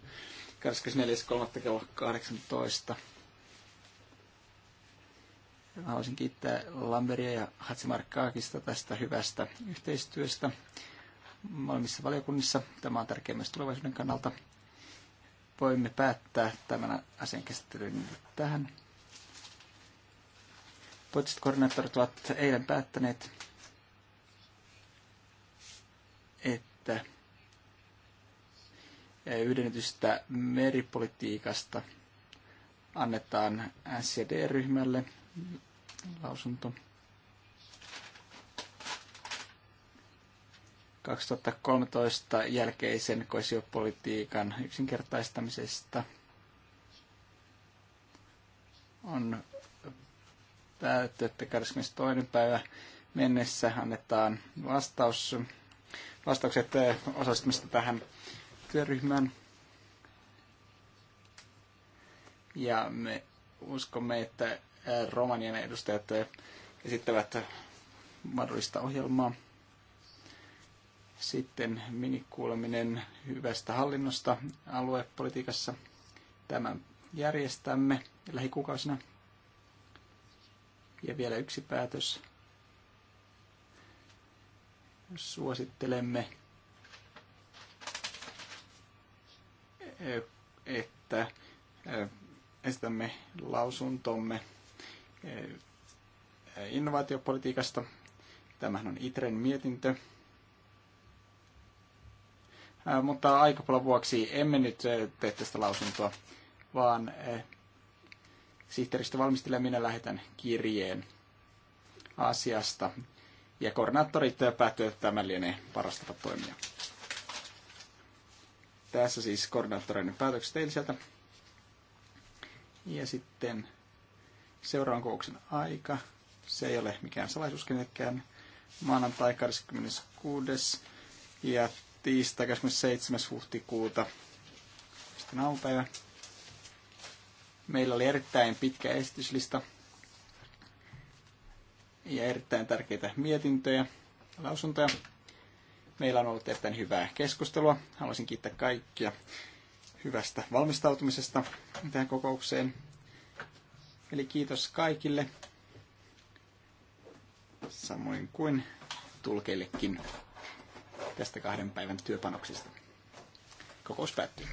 24.3. kello 18. Mä haluaisin kiittää Lamberia ja Hatsimarkkaakista tästä hyvästä yhteistyöstä molemmissa valiokunnissa. Tämä on tärkeä myös tulevaisuuden kannalta. Voimme päättää tämän asian käsittelyn tähän. Poliittiset koordinaattorit ovat eilen päättäneet, että yhdennetystä meripolitiikasta annetaan SCD-ryhmälle lausunto. 2013 jälkeisen koesiopolitiikan yksinkertaistamisesta on että 22. päivä mennessä annetaan vastaus, vastaukset eh, osallistumista tähän työryhmään. Ja me uskomme, että eh, Romanian edustajat eh, esittävät mahdollista ohjelmaa. Sitten minikuuleminen hyvästä hallinnosta aluepolitiikassa. Tämän järjestämme lähikuukausina. Ja vielä yksi päätös. Suosittelemme, että esitämme lausuntomme innovaatiopolitiikasta. Tämähän on ITREN mietintö. Mutta aikapulan vuoksi emme nyt tee tästä lausuntoa, vaan sihteeristö valmistelee, minä lähetän kirjeen asiasta. Ja koordinaattorit päättyy, että tämä lienee paras tapa toimia. Tässä siis koordinaattoreiden päätökset eiliseltä. Ja sitten seuraavan kokouksen aika. Se ei ole mikään salaisuus kenellekään. Maanantai 26. ja tiistai 27. huhtikuuta. Sitten aamupäivä. Meillä oli erittäin pitkä esityslista ja erittäin tärkeitä mietintöjä, lausuntoja. Meillä on ollut erittäin hyvää keskustelua. Haluaisin kiittää kaikkia hyvästä valmistautumisesta tähän kokoukseen. Eli kiitos kaikille, samoin kuin tulkeillekin tästä kahden päivän työpanoksista. Kokous päättyy.